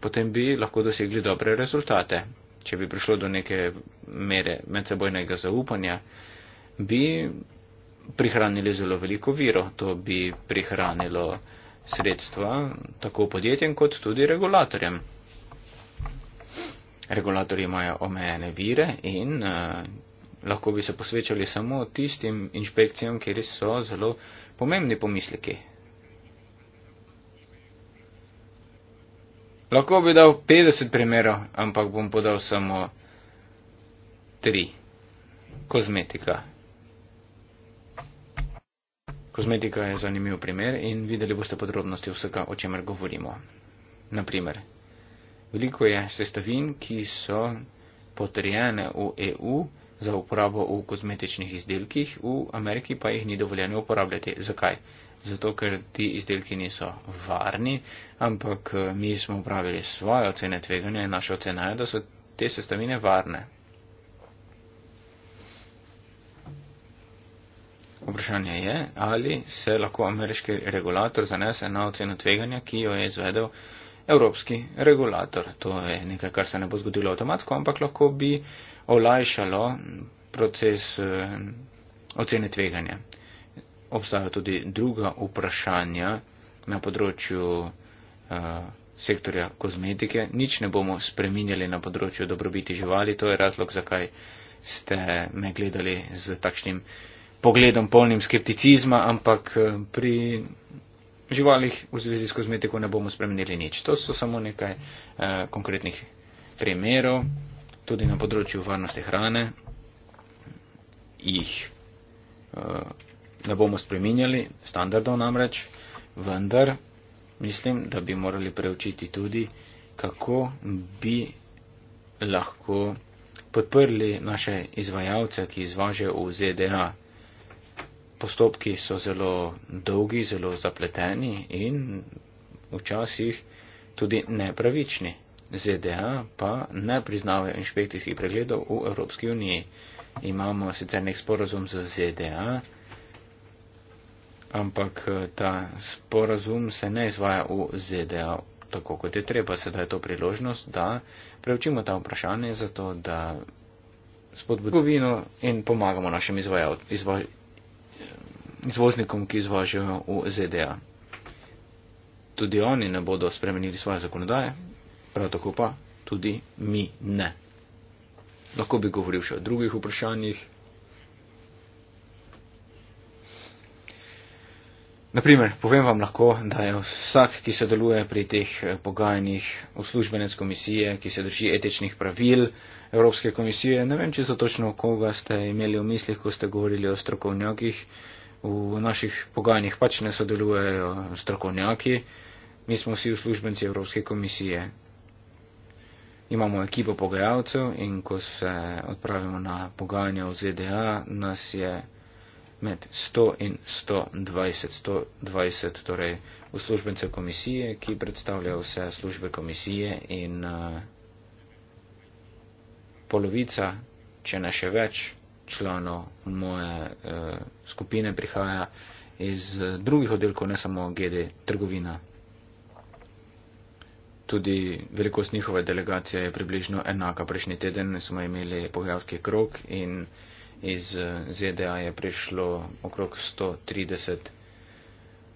potem bi lahko dosegli dobre rezultate. Če bi prišlo do neke mere medsebojnega zaupanja, bi prihranili zelo veliko viro. To bi prihranilo sredstva tako podjetjem kot tudi regulatorjem. Regulatorji imajo omejene vire in uh, lahko bi se posvečali samo tistim inšpekcijam, kjer so zelo pomembni pomisliki. Lahko bi dal 50 primerov, ampak bom podal samo 3. Kozmetika. Kozmetika je zanimiv primer in videli boste podrobnosti vsega, o čemer govorimo. Naprimer, veliko je sestavin, ki so potrjene v EU za uporabo v kozmetičnih izdelkih, v Ameriki pa jih ni dovoljeno uporabljati. Zakaj? zato ker ti izdelki niso varni, ampak eh, mi smo upravili svoje ocene tveganja in naša ocena je, da so te sestavine varne. Vprašanje je, ali se lahko ameriški regulator zanese na oceno tveganja, ki jo je izvedel evropski regulator. To je nekaj, kar se ne bo zgodilo avtomatsko, ampak lahko bi olajšalo proces eh, ocene tveganja obstajajo tudi druga vprašanja na področju uh, sektorja kozmetike. Nič ne bomo spreminjali na področju dobrobiti živali. To je razlog, zakaj ste me gledali z takšnim pogledom polnim skepticizma, ampak eh, pri živalih v zvezi s kozmetiko ne bomo spremenili nič. To so samo nekaj eh, konkretnih primerov, tudi na področju varnosti hrane, jih eh, ne bomo spreminjali standardov namreč, vendar mislim, da bi morali preučiti tudi, kako bi lahko podprli naše izvajalce, ki izvažajo v ZDA. Postopki so zelo dolgi, zelo zapleteni in včasih tudi nepravični. ZDA pa ne priznavajo inšpekcijskih pregledov v Evropski uniji. Imamo sicer nek sporozum z ZDA, ampak eh, ta sporazum se ne izvaja v ZDA tako, kot je treba. Sedaj je to priložnost, da preučimo ta vprašanje, zato da spodbudimo vino in pomagamo našim izvajal, izva, izvoznikom, ki izvažajo v ZDA. Tudi oni ne bodo spremenili svoje zakonodaje, prav tako pa tudi mi ne. Lahko bi govoril še o drugih vprašanjih. Naprimer, povem vam lahko, da je vsak, ki se deluje pri teh eh, pogajanjih, uslužbenec komisije, ki se drži etičnih pravil Evropske komisije, ne vem, če so točno koga ste imeli v mislih, ko ste govorili o strokovnjakih, v naših pogajanjih pač ne sodelujejo strokovnjaki, mi smo vsi uslužbenci Evropske komisije. Imamo ekipo pogajalcev in ko se odpravimo na pogajanja v ZDA, nas je med 100 in 120. 120 torej uslužbence komisije, ki predstavljajo vse službe komisije in uh, polovica, če ne še več, članov moje uh, skupine prihaja iz uh, drugih oddelkov, ne samo GD trgovina. Tudi velikost njihove delegacije je približno enaka. Prejšnji teden smo imeli pogajalski krok in uh, iz eh, ZDA je prišlo okrog 130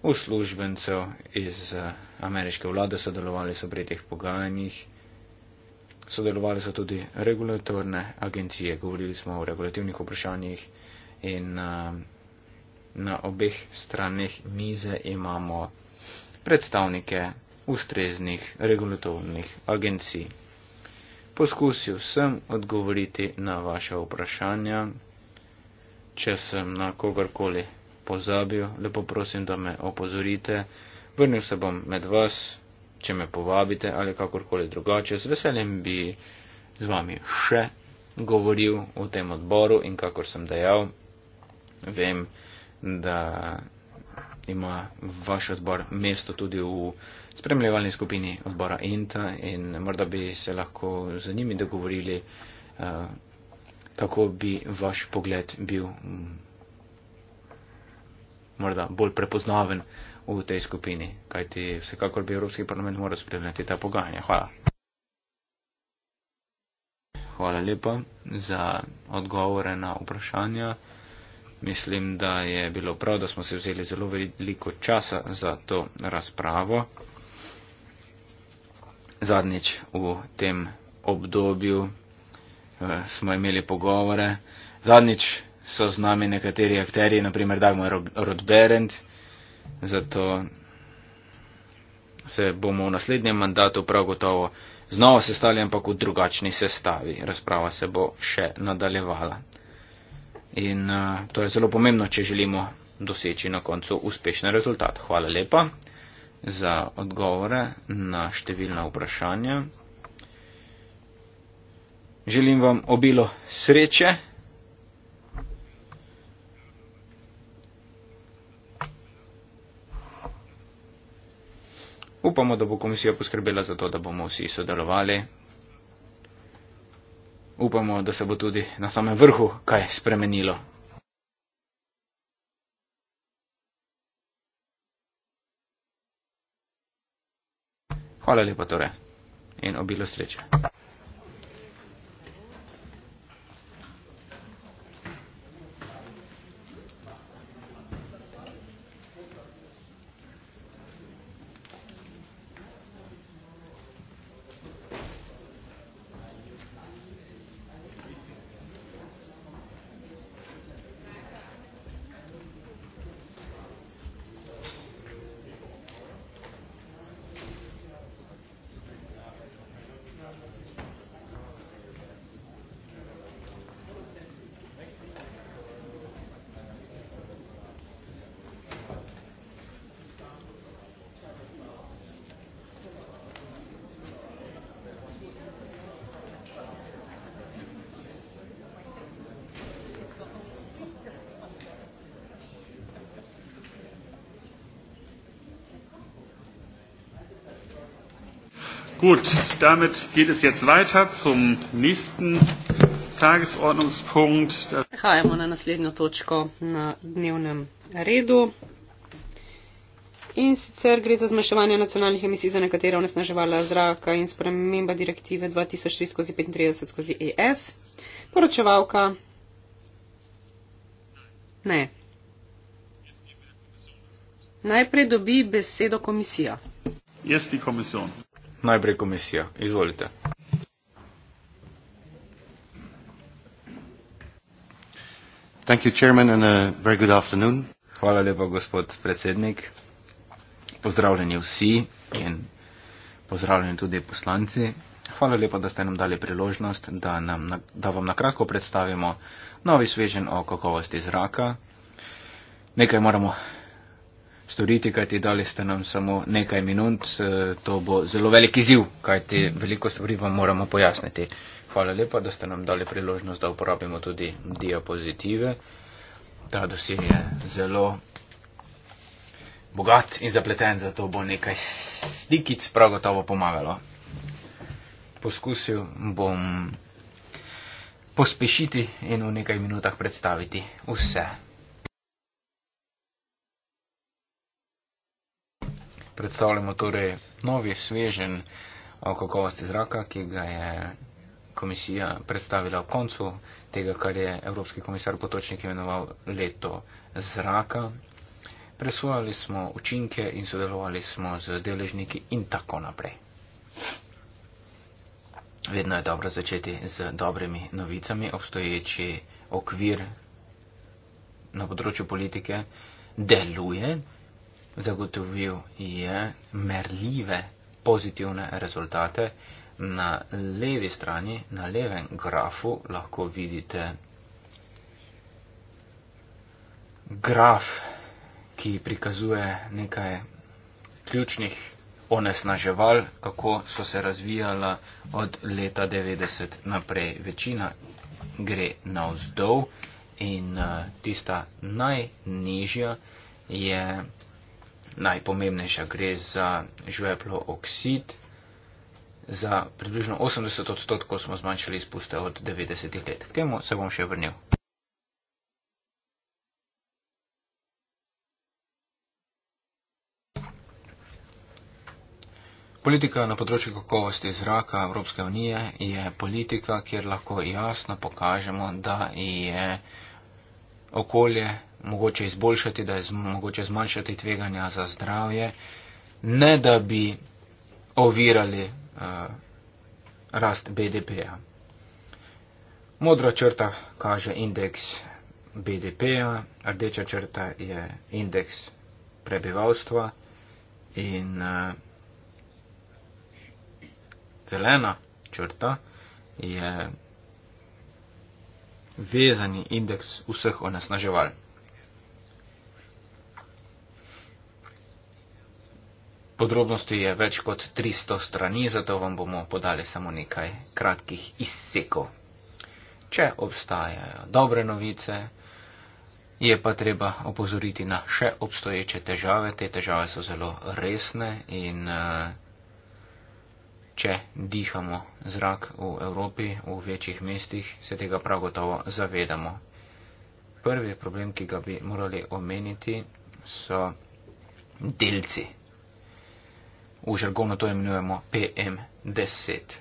uslužbencev iz eh, ameriške vlade, sodelovali so pri teh pogajanjih, sodelovali so tudi regulatorne agencije, govorili smo o regulativnih vprašanjih in na, eh, na obeh stranih mize imamo predstavnike ustreznih regulatornih agencij. Poskusil sem odgovoriti na vaše vprašanja če sem na kogarkoli pozabil, lepo prosim, da me opozorite. Vrnil se bom med vas, če me povabite ali kakorkoli drugače. Z veseljem bi z vami še govoril o tem odboru in kakor sem dejal, vem, da ima vaš odbor mesto tudi v spremljevalni skupini odbora INTA in morda bi se lahko z njimi dogovorili. Uh, kako bi vaš pogled bil mm, morda bolj prepoznaven v tej skupini, kajti vsekakor bi Evropski parlament moral spremljati ta pogajanja. Hvala. Hvala lepa za odgovore na vprašanja. Mislim, da je bilo prav, da smo se vzeli zelo veliko časa za to razpravo. Zadnjič v tem obdobju Eh, smo imeli pogovore. Zadnjič so z nami nekateri akteri, naprimer Dagmar Rodberend, zato se bomo v naslednjem mandatu prav gotovo znova sestali, ampak v drugačni sestavi. Razprava se bo še nadaljevala. In uh, to je zelo pomembno, če želimo doseči na koncu uspešen rezultat. Hvala lepa za odgovore na številna vprašanja želim vam obilo sreče. Upamo, da bo komisija poskrbela za to, da bomo vsi sodelovali. Upamo, da se bo tudi na samem vrhu kaj spremenilo. Hvala lepa torej in obilo sreče.
Gut, damit geht es jetzt weiter zum nächsten Tagesordnungspunkt.
Prehajamo na naslednjo točko na dnevnem redu. In sicer gre za zmanjševanje nacionalnih emisij za nekatera onesnaževala zraka in sprememba direktive 2003-35-ES. E Poročevalka. Ne. Najprej dobi besedo komisija.
Jaz ti komisijo najprej komisija. Izvolite. Thank you, chairman, and a very good afternoon. Hvala lepa, gospod predsednik. Pozdravljeni vsi in pozdravljeni tudi poslanci. Hvala lepa, da ste nam dali priložnost, da, nam, da vam nakratko predstavimo novi svežen o kakovosti zraka. Nekaj moramo storiti, kajti dali ste nam samo nekaj minut, eh, to bo zelo velik izziv, kajti veliko stvari vam moramo pojasniti. Hvala lepa, da ste nam dali priložnost, da uporabimo tudi diapozitive. Ta dosir je zelo bogat in zapleten, zato bo nekaj slikic prav gotovo pomagalo. Poskusil bom pospešiti in v nekaj minutah predstaviti vse. predstavljamo torej novi svežen o kakovosti zraka, ki ga je komisija predstavila v koncu tega, kar je Evropski komisar Potočnik imenoval leto zraka. Presvojali smo učinke in sodelovali smo z deležniki in tako naprej. Vedno je dobro začeti z dobrimi novicami, obstoječi okvir na področju politike deluje, zagotovil je merljive pozitivne rezultate. Na levi strani, na levem grafu, lahko vidite graf, ki prikazuje nekaj ključnih onesnaževal, kako so se razvijala od leta 90 naprej. Večina gre navzdol in eh, tista najnižja je najpomembnejša gre za žveplo oksid. Za približno 80 odstotkov smo zmanjšali izpuste od 90 let. K temu se bom še vrnil. Politika na področju kakovosti zraka Evropske unije je politika, kjer lahko jasno pokažemo, da je okolje mogoče izboljšati, da je mogoče zmanjšati tveganja za zdravje, ne da bi ovirali uh, rast BDP-ja. Modra črta kaže indeks BDP-ja, rdeča črta je indeks prebivalstva in uh, zelena črta je vezani indeks vseh onesnaževalj. Podrobnosti je več kot 300 strani, zato vam bomo podali samo nekaj kratkih izsekov. Če obstajajo dobre novice, je pa treba opozoriti na še obstoječe težave. Te težave so zelo resne in eh, če dihamo zrak v Evropi, v večjih mestih, se tega prav gotovo zavedamo. Prvi problem, ki ga bi morali omeniti, so delci v žargonu to imenujemo PM10.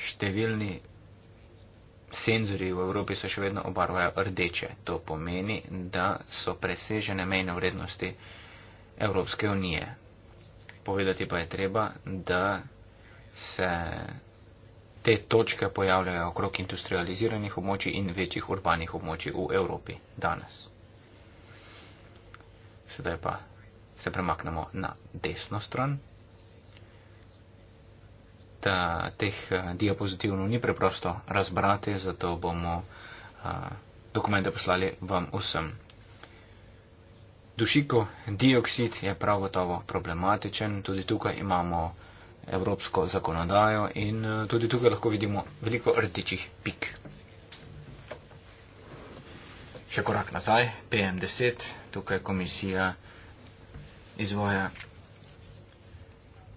Številni senzori v Evropi so še vedno obarvajo rdeče. To pomeni, da so presežene mejne vrednosti Evropske unije. Povedati pa je treba, da se te točke pojavljajo okrog industrializiranih območij in večjih urbanih območij v Evropi danes. Sedaj pa se premaknemo na desno stran. Ta, teh eh, diapozitivno ni preprosto razbrati, zato bomo uh, dokumente poslali vam vsem. Dušiko dioksid je prav gotovo problematičen, tudi tukaj imamo evropsko zakonodajo in eh, tudi tukaj lahko vidimo veliko rdečih pik. Še korak nazaj, PM10, tukaj komisija izvaja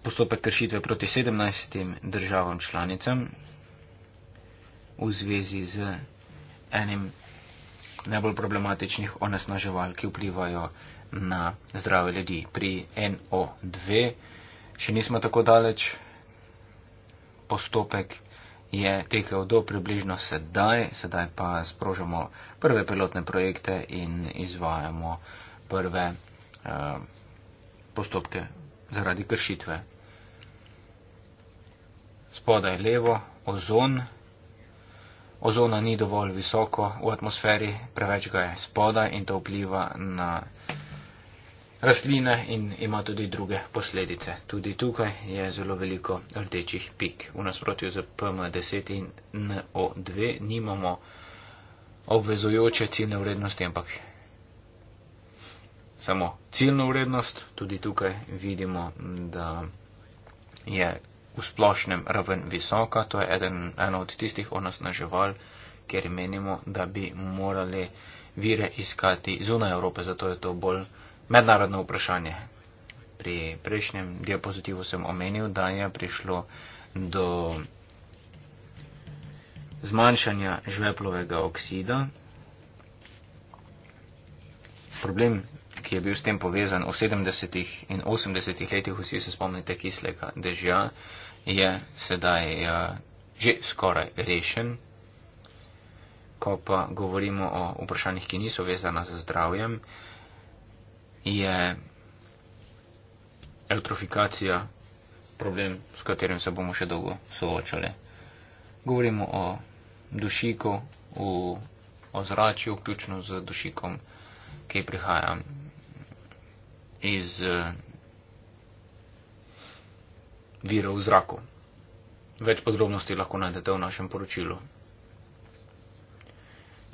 postopek kršitve proti 17 državam članicam v zvezi z enim najbolj problematičnih onesnaževal, ki vplivajo na zdrave ljudi. Pri NO2 še nismo tako daleč, postopek je tekel do približno sedaj, sedaj pa sprožamo prve pilotne projekte in izvajamo prve uh, postopke zaradi kršitve. Spodaj levo ozon. Ozona ni dovolj visoko v atmosferi, preveč ga je spodaj in to vpliva na rastline in ima tudi druge posledice. Tudi tukaj je zelo veliko rdečih pik. V nasprotju z PM10 in NO2 nimamo obvezujoče ciljne vrednosti, ampak samo ciljno vrednost, tudi tukaj vidimo, da je v splošnem raven visoka, to je eden, eno od tistih onasnaževal, ker menimo, da bi morali vire iskati zunaj Evrope, zato je to bolj mednarodno vprašanje. Pri prejšnjem diapozitivu sem omenil, da je prišlo do zmanjšanja žveplovega oksida. Problem ki je bil s tem povezan v 70. in 80. letih, vsi se spomnite kislega dežja, je sedaj uh, že skoraj rešen. Ko pa govorimo o vprašanjih, ki niso vezana z zdravjem, je eutrofikacija problem, s katerim se bomo še dolgo soočali. Govorimo o dušiku v ozračju, vključno z dušikom, ki prihaja iz uh, eh, vira v zraku. Več podrobnosti lahko najdete v našem poročilu.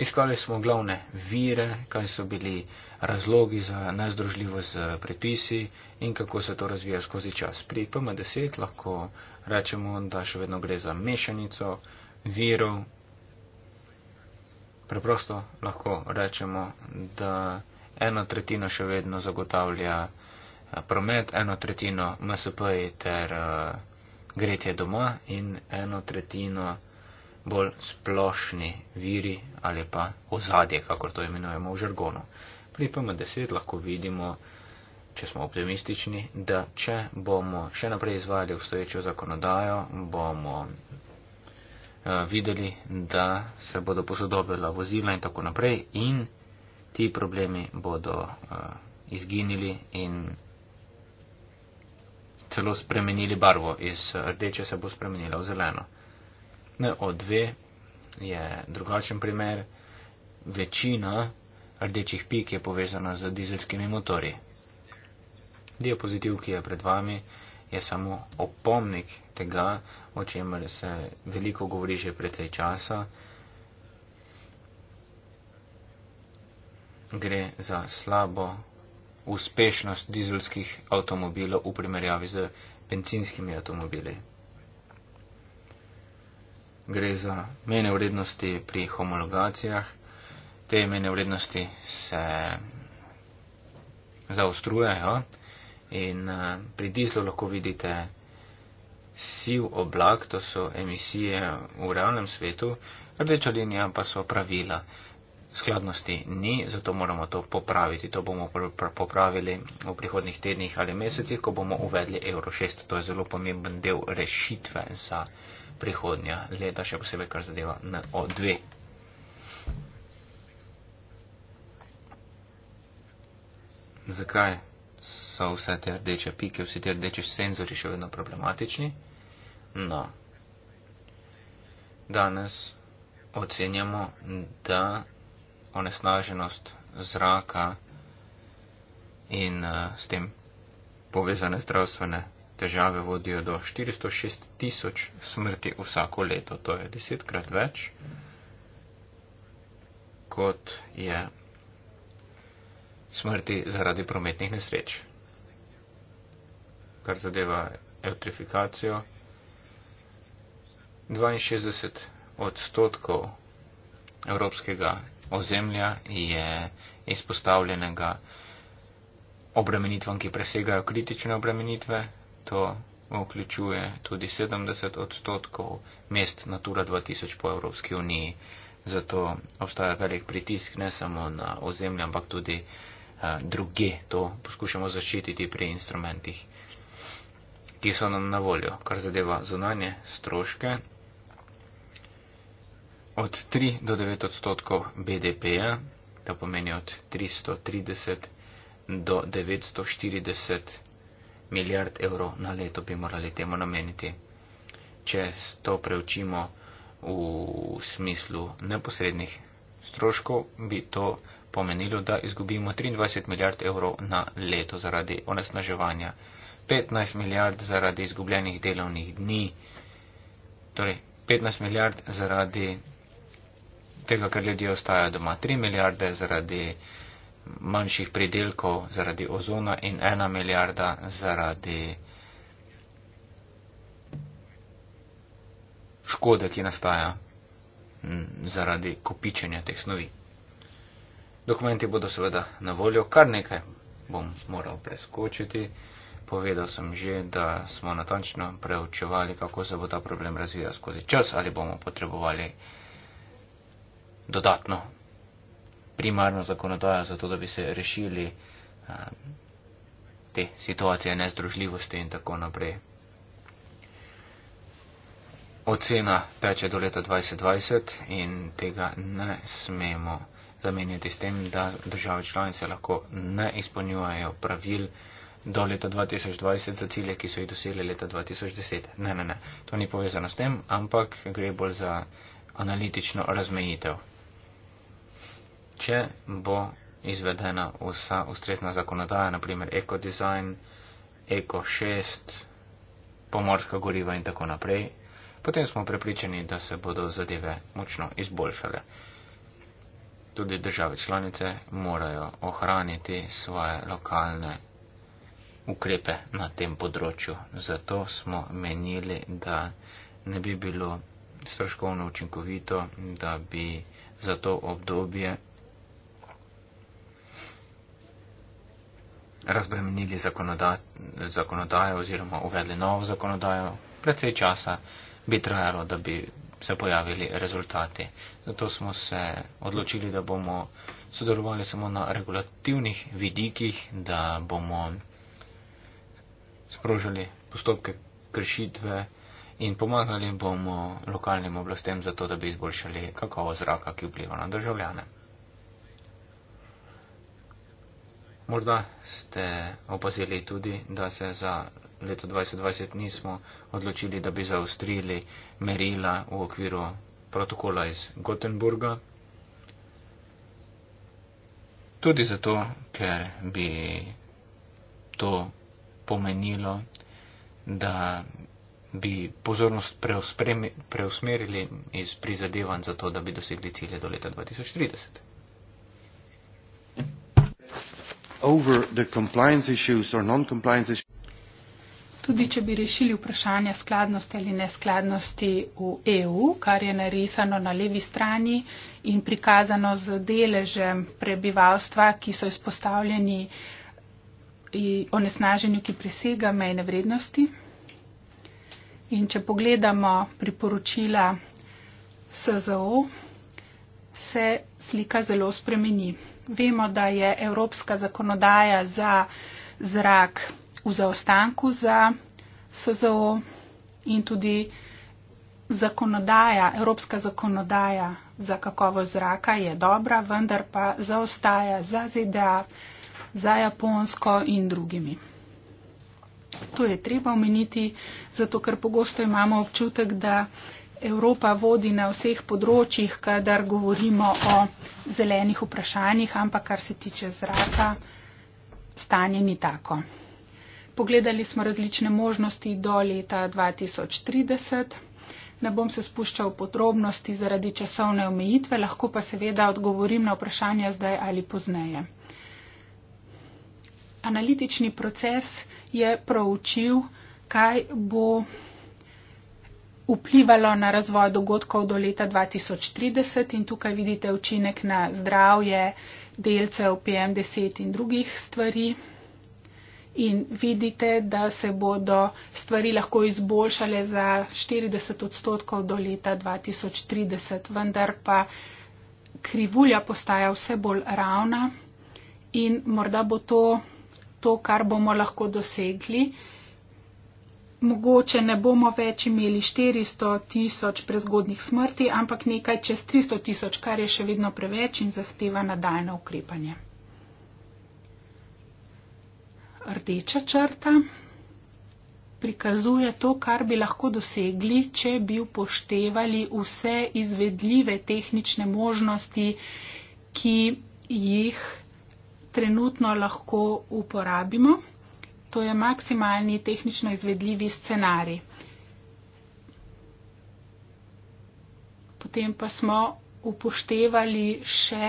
Iskali smo glavne vire, kaj so bili razlogi za nezdružljivost z predpisi in kako se to razvija skozi čas. Pri PM10 lahko rečemo, da še vedno gre za mešanico virov. Preprosto lahko rečemo, da eno tretjino še vedno zagotavlja eh, promet, eno tretjino MSP ter uh, gretje doma in eno tretjino bolj splošni viri ali pa ozadje, kako to imenujemo v žargonu. Pri PM10 lahko vidimo, če smo optimistični, da če bomo še naprej izvajali obstoječo zakonodajo, bomo uh, videli, da se bodo posodobila vozila in tako naprej in ti problemi bodo uh, izginili in celo spremenili barvo. Iz rdeče se bo spremenila v zeleno. NO2 je drugačen primer. Večina rdečih pik je povezana z dizelskimi motori. Diapozitiv, ki je pred vami, je samo opomnik tega, o čemer se veliko govori že precej časa. gre za slabo uspešnost dizelskih avtomobilov v primerjavi z bencinskimi avtomobili. Gre za mene vrednosti pri homologacijah. Te mene vrednosti se zaostrujejo in eh, pri dizlu lahko vidite siv oblak, to so emisije v realnem svetu, rdeča linija pa so pravila skladnosti ni, zato moramo to popraviti. To bomo popravili v prihodnih tednih ali mesecih, ko bomo uvedli Euro 6. To je zelo pomemben del rešitve za prihodnja leta, še posebej kar zadeva NO2. Zakaj so vse te rdeče pike, vsi te rdeče senzori še vedno problematični? No. Danes ocenjamo, da onesnaženost zraka in uh, s tem povezane zdravstvene težave vodijo do 406 tisoč smrti vsako leto. To je desetkrat več, kot je smrti zaradi prometnih nesreč. Kar zadeva eutrifikacijo, 62 odstotkov evropskega ozemlja je izpostavljenega obremenitvam, ki presegajo kritične obremenitve. To vključuje tudi 70 odstotkov mest Natura 2000 po Evropski uniji. Zato obstaja velik pritisk ne samo na ozemlja, ampak tudi uh, druge. To poskušamo zaščititi pri instrumentih, ki so nam na voljo, kar zadeva zunanje stroške od 3 do 9 odstotkov BDP-ja, to pomeni od 330 do 940 milijard evrov na leto bi morali temu nameniti. Če to preučimo v smislu neposrednih stroškov, bi to pomenilo, da izgubimo 23 milijard evrov na leto zaradi onesnaževanja, 15 milijard zaradi izgubljenih delovnih dni, torej 15 milijard zaradi tega, ker ljudje ostajajo doma. 3 milijarde zaradi manjših pridelkov, zaradi ozona in 1 milijarda zaradi škode, ki nastaja zaradi kopičenja teh snovi. Dokumenti bodo seveda na voljo, kar nekaj bom moral preskočiti. Povedal sem že, da smo natančno preučevali, kako se bo ta problem razvijal skozi čas, ali bomo potrebovali dodatno primarno zakonodajo, zato da bi se rešili te situacije nezdružljivosti in tako naprej. Ocena teče do leta 2020 in tega ne smemo zamenjati s tem, da države članice lahko ne izpolnjujejo pravil do leta 2020 za cilje, ki so jih dosegli leta 2010. Ne, ne, ne. To ni povezano s tem, ampak gre bolj za analitično razmejitev če bo izvedena vsa ustrezna zakonodaja, naprimer Eco Design, Eco 6, pomorska goriva in tako naprej, potem smo prepričani, da se bodo zadeve močno izboljšale. Tudi države članice morajo ohraniti svoje lokalne ukrepe na tem področju. Zato smo menili, da ne bi bilo stroškovno učinkovito, da bi za to obdobje razbremenili zakonodaj, zakonodajo oziroma uvedli novo zakonodajo, precej časa bi trajalo, da bi se pojavili rezultati. Zato smo se odločili, da bomo sodelovali samo na regulativnih vidikih, da bomo sprožili postopke kršitve in pomagali bomo lokalnim oblastem za to, da bi izboljšali kakovo zraka, ki vpliva na državljane. Morda ste opazili tudi, da se za leto 2020 nismo odločili, da bi zaostrili merila v okviru protokola iz Gotenburga. Tudi zato, ker bi to pomenilo, da bi pozornost preusmerili iz prizadevanj za to, da bi dosegli cilje do leta 2030.
over the compliance issues or non-compliance issues.
Tudi če bi rešili vprašanje skladnosti ali neskladnosti v EU, kar je narisano na levi strani in prikazano z deležem prebivalstva, ki so izpostavljeni onesnaženju, ki presega mejne vrednosti. In če pogledamo priporočila SZO, se slika zelo spremeni. Vemo, da je evropska zakonodaja za zrak v zaostanku za SZO in tudi zakonodaja, evropska zakonodaja za kakovo zraka je dobra, vendar pa zaostaja za ZDA, za Japonsko in drugimi. To je treba omeniti, zato ker pogosto imamo občutek, da Evropa vodi na vseh področjih, kadar govorimo o zelenih vprašanjih, ampak kar se tiče zraka, stanje ni tako. Pogledali smo različne možnosti do leta 2030. Ne bom se spuščal v podrobnosti zaradi časovne omejitve, lahko pa seveda odgovorim na vprašanja zdaj ali pozneje. Analitični proces je proučil, kaj bo vplivalo na razvoj dogodkov do leta 2030 in tukaj vidite učinek na zdravje delcev PM10 in drugih stvari. In vidite, da se bodo stvari lahko izboljšale za 40 odstotkov do leta 2030, vendar pa krivulja postaja vse bolj ravna in morda bo to to, kar bomo lahko dosegli mogoče ne bomo več imeli 400 tisoč prezgodnih smrti, ampak nekaj čez 300 tisoč, kar je še vedno preveč in zahteva nadaljne ukrepanje. Rdeča črta prikazuje to, kar bi lahko dosegli, če bi upoštevali vse izvedljive tehnične možnosti, ki jih trenutno lahko uporabimo. To je maksimalni tehnično izvedljivi scenarij. Potem pa smo upoštevali še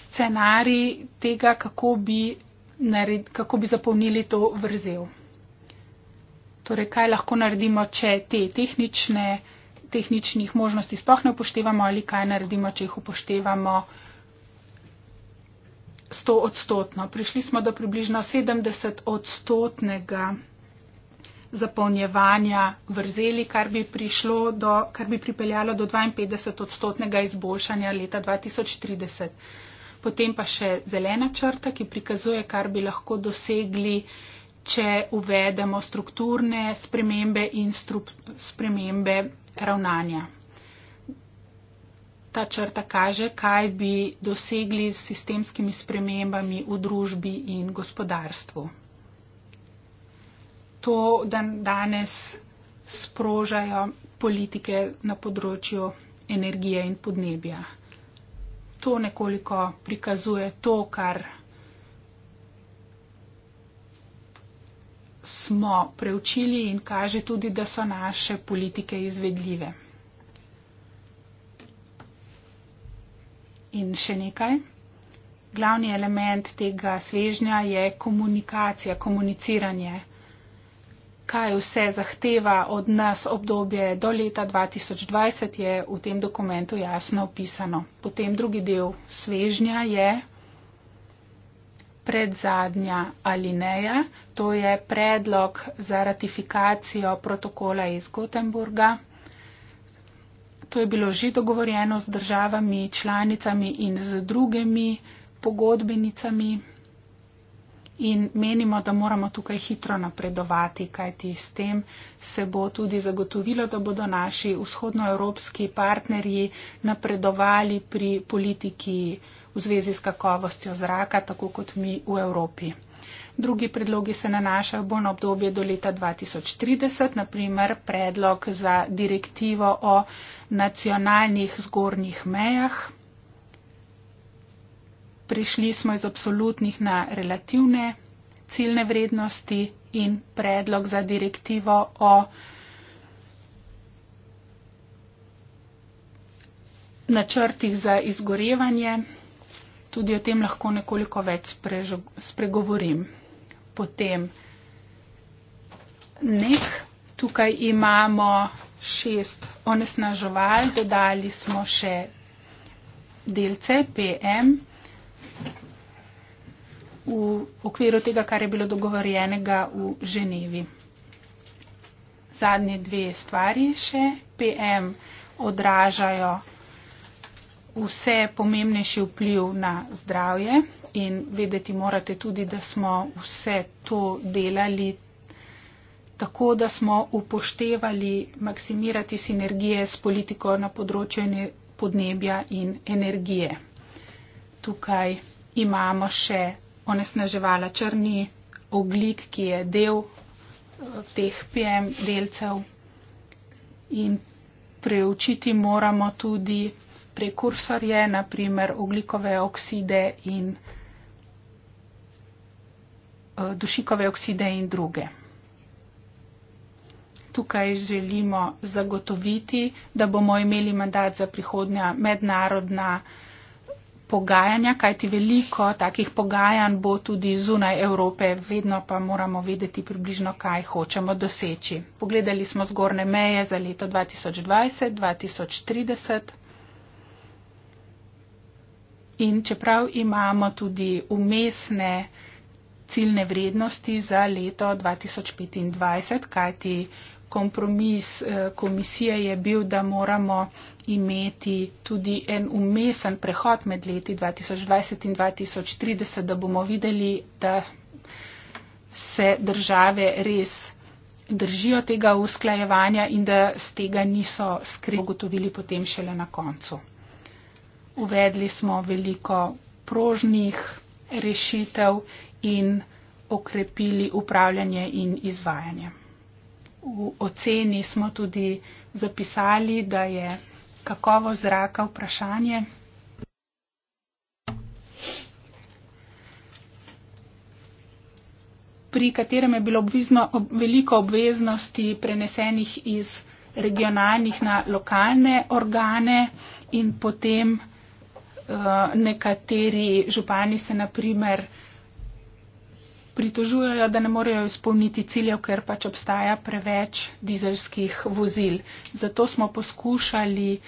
scenarij tega, kako bi, nared, kako bi zapolnili to vrzel. Torej, kaj lahko naredimo, če te tehnične, tehničnih možnosti sploh ne upoštevamo ali kaj naredimo, če jih upoštevamo stoodstotno. Prišli smo do približno 70 odstotnega zapolnjevanja vrzeli, kar bi, prišlo do, kar bi pripeljalo do 52 odstotnega izboljšanja leta 2030. Potem pa še zelena črta, ki prikazuje, kar bi lahko dosegli, če uvedemo strukturne spremembe in stru spremembe ravnanja ta črta kaže, kaj bi dosegli s sistemskimi spremembami v družbi in gospodarstvu. To dan danes sprožajo politike na področju energije in podnebja. To nekoliko prikazuje to, kar smo preučili in kaže tudi, da so naše politike izvedljive. In še nekaj. Glavni element tega svežnja je komunikacija, komuniciranje. Kaj vse zahteva od nas obdobje do leta 2020 je v tem dokumentu jasno opisano. Potem drugi del svežnja je predzadnja alineja, to je predlog za ratifikacijo protokola iz Gotemburga. To je bilo že dogovorjeno z državami, članicami in z drugimi pogodbenicami. In menimo, da moramo tukaj hitro napredovati, kajti s tem se bo tudi zagotovilo, da bodo naši vzhodnoevropski partnerji napredovali pri politiki v zvezi s kakovostjo zraka, tako kot mi v Evropi. Drugi predlogi se nanašajo bolj na obdobje do leta 2030, naprimer predlog za direktivo o nacionalnih zgornjih mejah. Prišli smo iz absolutnih na relativne ciljne vrednosti in predlog za direktivo o načrtih za izgorevanje. Tudi o tem lahko nekoliko več spregovorim potem nek. Tukaj imamo šest onesnaževal, dodali smo še delce PM. V okviru tega, kar je bilo dogovorjenega v Ženevi. Zadnje dve stvari še. PM odražajo vse pomembnejši vpliv na zdravje in vedeti morate tudi, da smo vse to delali tako, da smo upoštevali maksimirati sinergije s politiko na področju podnebja in energije. Tukaj imamo še onesnaževala črni oglik, ki je del eh, teh PM delcev in preučiti moramo tudi prekursorje, naprimer oglikove okside in Eh, dušikove okside in druge. Tukaj želimo zagotoviti, da bomo imeli mandat za prihodnja mednarodna pogajanja, kajti veliko takih pogajanj bo tudi zunaj Evrope, vedno pa moramo vedeti približno, kaj hočemo doseči. Pogledali smo zgorne meje za leto 2020-2030. In čeprav imamo tudi umestne ciljne vrednosti za leto 2025, kajti kompromis eh, komisije je bil, da moramo imeti tudi en umesen prehod med leti 2020 in 2030, da bomo videli, da se države res držijo tega usklajevanja in da z tega niso skrbi ugotovili potem šele na koncu. Uvedli smo veliko prožnih rešitev in okrepili upravljanje in izvajanje. V oceni smo tudi zapisali, da je kakovo zraka vprašanje. pri katerem je bilo obvizno, ob, veliko obveznosti prenesenih iz regionalnih na lokalne organe in potem uh, nekateri župani se naprimer pritožujejo, da ne morejo izpolniti ciljev, ker pač obstaja preveč dizelskih vozil. Zato smo poskušali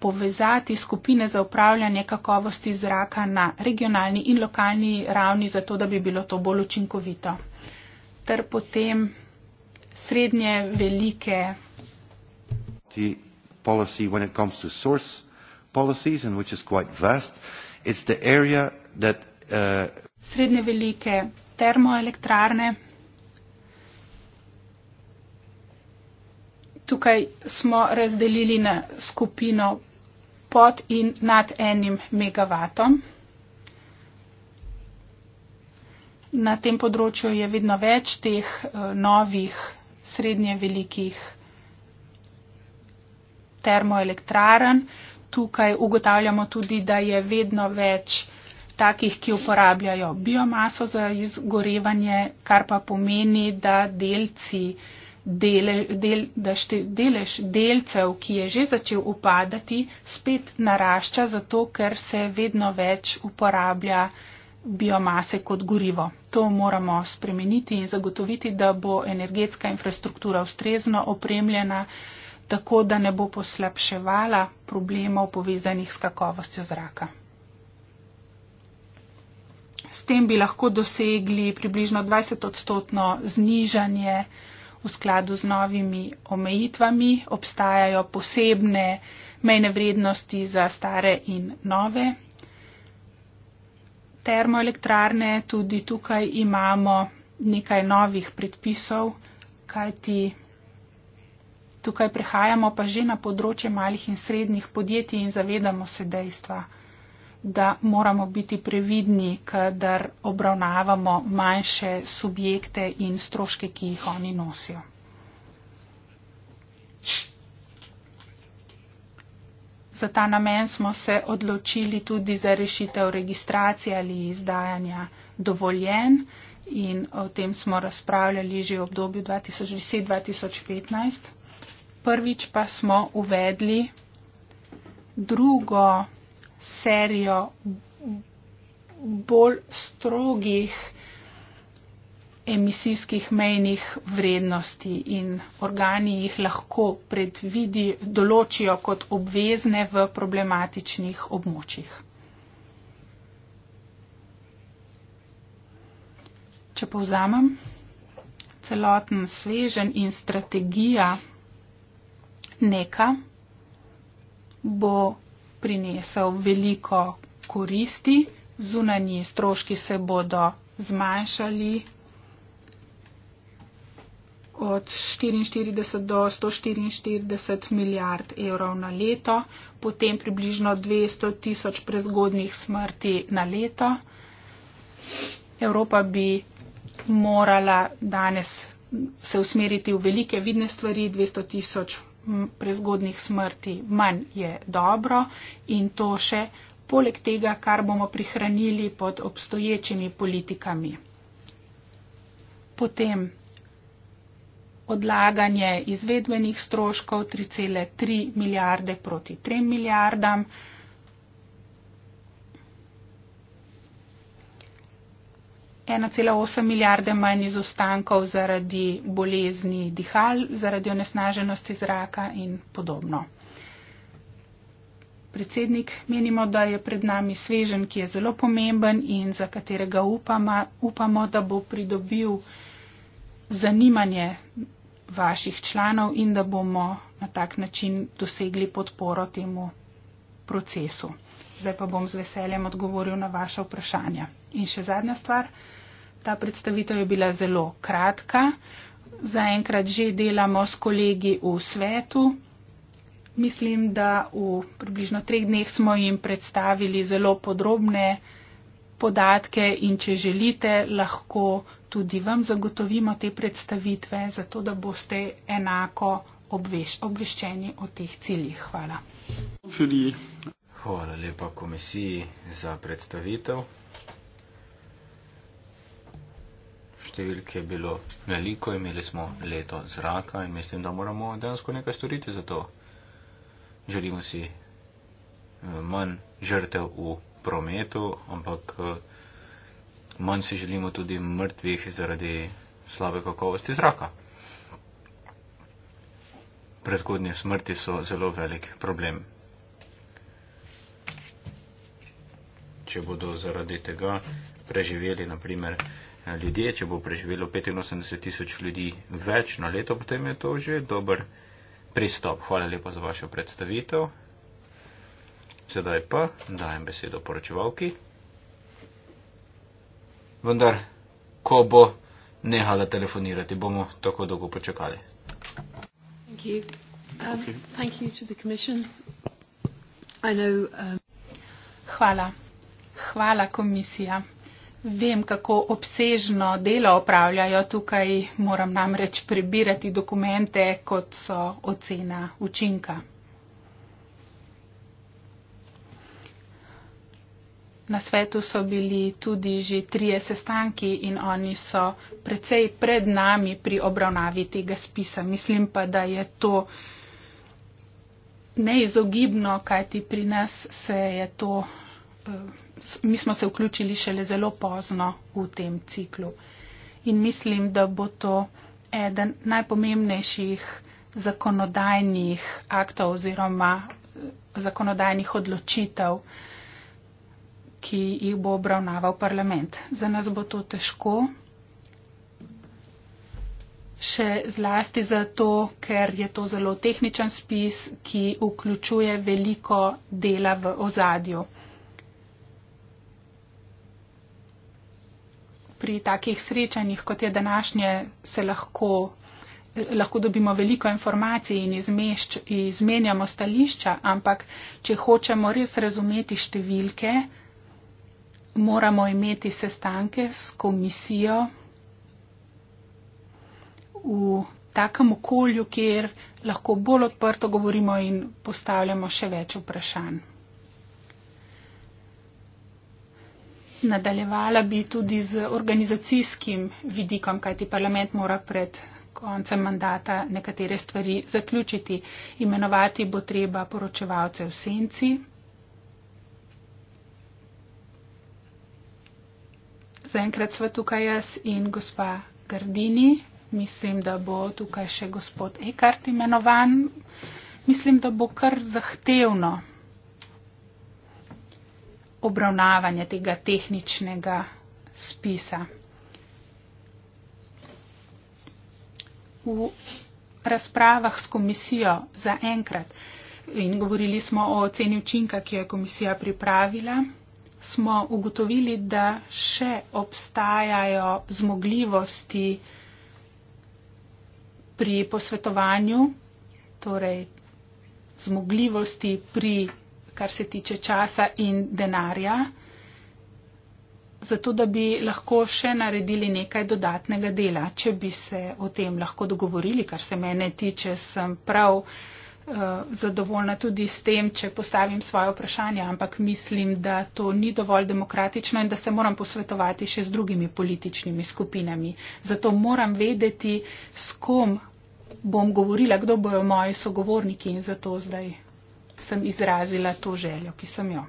povezati skupine za upravljanje kakovosti zraka na regionalni in lokalni ravni, zato da bi bilo to bolj učinkovito. Ter potem srednje velike.
Policy, when it comes to source policies, and
which is quite vast, it's the area that. Uh,
Srednje velike termoelektrarne. Tukaj smo razdelili na skupino pod in nad enim megavatom. Na tem področju je vedno več teh eh, novih srednje velikih termoelektrarn. Tukaj ugotavljamo tudi, da je vedno več takih, ki uporabljajo biomaso za izgorevanje, kar pa pomeni, da delci, dele, del, da šte, delež delcev, ki je že začel upadati, spet narašča, zato ker se vedno več uporablja biomase kot gorivo. To moramo spremeniti in zagotoviti, da bo energetska infrastruktura ustrezno opremljena, tako da ne bo poslabševala problemov povezanih s kakovostjo zraka. S tem bi lahko dosegli približno 20 odstotno znižanje v skladu z novimi omejitvami. Obstajajo posebne mejne vrednosti za stare in nove termoelektrarne. Tudi tukaj imamo nekaj novih predpisov, kajti tukaj prehajamo pa že na področje malih in srednjih podjetij in zavedamo se dejstva da moramo biti previdni, kadar obravnavamo manjše subjekte in stroške, ki jih oni nosijo. Za ta namen smo se odločili tudi za rešitev registracije ali izdajanja dovoljen in o tem smo razpravljali že v obdobju 2010-2015. Prvič pa smo uvedli drugo serijo bolj strogih emisijskih mejnih vrednosti in organi jih lahko predvidi, določijo kot obvezne v problematičnih območjih. Če povzamem, celoten svežen in strategija neka bo prinesel veliko koristi, zunanji stroški se bodo zmanjšali od 44 do 144 milijard evrov na leto, potem približno 200 tisoč prezgodnih smrti na leto. Evropa bi morala danes se usmeriti v velike vidne stvari, 200 tisoč prezgodnih smrti manj je dobro in to še poleg tega, kar bomo prihranili pod obstoječimi politikami. Potem odlaganje izvedbenih stroškov 3,3 milijarde proti 3 milijardam. 1,8 milijarde manj izostankov zaradi bolezni dihal, zaradi onesnaženosti zraka in podobno. Predsednik, menimo, da je pred nami svežen, ki je zelo pomemben in za katerega upama, upamo, da bo pridobil zanimanje vaših članov in da bomo na tak način dosegli podporo temu procesu. Zdaj pa bom z veseljem odgovoril na vaše vprašanje. In še zadnja stvar. Ta predstavitev je bila zelo kratka. Zaenkrat že delamo s kolegi v svetu. Mislim, da v približno treh dneh smo jim predstavili zelo podrobne podatke in če želite, lahko tudi vam zagotovimo te predstavitve, zato da boste enako obveš obveščeni o teh ciljih. Hvala.
Hvala lepa
komisiji za predstavitev. številk je bilo veliko, imeli smo leto zraka in mislim, da moramo dejansko nekaj storiti za to. Želimo si eh, manj žrtev v prometu, ampak eh, manj si želimo tudi mrtvih zaradi slabe kakovosti zraka. Prezgodnje smrti so zelo velik problem. če bodo zaradi tega preživeli, naprimer, ljudje, če bo preživelo 85 tisoč ljudi več na leto, potem je to že dober pristop. Hvala lepa za vašo predstavitev. Sedaj pa dajem besedo poročevalki. Vendar, ko bo nehala telefonirati, bomo tako dolgo počakali.
Um, um, Hvala. Um, Hvala, komisija. Vem, kako obsežno delo opravljajo tukaj, moram namreč prebirati dokumente, kot so ocena učinka. Na svetu so bili tudi že trije sestanki in oni so precej pred nami pri obravnavi tega spisa. Mislim pa, da je to neizogibno, kajti pri nas se je to. Uh, mi smo se vključili šele zelo pozno v tem ciklu. In mislim, da bo to eden najpomembnejših zakonodajnih aktov oziroma eh, zakonodajnih odločitev, ki jih bo obravnaval parlament. Za nas bo to težko. Še zlasti zato, ker je to zelo tehničen spis, ki vključuje veliko dela v ozadju. pri takih srečanjih, kot je današnje, se lahko, lahko dobimo veliko informacij in izmešč, izmenjamo stališča, ampak če hočemo res razumeti številke, moramo imeti sestanke s komisijo v takem okolju, kjer lahko bolj odprto govorimo in postavljamo še več vprašanj. Nadaljevala bi tudi z organizacijskim vidikom, kajti parlament mora pred koncem mandata nekatere stvari zaključiti. Imenovati bo treba poročevalce v senci. Zaenkrat sva tukaj jaz in gospa Gardini. Mislim, da bo tukaj še gospod Ekart imenovan. Mislim, da bo kar zahtevno obravnavanje tega tehničnega spisa. V razpravah s komisijo za enkrat in govorili smo o oceni učinka, ki je komisija pripravila, smo ugotovili, da še obstajajo zmogljivosti pri posvetovanju, torej zmogljivosti pri kar se tiče časa in denarja, zato da bi lahko še naredili nekaj dodatnega dela. Če bi se o tem lahko dogovorili, kar se mene tiče, sem prav uh, zadovoljna tudi s tem, če postavim svoje vprašanje, ampak mislim, da to ni dovolj demokratično in da se moram posvetovati še z drugimi političnimi skupinami. Zato moram vedeti, s kom bom govorila, kdo bojo moji sogovorniki in zato zdaj sem izrazila to željo, ki sem jo.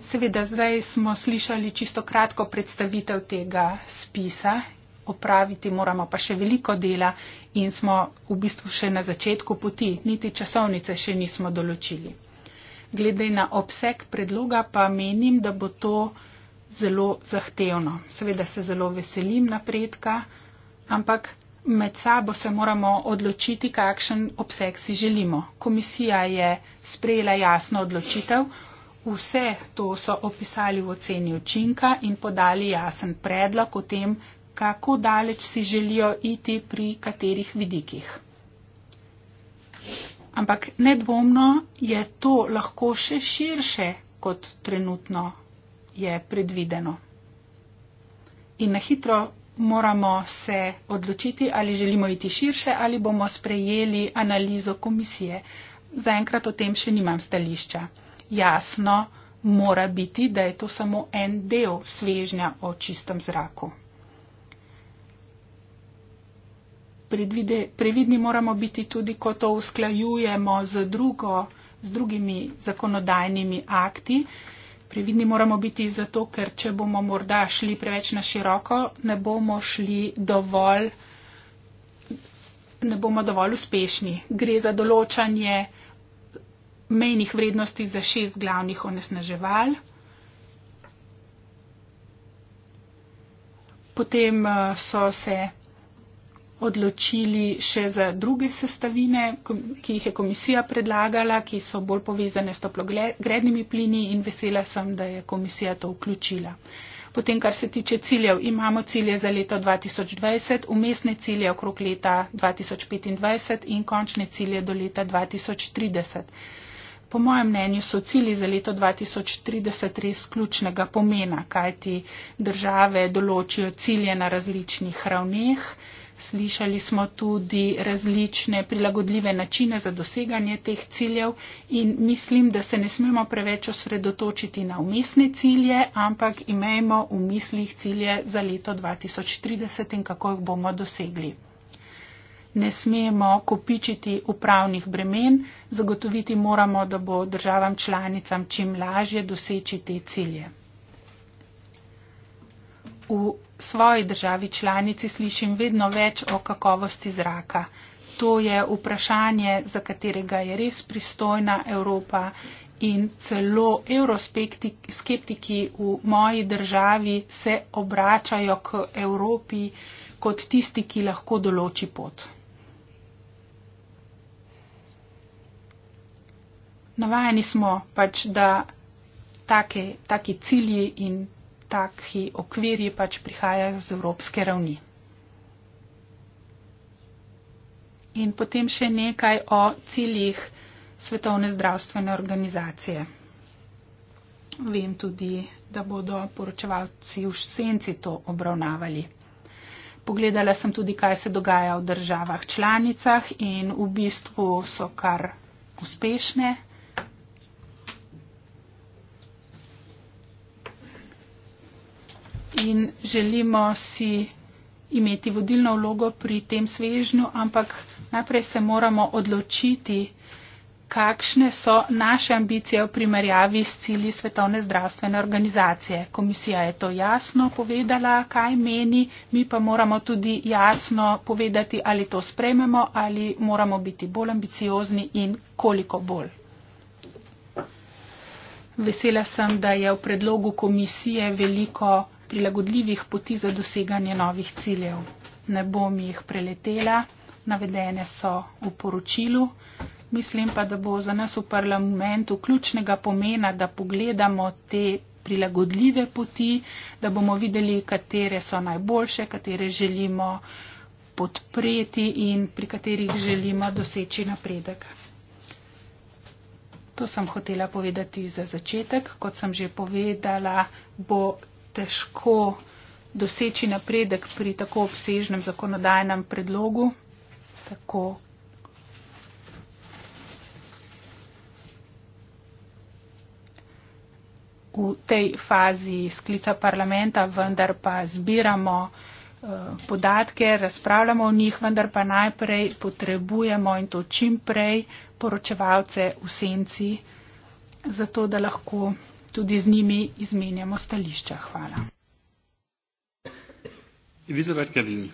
Seveda, zdaj smo slišali čisto kratko predstavitev tega spisa, opraviti moramo pa še veliko dela in smo v bistvu še na začetku poti, niti časovnice še nismo določili. Glede na obseg predloga pa menim, da bo to zelo zahtevno. Seveda se zelo veselim napredka, ampak med sabo se moramo odločiti, kakšen obseg si želimo. Komisija je sprejela jasno odločitev, vse to so opisali v oceni učinka in podali jasen predlog o tem, kako daleč si želijo iti pri katerih vidikih. Ampak nedvomno je to lahko še širše, kot trenutno je predvideno. In na hitro moramo se odločiti, ali želimo iti širše, ali bomo sprejeli analizo komisije. Zaenkrat o tem še nimam stališča. Jasno mora biti, da je to samo en del svežnja o čistem zraku. Predvide, previdni moramo biti tudi, ko to usklajujemo z, drugo, z drugimi zakonodajnimi akti, Previdni moramo biti zato, ker če bomo morda šli preveč na široko, ne bomo šli dovolj, ne bomo dovolj uspešni. Gre za določanje mejnih vrednosti za šest glavnih onesnaževal. Potem eh, so se odločili še za druge sestavine, ki jih je komisija predlagala, ki so bolj povezane s toplogrednimi plini in vesela sem, da je komisija to vključila. Potem, kar se tiče ciljev, imamo cilje za leto 2020, umestne cilje okrog leta 2025 in končne cilje do leta 2030. Po mojem mnenju so cilji za leto 2030 res ključnega pomena, kajti države določijo cilje na različnih ravneh. Slišali smo tudi različne prilagodljive načine za doseganje teh ciljev in mislim, da se ne smemo preveč osredotočiti na umestne cilje, ampak imejmo v mislih cilje za leto 2030 in kako jih bomo dosegli. Ne smemo kopičiti upravnih bremen, zagotoviti moramo, da bo državam članicam čim lažje doseči te cilje svoji državi članici slišim vedno več o kakovosti zraka. To je vprašanje, za katerega je res pristojna Evropa in celo euroskeptiki v moji državi se obračajo k Evropi kot tisti, ki lahko določi pot. Navajeni smo pač, da take, taki cilji in taki okvirji pač prihajajo z evropske ravni. In potem še nekaj o ciljih Svetovne zdravstvene organizacije. Vem tudi, da bodo poročevalci v senci to obravnavali. Pogledala sem tudi, kaj se dogaja v državah članicah in v bistvu so kar uspešne in želimo si imeti vodilno vlogo pri tem svežnju, ampak najprej se moramo odločiti, kakšne so naše ambicije v primerjavi s cilji Svetovne zdravstvene organizacije. Komisija je to jasno povedala, kaj meni, mi pa moramo tudi jasno povedati, ali to sprememo, ali moramo biti bolj ambiciozni in koliko bolj. Vesela sem, da je v predlogu komisije veliko prilagodljivih poti za doseganje novih ciljev. Ne bom jih preletela, navedene so v poročilu. Mislim pa, da bo za nas v parlamentu ključnega pomena, da pogledamo te prilagodljive poti, da bomo videli, katere so najboljše, katere želimo podpreti in pri katerih želimo doseči napredek. To sem hotela povedati za začetek. Kot sem že povedala, bo težko doseči napredek pri tako obsežnem zakonodajnem predlogu, tako v tej fazi sklica parlamenta, vendar pa zbiramo eh, podatke, razpravljamo o njih, vendar pa najprej potrebujemo in to čimprej poročevalce v senci, zato da lahko tudi z njimi izmenjamo stališča.
Hvala.
Elizabeth Gardini.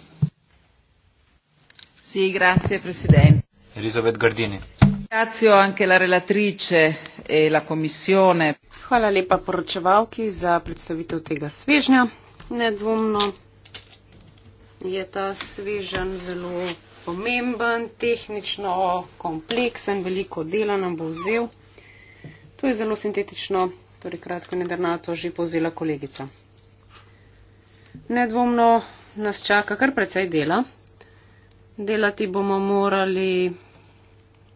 Sì, grazie Presidente.
Elizabeth Gardini.
Grazie anche la relatrice e la Commissione. Hvala lepa poročevalki za predstavitev
tega svežnja. Nedvomno je ta svežen zelo pomemben, tehnično kompleksen, veliko dela nam bo vzel. To je zelo sintetično torej kratko in jedrnato že povzela kolegica. Nedvomno nas čaka kar precej dela. Delati bomo morali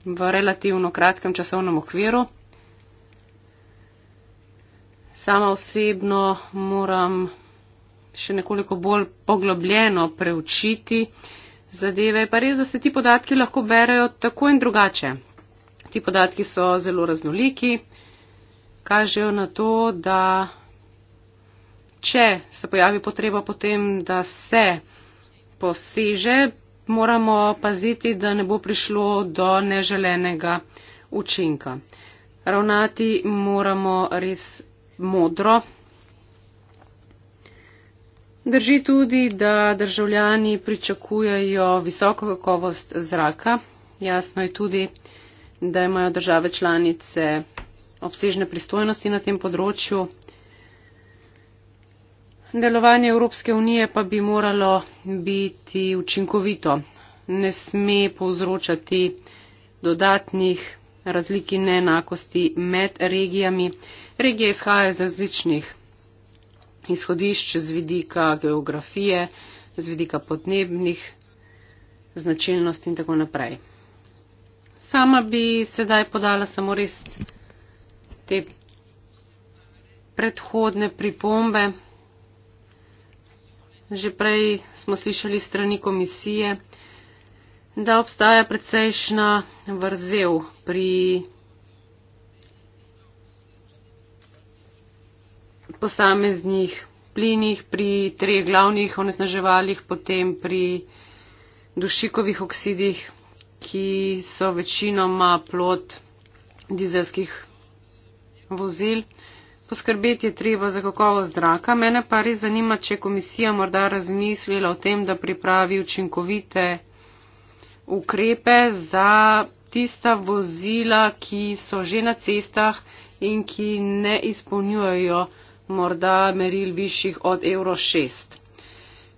v relativno kratkem časovnem okviru. Sama osebno moram še nekoliko bolj poglobljeno preučiti zadeve, pa res, da se ti podatki lahko berajo tako in drugače. Ti podatki so zelo raznoliki kažejo na to, da če se pojavi potreba potem, da se poseže, moramo paziti, da ne bo prišlo do neželenega učinka. Ravnati moramo res modro. Drži tudi, da državljani pričakujejo visoko kakovost zraka. Jasno je tudi, da imajo države članice obsežne pristojnosti na tem področju. Delovanje Evropske unije pa bi moralo biti učinkovito. Ne sme povzročati dodatnih razlik in neenakosti med regijami. Regije izhajajo iz različnih izhodišč z vidika geografije, z vidika podnebnih značilnosti in tako naprej. Sama bi sedaj podala samo res te predhodne pripombe. Že prej smo slišali strani komisije, da obstaja precejšna vrzel pri posameznih plinih, pri treh glavnih onesnaževalih, potem pri dušikovih oksidih, ki so večinoma plot dizelskih vozil. Poskrbeti je treba za kakovost zraka. Mene pa res zanima, če je komisija morda razmislila o tem, da pripravi učinkovite ukrepe za tista vozila, ki so že na cestah in ki ne izpolnjujejo morda meril višjih od Euro 6.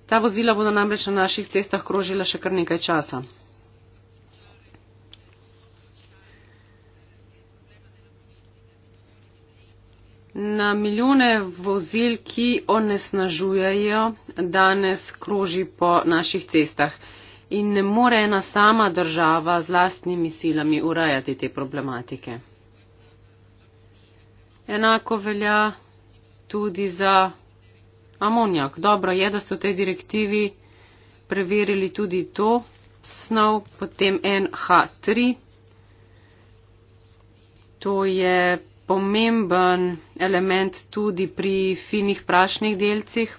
Ta vozila bodo namreč na naših cestah krožila še kar nekaj časa. Na milijone vozil, ki onesnažujejo, danes kroži po naših cestah in ne more ena sama država z lastnimi silami urejati te problematike. Enako velja tudi za amonjak. Dobro je, da ste v tej direktivi preverili tudi to snov, potem NH3. To je pomemben element tudi pri finih prašnih delcih.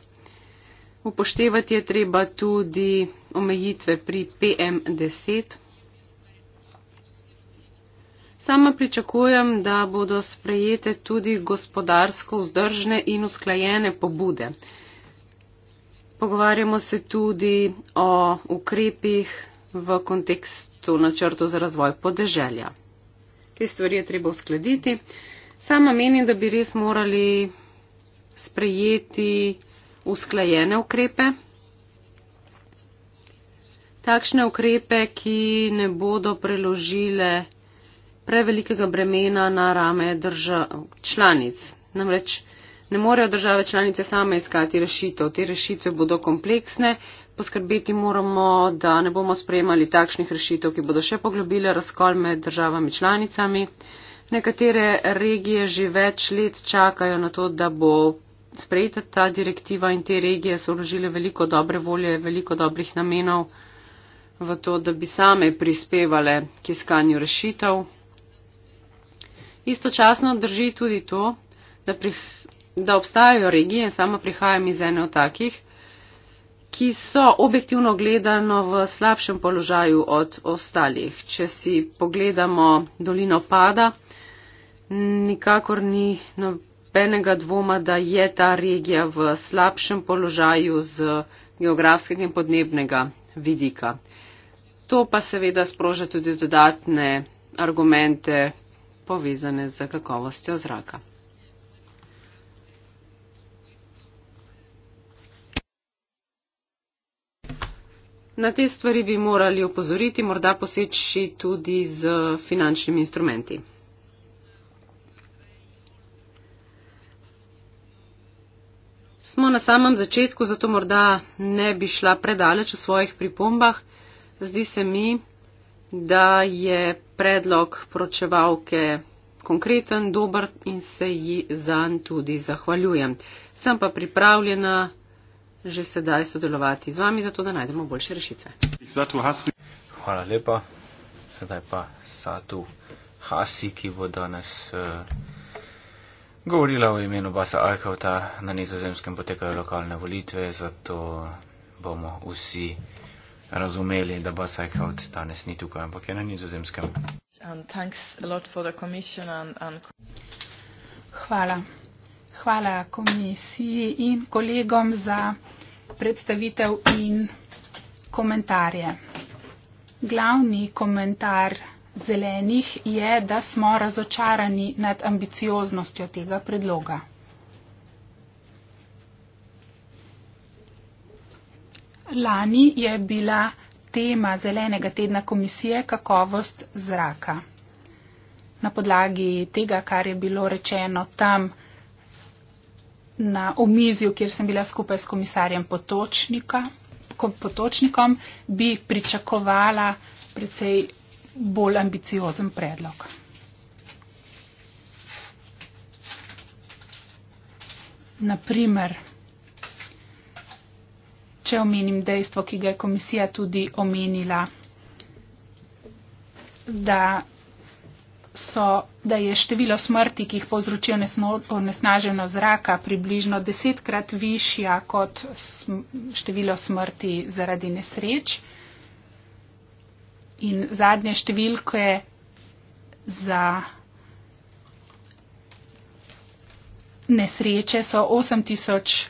Upoštevati je treba tudi omejitve pri PM10. Sama pričakujem, da bodo sprejete tudi gospodarsko vzdržne in usklajene pobude. Pogovarjamo se tudi o ukrepih v kontekstu načrtu za razvoj podeželja. Te stvari je treba uskladiti. Sama menim, da bi res morali sprejeti usklajene ukrepe. Takšne ukrepe, ki ne bodo preložile prevelikega bremena na rame držav članic. Namreč ne morejo države članice same iskati rešitev. Te rešitve bodo kompleksne. Poskrbeti moramo, da ne bomo sprejemali takšnih rešitev, ki bodo še poglobile razkol med državami članicami. Nekatere regije že več let čakajo na to, da bo sprejeta ta direktiva in te regije so vložile veliko dobre volje, veliko dobrih namenov v to, da bi same prispevale k iskanju rešitev. Istočasno drži tudi to, da, prih, da obstajajo regije, sama prihajam iz ene od takih, ki so objektivno gledano v slabšem položaju od ostalih. Če si pogledamo dolino pada, nikakor ni nobenega dvoma, da je ta regija v slabšem položaju z geografskega in podnebnega vidika. To pa seveda sproža tudi dodatne argumente povezane z kakovostjo zraka. Na te stvari bi morali opozoriti, morda poseči tudi z finančnimi instrumenti. smo na samem začetku, zato morda ne bi šla predaleč v svojih pripombah. Zdi se mi, da je predlog poročevalke konkreten, dober in se ji zanj tudi zahvaljujem. Sem pa pripravljena že sedaj sodelovati z vami, zato da najdemo boljše rešitve.
Hvala lepa. Sedaj pa Satu Hasi, ki bo danes. Uh, govorila v imenu Basa Ajhovta, na nizozemskem potekajo lokalne volitve, zato bomo vsi razumeli, da Basa Ajhovt danes ni tukaj, ampak je na nizozemskem.
Um,
Hvala. Hvala komisiji in kolegom za predstavitev in komentarje. Glavni komentar zelenih je, da smo razočarani nad ambicioznostjo tega predloga. Lani je bila tema zelenega tedna komisije kakovost zraka. Na podlagi tega, kar je bilo rečeno tam na omizju, kjer sem bila skupaj s komisarjem Potočnika, potočnikom, bi pričakovala precej bolj ambiciozen predlog. Naprimer, če omenim dejstvo, ki ga je komisija tudi omenila, da, so, da je število smrti, ki jih povzročijo onesnaženo zraka, približno desetkrat višja kot sm, število smrti zaradi nesreč. Uh, in zadnje številke za nesreče so 8000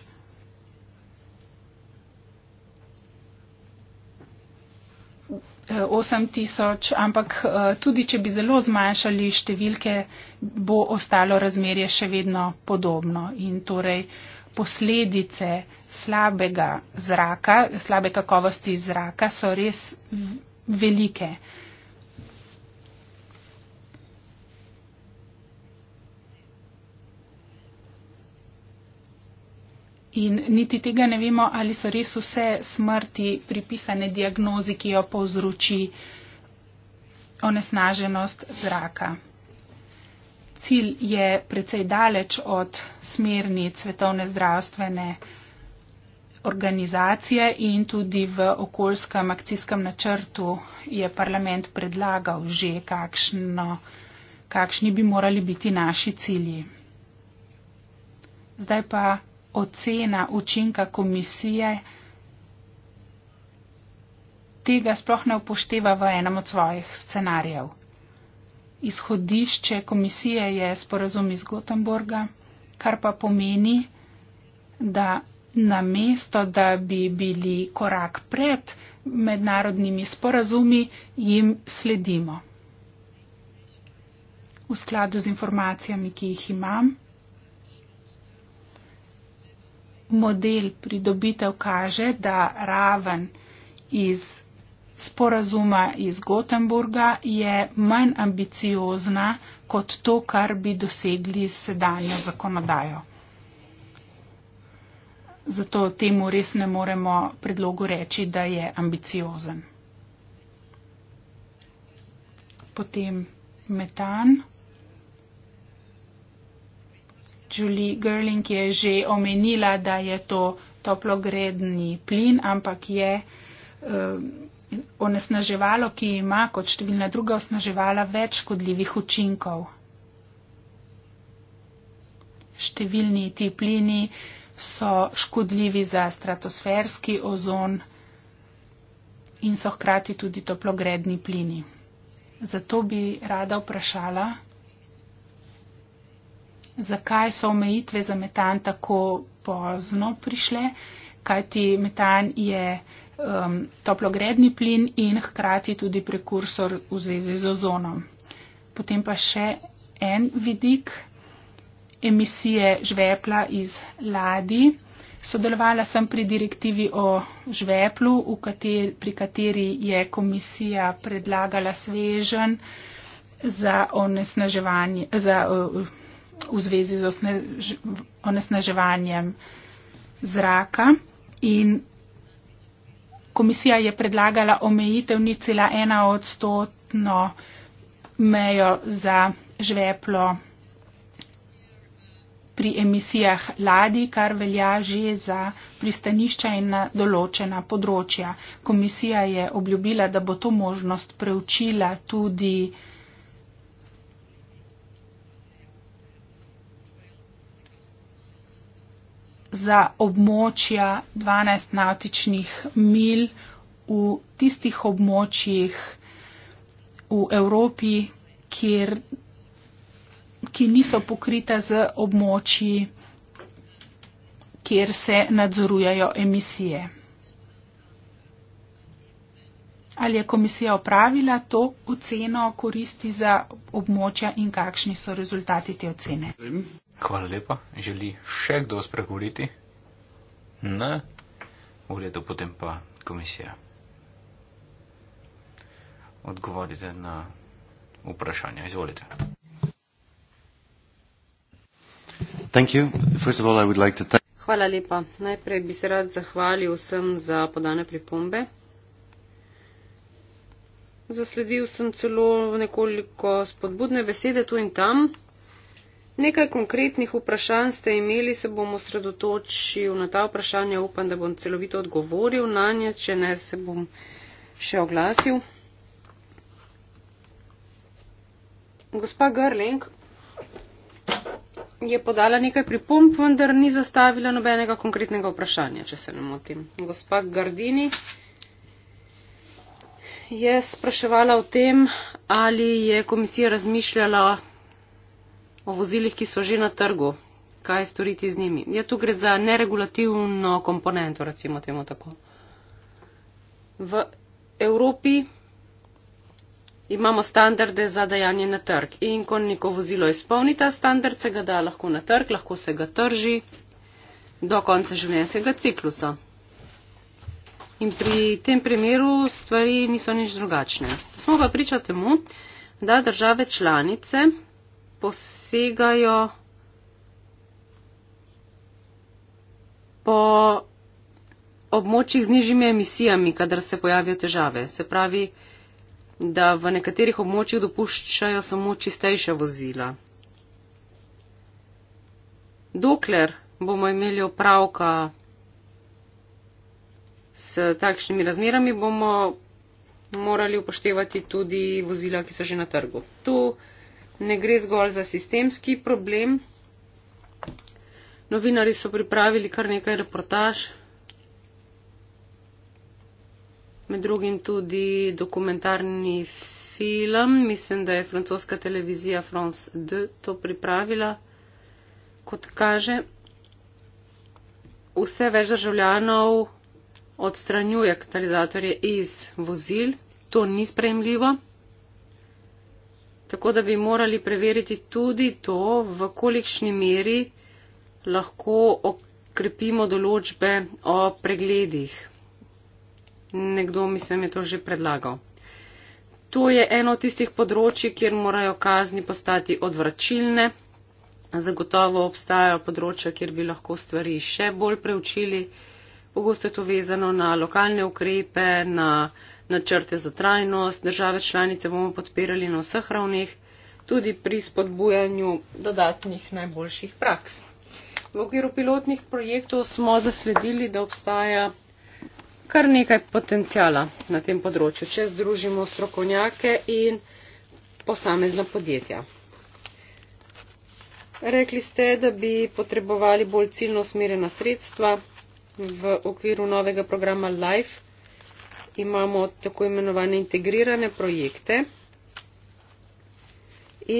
8000, ampak eh, tudi če bi zelo zmanjšali številke, bo ostalo razmerje še vedno podobno. In torej posledice slabega zraka, slabe kakovosti zraka so res velike. In niti tega ne vemo, ali so res vse smrti pripisane diagnozi, ki jo povzroči onesnaženost zraka. Cilj je precej daleč od smernic svetovne zdravstvene organizacije organizacije in tudi v okoljskem akcijskem načrtu je parlament predlagal že, kakšno, kakšni bi morali biti naši cilji. Zdaj pa ocena učinka komisije tega sploh ne upošteva v enem od svojih scenarijev. Izhodišče komisije je sporazum iz Gotemburga, kar pa pomeni, da namesto da bi bili korak pred mednarodnimi sporazumi, jim sledimo. V skladu z informacijami, ki jih imam, model pridobitev kaže, da raven iz sporazuma iz Gotemburga je manj ambiciozna kot to, kar bi dosegli s sedanjo zakonodajo. Zato temu res ne moremo predlogu reči, da je ambiciozen. Potem metan. Julie Gerling je že omenila, da je to toplogredni plin, ampak je eh, onesnaževalo, ki ima kot številna druga osnaževala več škodljivih učinkov. Številni ti plini eh, so škodljivi za stratosferski ozon in so hkrati tudi toplogredni plini. Zato bi rada vprašala, zakaj so omejitve za metan tako pozno prišle, kajti metan je um, toplogredni plin in hkrati tudi prekursor v zvezi z ozonom. Potem pa še en vidik emisije žvepla iz ladi. Sodelovala sem pri direktivi o žveplu, kateri, pri kateri je komisija predlagala svežen za onesnaževanje, za, v zvezi z onesnaževanjem zraka. In komisija je predlagala omejitev ni cela ena odstotno mejo za žveplo pri emisijah ladij, kar velja že za pristanišča in na določena področja. Komisija je obljubila, da bo to možnost preučila tudi za območja 12 nautičnih mil v tistih območjih v Evropi, kjer ki niso pokrita z območji, kjer se nadzorujajo emisije. Ali je komisija opravila to oceno koristi za območja in kakšni so rezultati te ocene?
Hvala lepa. Želi še kdo spregovoriti? Ne. V redu, potem pa komisija. Odgovorite na vprašanje. Izvolite.
Hvala lepa. Najprej bi se rad zahvalil vsem za podane pripombe. Zasledil sem celo nekoliko spodbudne besede tu in tam. Nekaj konkretnih vprašanj ste imeli, se bom osredotočil na ta vprašanja. Upam, da bom celovito odgovoril na nje, če ne, se bom še oglasil. Gospa Grling, je podala nekaj pripomp, vendar ni zastavila nobenega konkretnega vprašanja, če se ne motim. Gospa Gardini je spraševala o tem, ali je komisija razmišljala o vozilih, ki so že na trgu, kaj storiti z njimi. Ja, tu gre za neregulativno komponento, recimo temu tako. V Evropi imamo standarde za dajanje na trg. In ko neko vozilo izpolni ta standard, se ga da lahko na trg, lahko se ga trži do konca življenjskega ciklusa. In pri tem primeru stvari niso nič drugačne. Smo pa priča temu, da države članice posegajo po območjih z nižjimi emisijami, kadar se pojavijo težave. Se pravi, da v nekaterih območjih dopuščajo samo čistejša vozila. Dokler bomo imeli opravka s takšnimi razmerami, bomo morali upoštevati tudi vozila, ki so že na trgu. Tu ne gre zgolj za sistemski problem. Novinari so pripravili kar nekaj reportaž med drugim tudi dokumentarni film, mislim, da je francoska televizija France 2 to pripravila. Kot kaže, vse več državljanov odstranjuje katalizatorje iz vozil, to ni sprejemljivo. Tako da bi morali preveriti tudi to, v kolikšni meri lahko okrepimo določbe o pregledih nekdo mi se mi to že predlagal. To je eno od tistih področji, kjer morajo kazni postati odvračilne. Zagotovo obstajajo področja, kjer bi lahko stvari še bolj preučili. Pogosto je to vezano na lokalne ukrepe, na načrte za trajnost. Države članice bomo podpirali na vseh ravneh, tudi pri spodbujanju dodatnih najboljših praks. V okviru pilotnih projektov smo zasledili, da obstaja kar nekaj potencijala na tem področju, če združimo strokovnjake in posamezna podjetja. Rekli ste, da bi potrebovali bolj ciljno usmerjena sredstva v okviru novega programa LIFE. Imamo tako imenovane integrirane projekte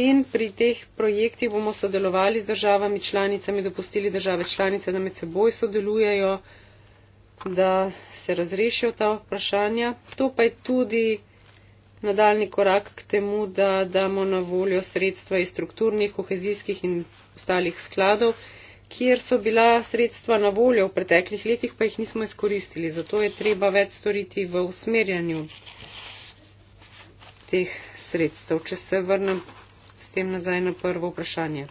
in pri teh projektih bomo sodelovali z državami članicami, dopustili države članice, da med seboj sodelujejo da se razrešijo ta vprašanja. To pa je tudi nadaljni korak k temu, da damo na voljo sredstva iz strukturnih, kohezijskih in ostalih skladov, kjer so bila sredstva na voljo v preteklih letih, pa jih nismo izkoristili. Zato je treba več storiti v usmerjanju teh sredstev. Če se vrnem s tem nazaj na prvo vprašanje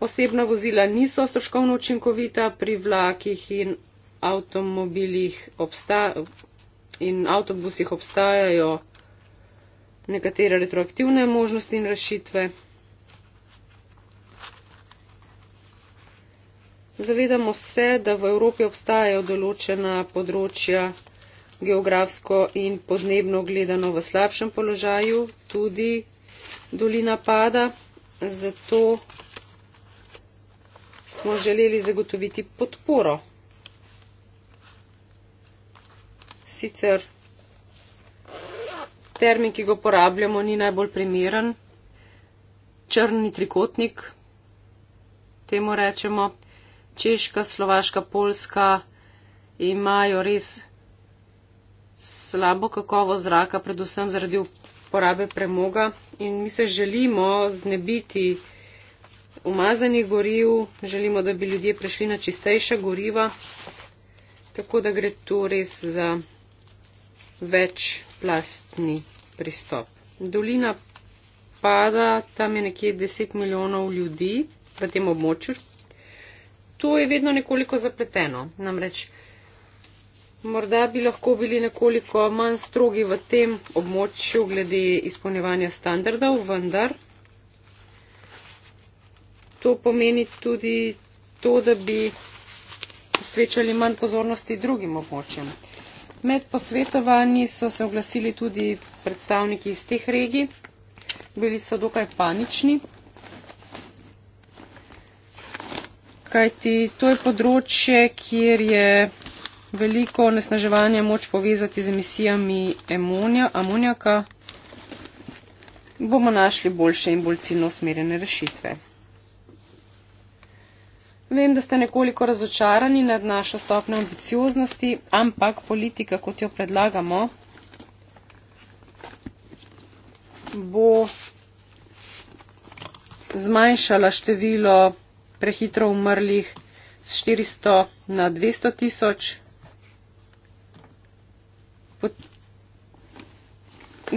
osebna vozila niso stroškovno učinkovita, pri vlakih in avtomobilih obstajajo in avtobusih obstajajo nekatere retroaktivne možnosti in rešitve. Zavedamo se, da v Evropi obstajajo določena področja geografsko in podnebno gledano v slabšem položaju, tudi dolina pada, zato smo želeli zagotoviti podporo. Sicer termin, ki ga uporabljamo, ni najbolj primeren. Črni trikotnik, temu rečemo. Češka, Slovaška, Poljska imajo res slabo kakovo zraka, predvsem zaradi uporabe premoga in mi se želimo znebiti umazanih goriv, želimo, da bi ljudje prešli na čistejša goriva, tako da gre tu res za večplastni pristop. Dolina pada, tam je nekje 10 milijonov ljudi v tem območju. To je vedno nekoliko zapleteno, namreč morda bi lahko bili nekoliko manj strogi v tem območju glede izpolnjevanja standardov, vendar to pomeni tudi to, da bi posvečali manj pozornosti drugim območjem. Med posvetovanji so se oglasili tudi predstavniki iz teh regij. Bili so dokaj panični, kajti to je področje, kjer je veliko nesnaževanja moč povezati z emisijami emonija, amonijaka. Bomo našli boljše in bolj ciljno usmerjene rešitve. Vem, da ste nekoliko razočarani nad našo stopno ambicioznosti, ampak politika, kot jo predlagamo, bo zmanjšala število prehitro umrlih z 400 na 200 tisoč.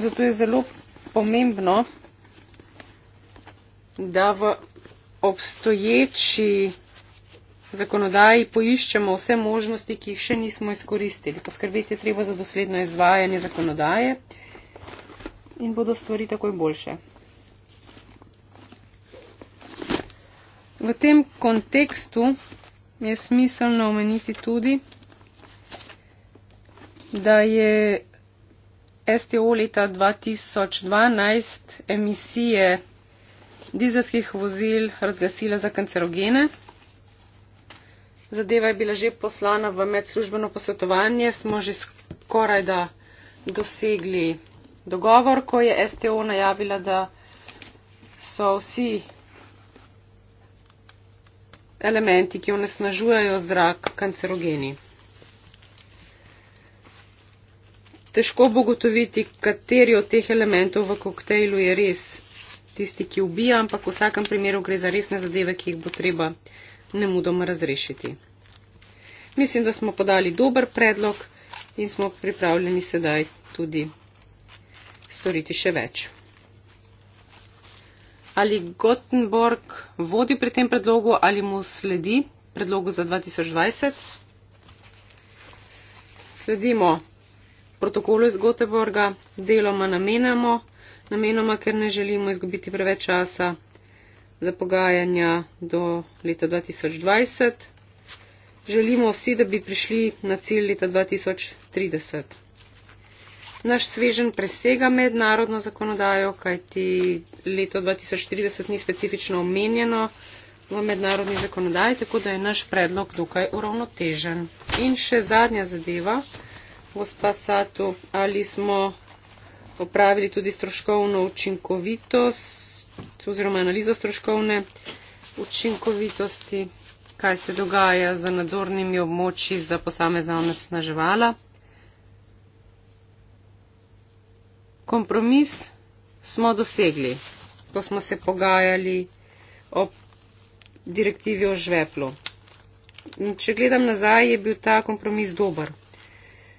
Zato je zelo pomembno, da v obstoječi zakonodaji poiščemo vse možnosti, ki jih še nismo izkoristili. Poskrbeti je treba za dosledno izvajanje zakonodaje in bodo stvari takoj boljše. V tem kontekstu je smiselno omeniti tudi, da je STO leta 2012 emisije dizelskih vozil razglasila za kancerogene. Zadeva je bila že poslana v medslužbeno posvetovanje, smo že skoraj da dosegli dogovor, ko je STO najavila, da so vsi elementi, ki onesnažujejo zrak, kancerogeni. Težko bo gotoviti, kateri od teh elementov v koktejlu je res tisti, ki ubija, ampak v vsakem primeru gre za resne zadeve, ki jih bo treba ne mudoma razrešiti. Mislim, da smo podali dober predlog in smo pripravljeni sedaj tudi storiti še več. Ali Gothenburg vodi pri tem predlogu ali mu sledi predlogu za 2020? Sledimo protokolu iz Gothenburga, deloma namenamo, namenoma, ker ne želimo izgubiti preveč časa, za pogajanja do leta 2020. Želimo si, da bi prišli na cilj leta 2030. Naš svežen presega mednarodno zakonodajo, kajti leto 2030 ni specifično omenjeno v mednarodni zakonodaji, tako da je naš predlog dokaj uravnotežen. In še zadnja zadeva, gospa Sato, ali smo opravili tudi stroškovno učinkovitost oziroma analizo stroškovne učinkovitosti, kaj se dogaja za nadzornimi območji za posamezna onesnaževala. Kompromis smo dosegli, ko smo se pogajali o direktivi o žveplu. Če gledam nazaj, je bil ta kompromis dober.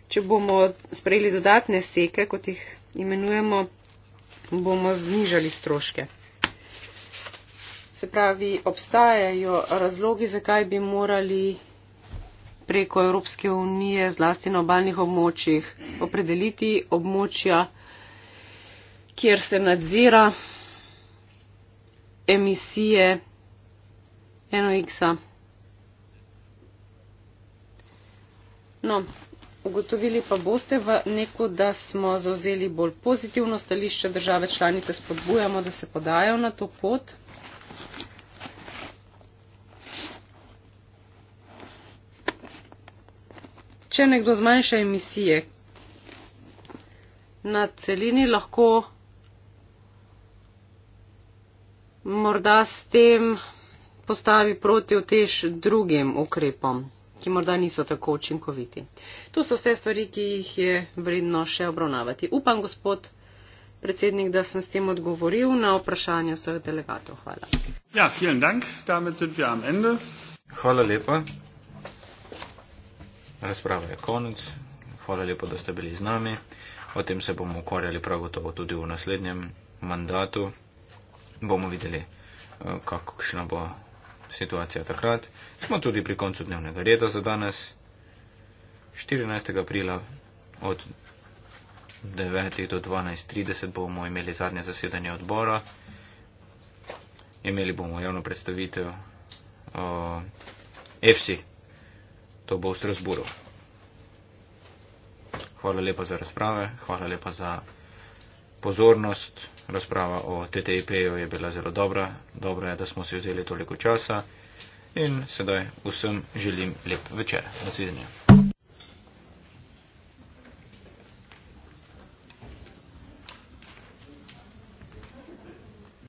Če bomo sprejeli dodatne seke, kot jih imenujemo, bomo znižali stroške. Se pravi, obstajajo razlogi, zakaj bi morali preko Evropske unije, zlasti na obalnih območjih, opredeliti območja, kjer se nadzira emisije NOX-a. No, ugotovili pa boste v neko, da smo zauzeli bolj pozitivno stališče, države članice spodbujamo, da se podajo na to pot. če nekdo zmanjša emisije na celini, lahko morda s tem postavi proti otež drugim ukrepom, ki morda niso tako učinkoviti. To so vse stvari, ki jih je vredno še obravnavati. Upam, gospod predsednik, da sem s tem odgovoril na vprašanje vseh delegatov. Hvala.
Ja, Hvala lepa. Razprava je konec. Hvala lepo, da ste bili z nami. O tem se bomo ukvarjali prav gotovo tudi v naslednjem mandatu. Bomo videli, eh, kakšna bo situacija takrat. Smo tudi pri koncu dnevnega reda za danes. 14. aprila od 9. do 12.30 bomo imeli zadnje zasedanje odbora. Imeli bomo javno predstavitev uh, eh, FC to bo v Strasburu. Hvala lepa za razprave, hvala lepa za pozornost. Razprava o TTIP-ju je bila zelo dobra, dobro je, da smo si vzeli toliko časa in sedaj vsem želim lep večer. Naslednje.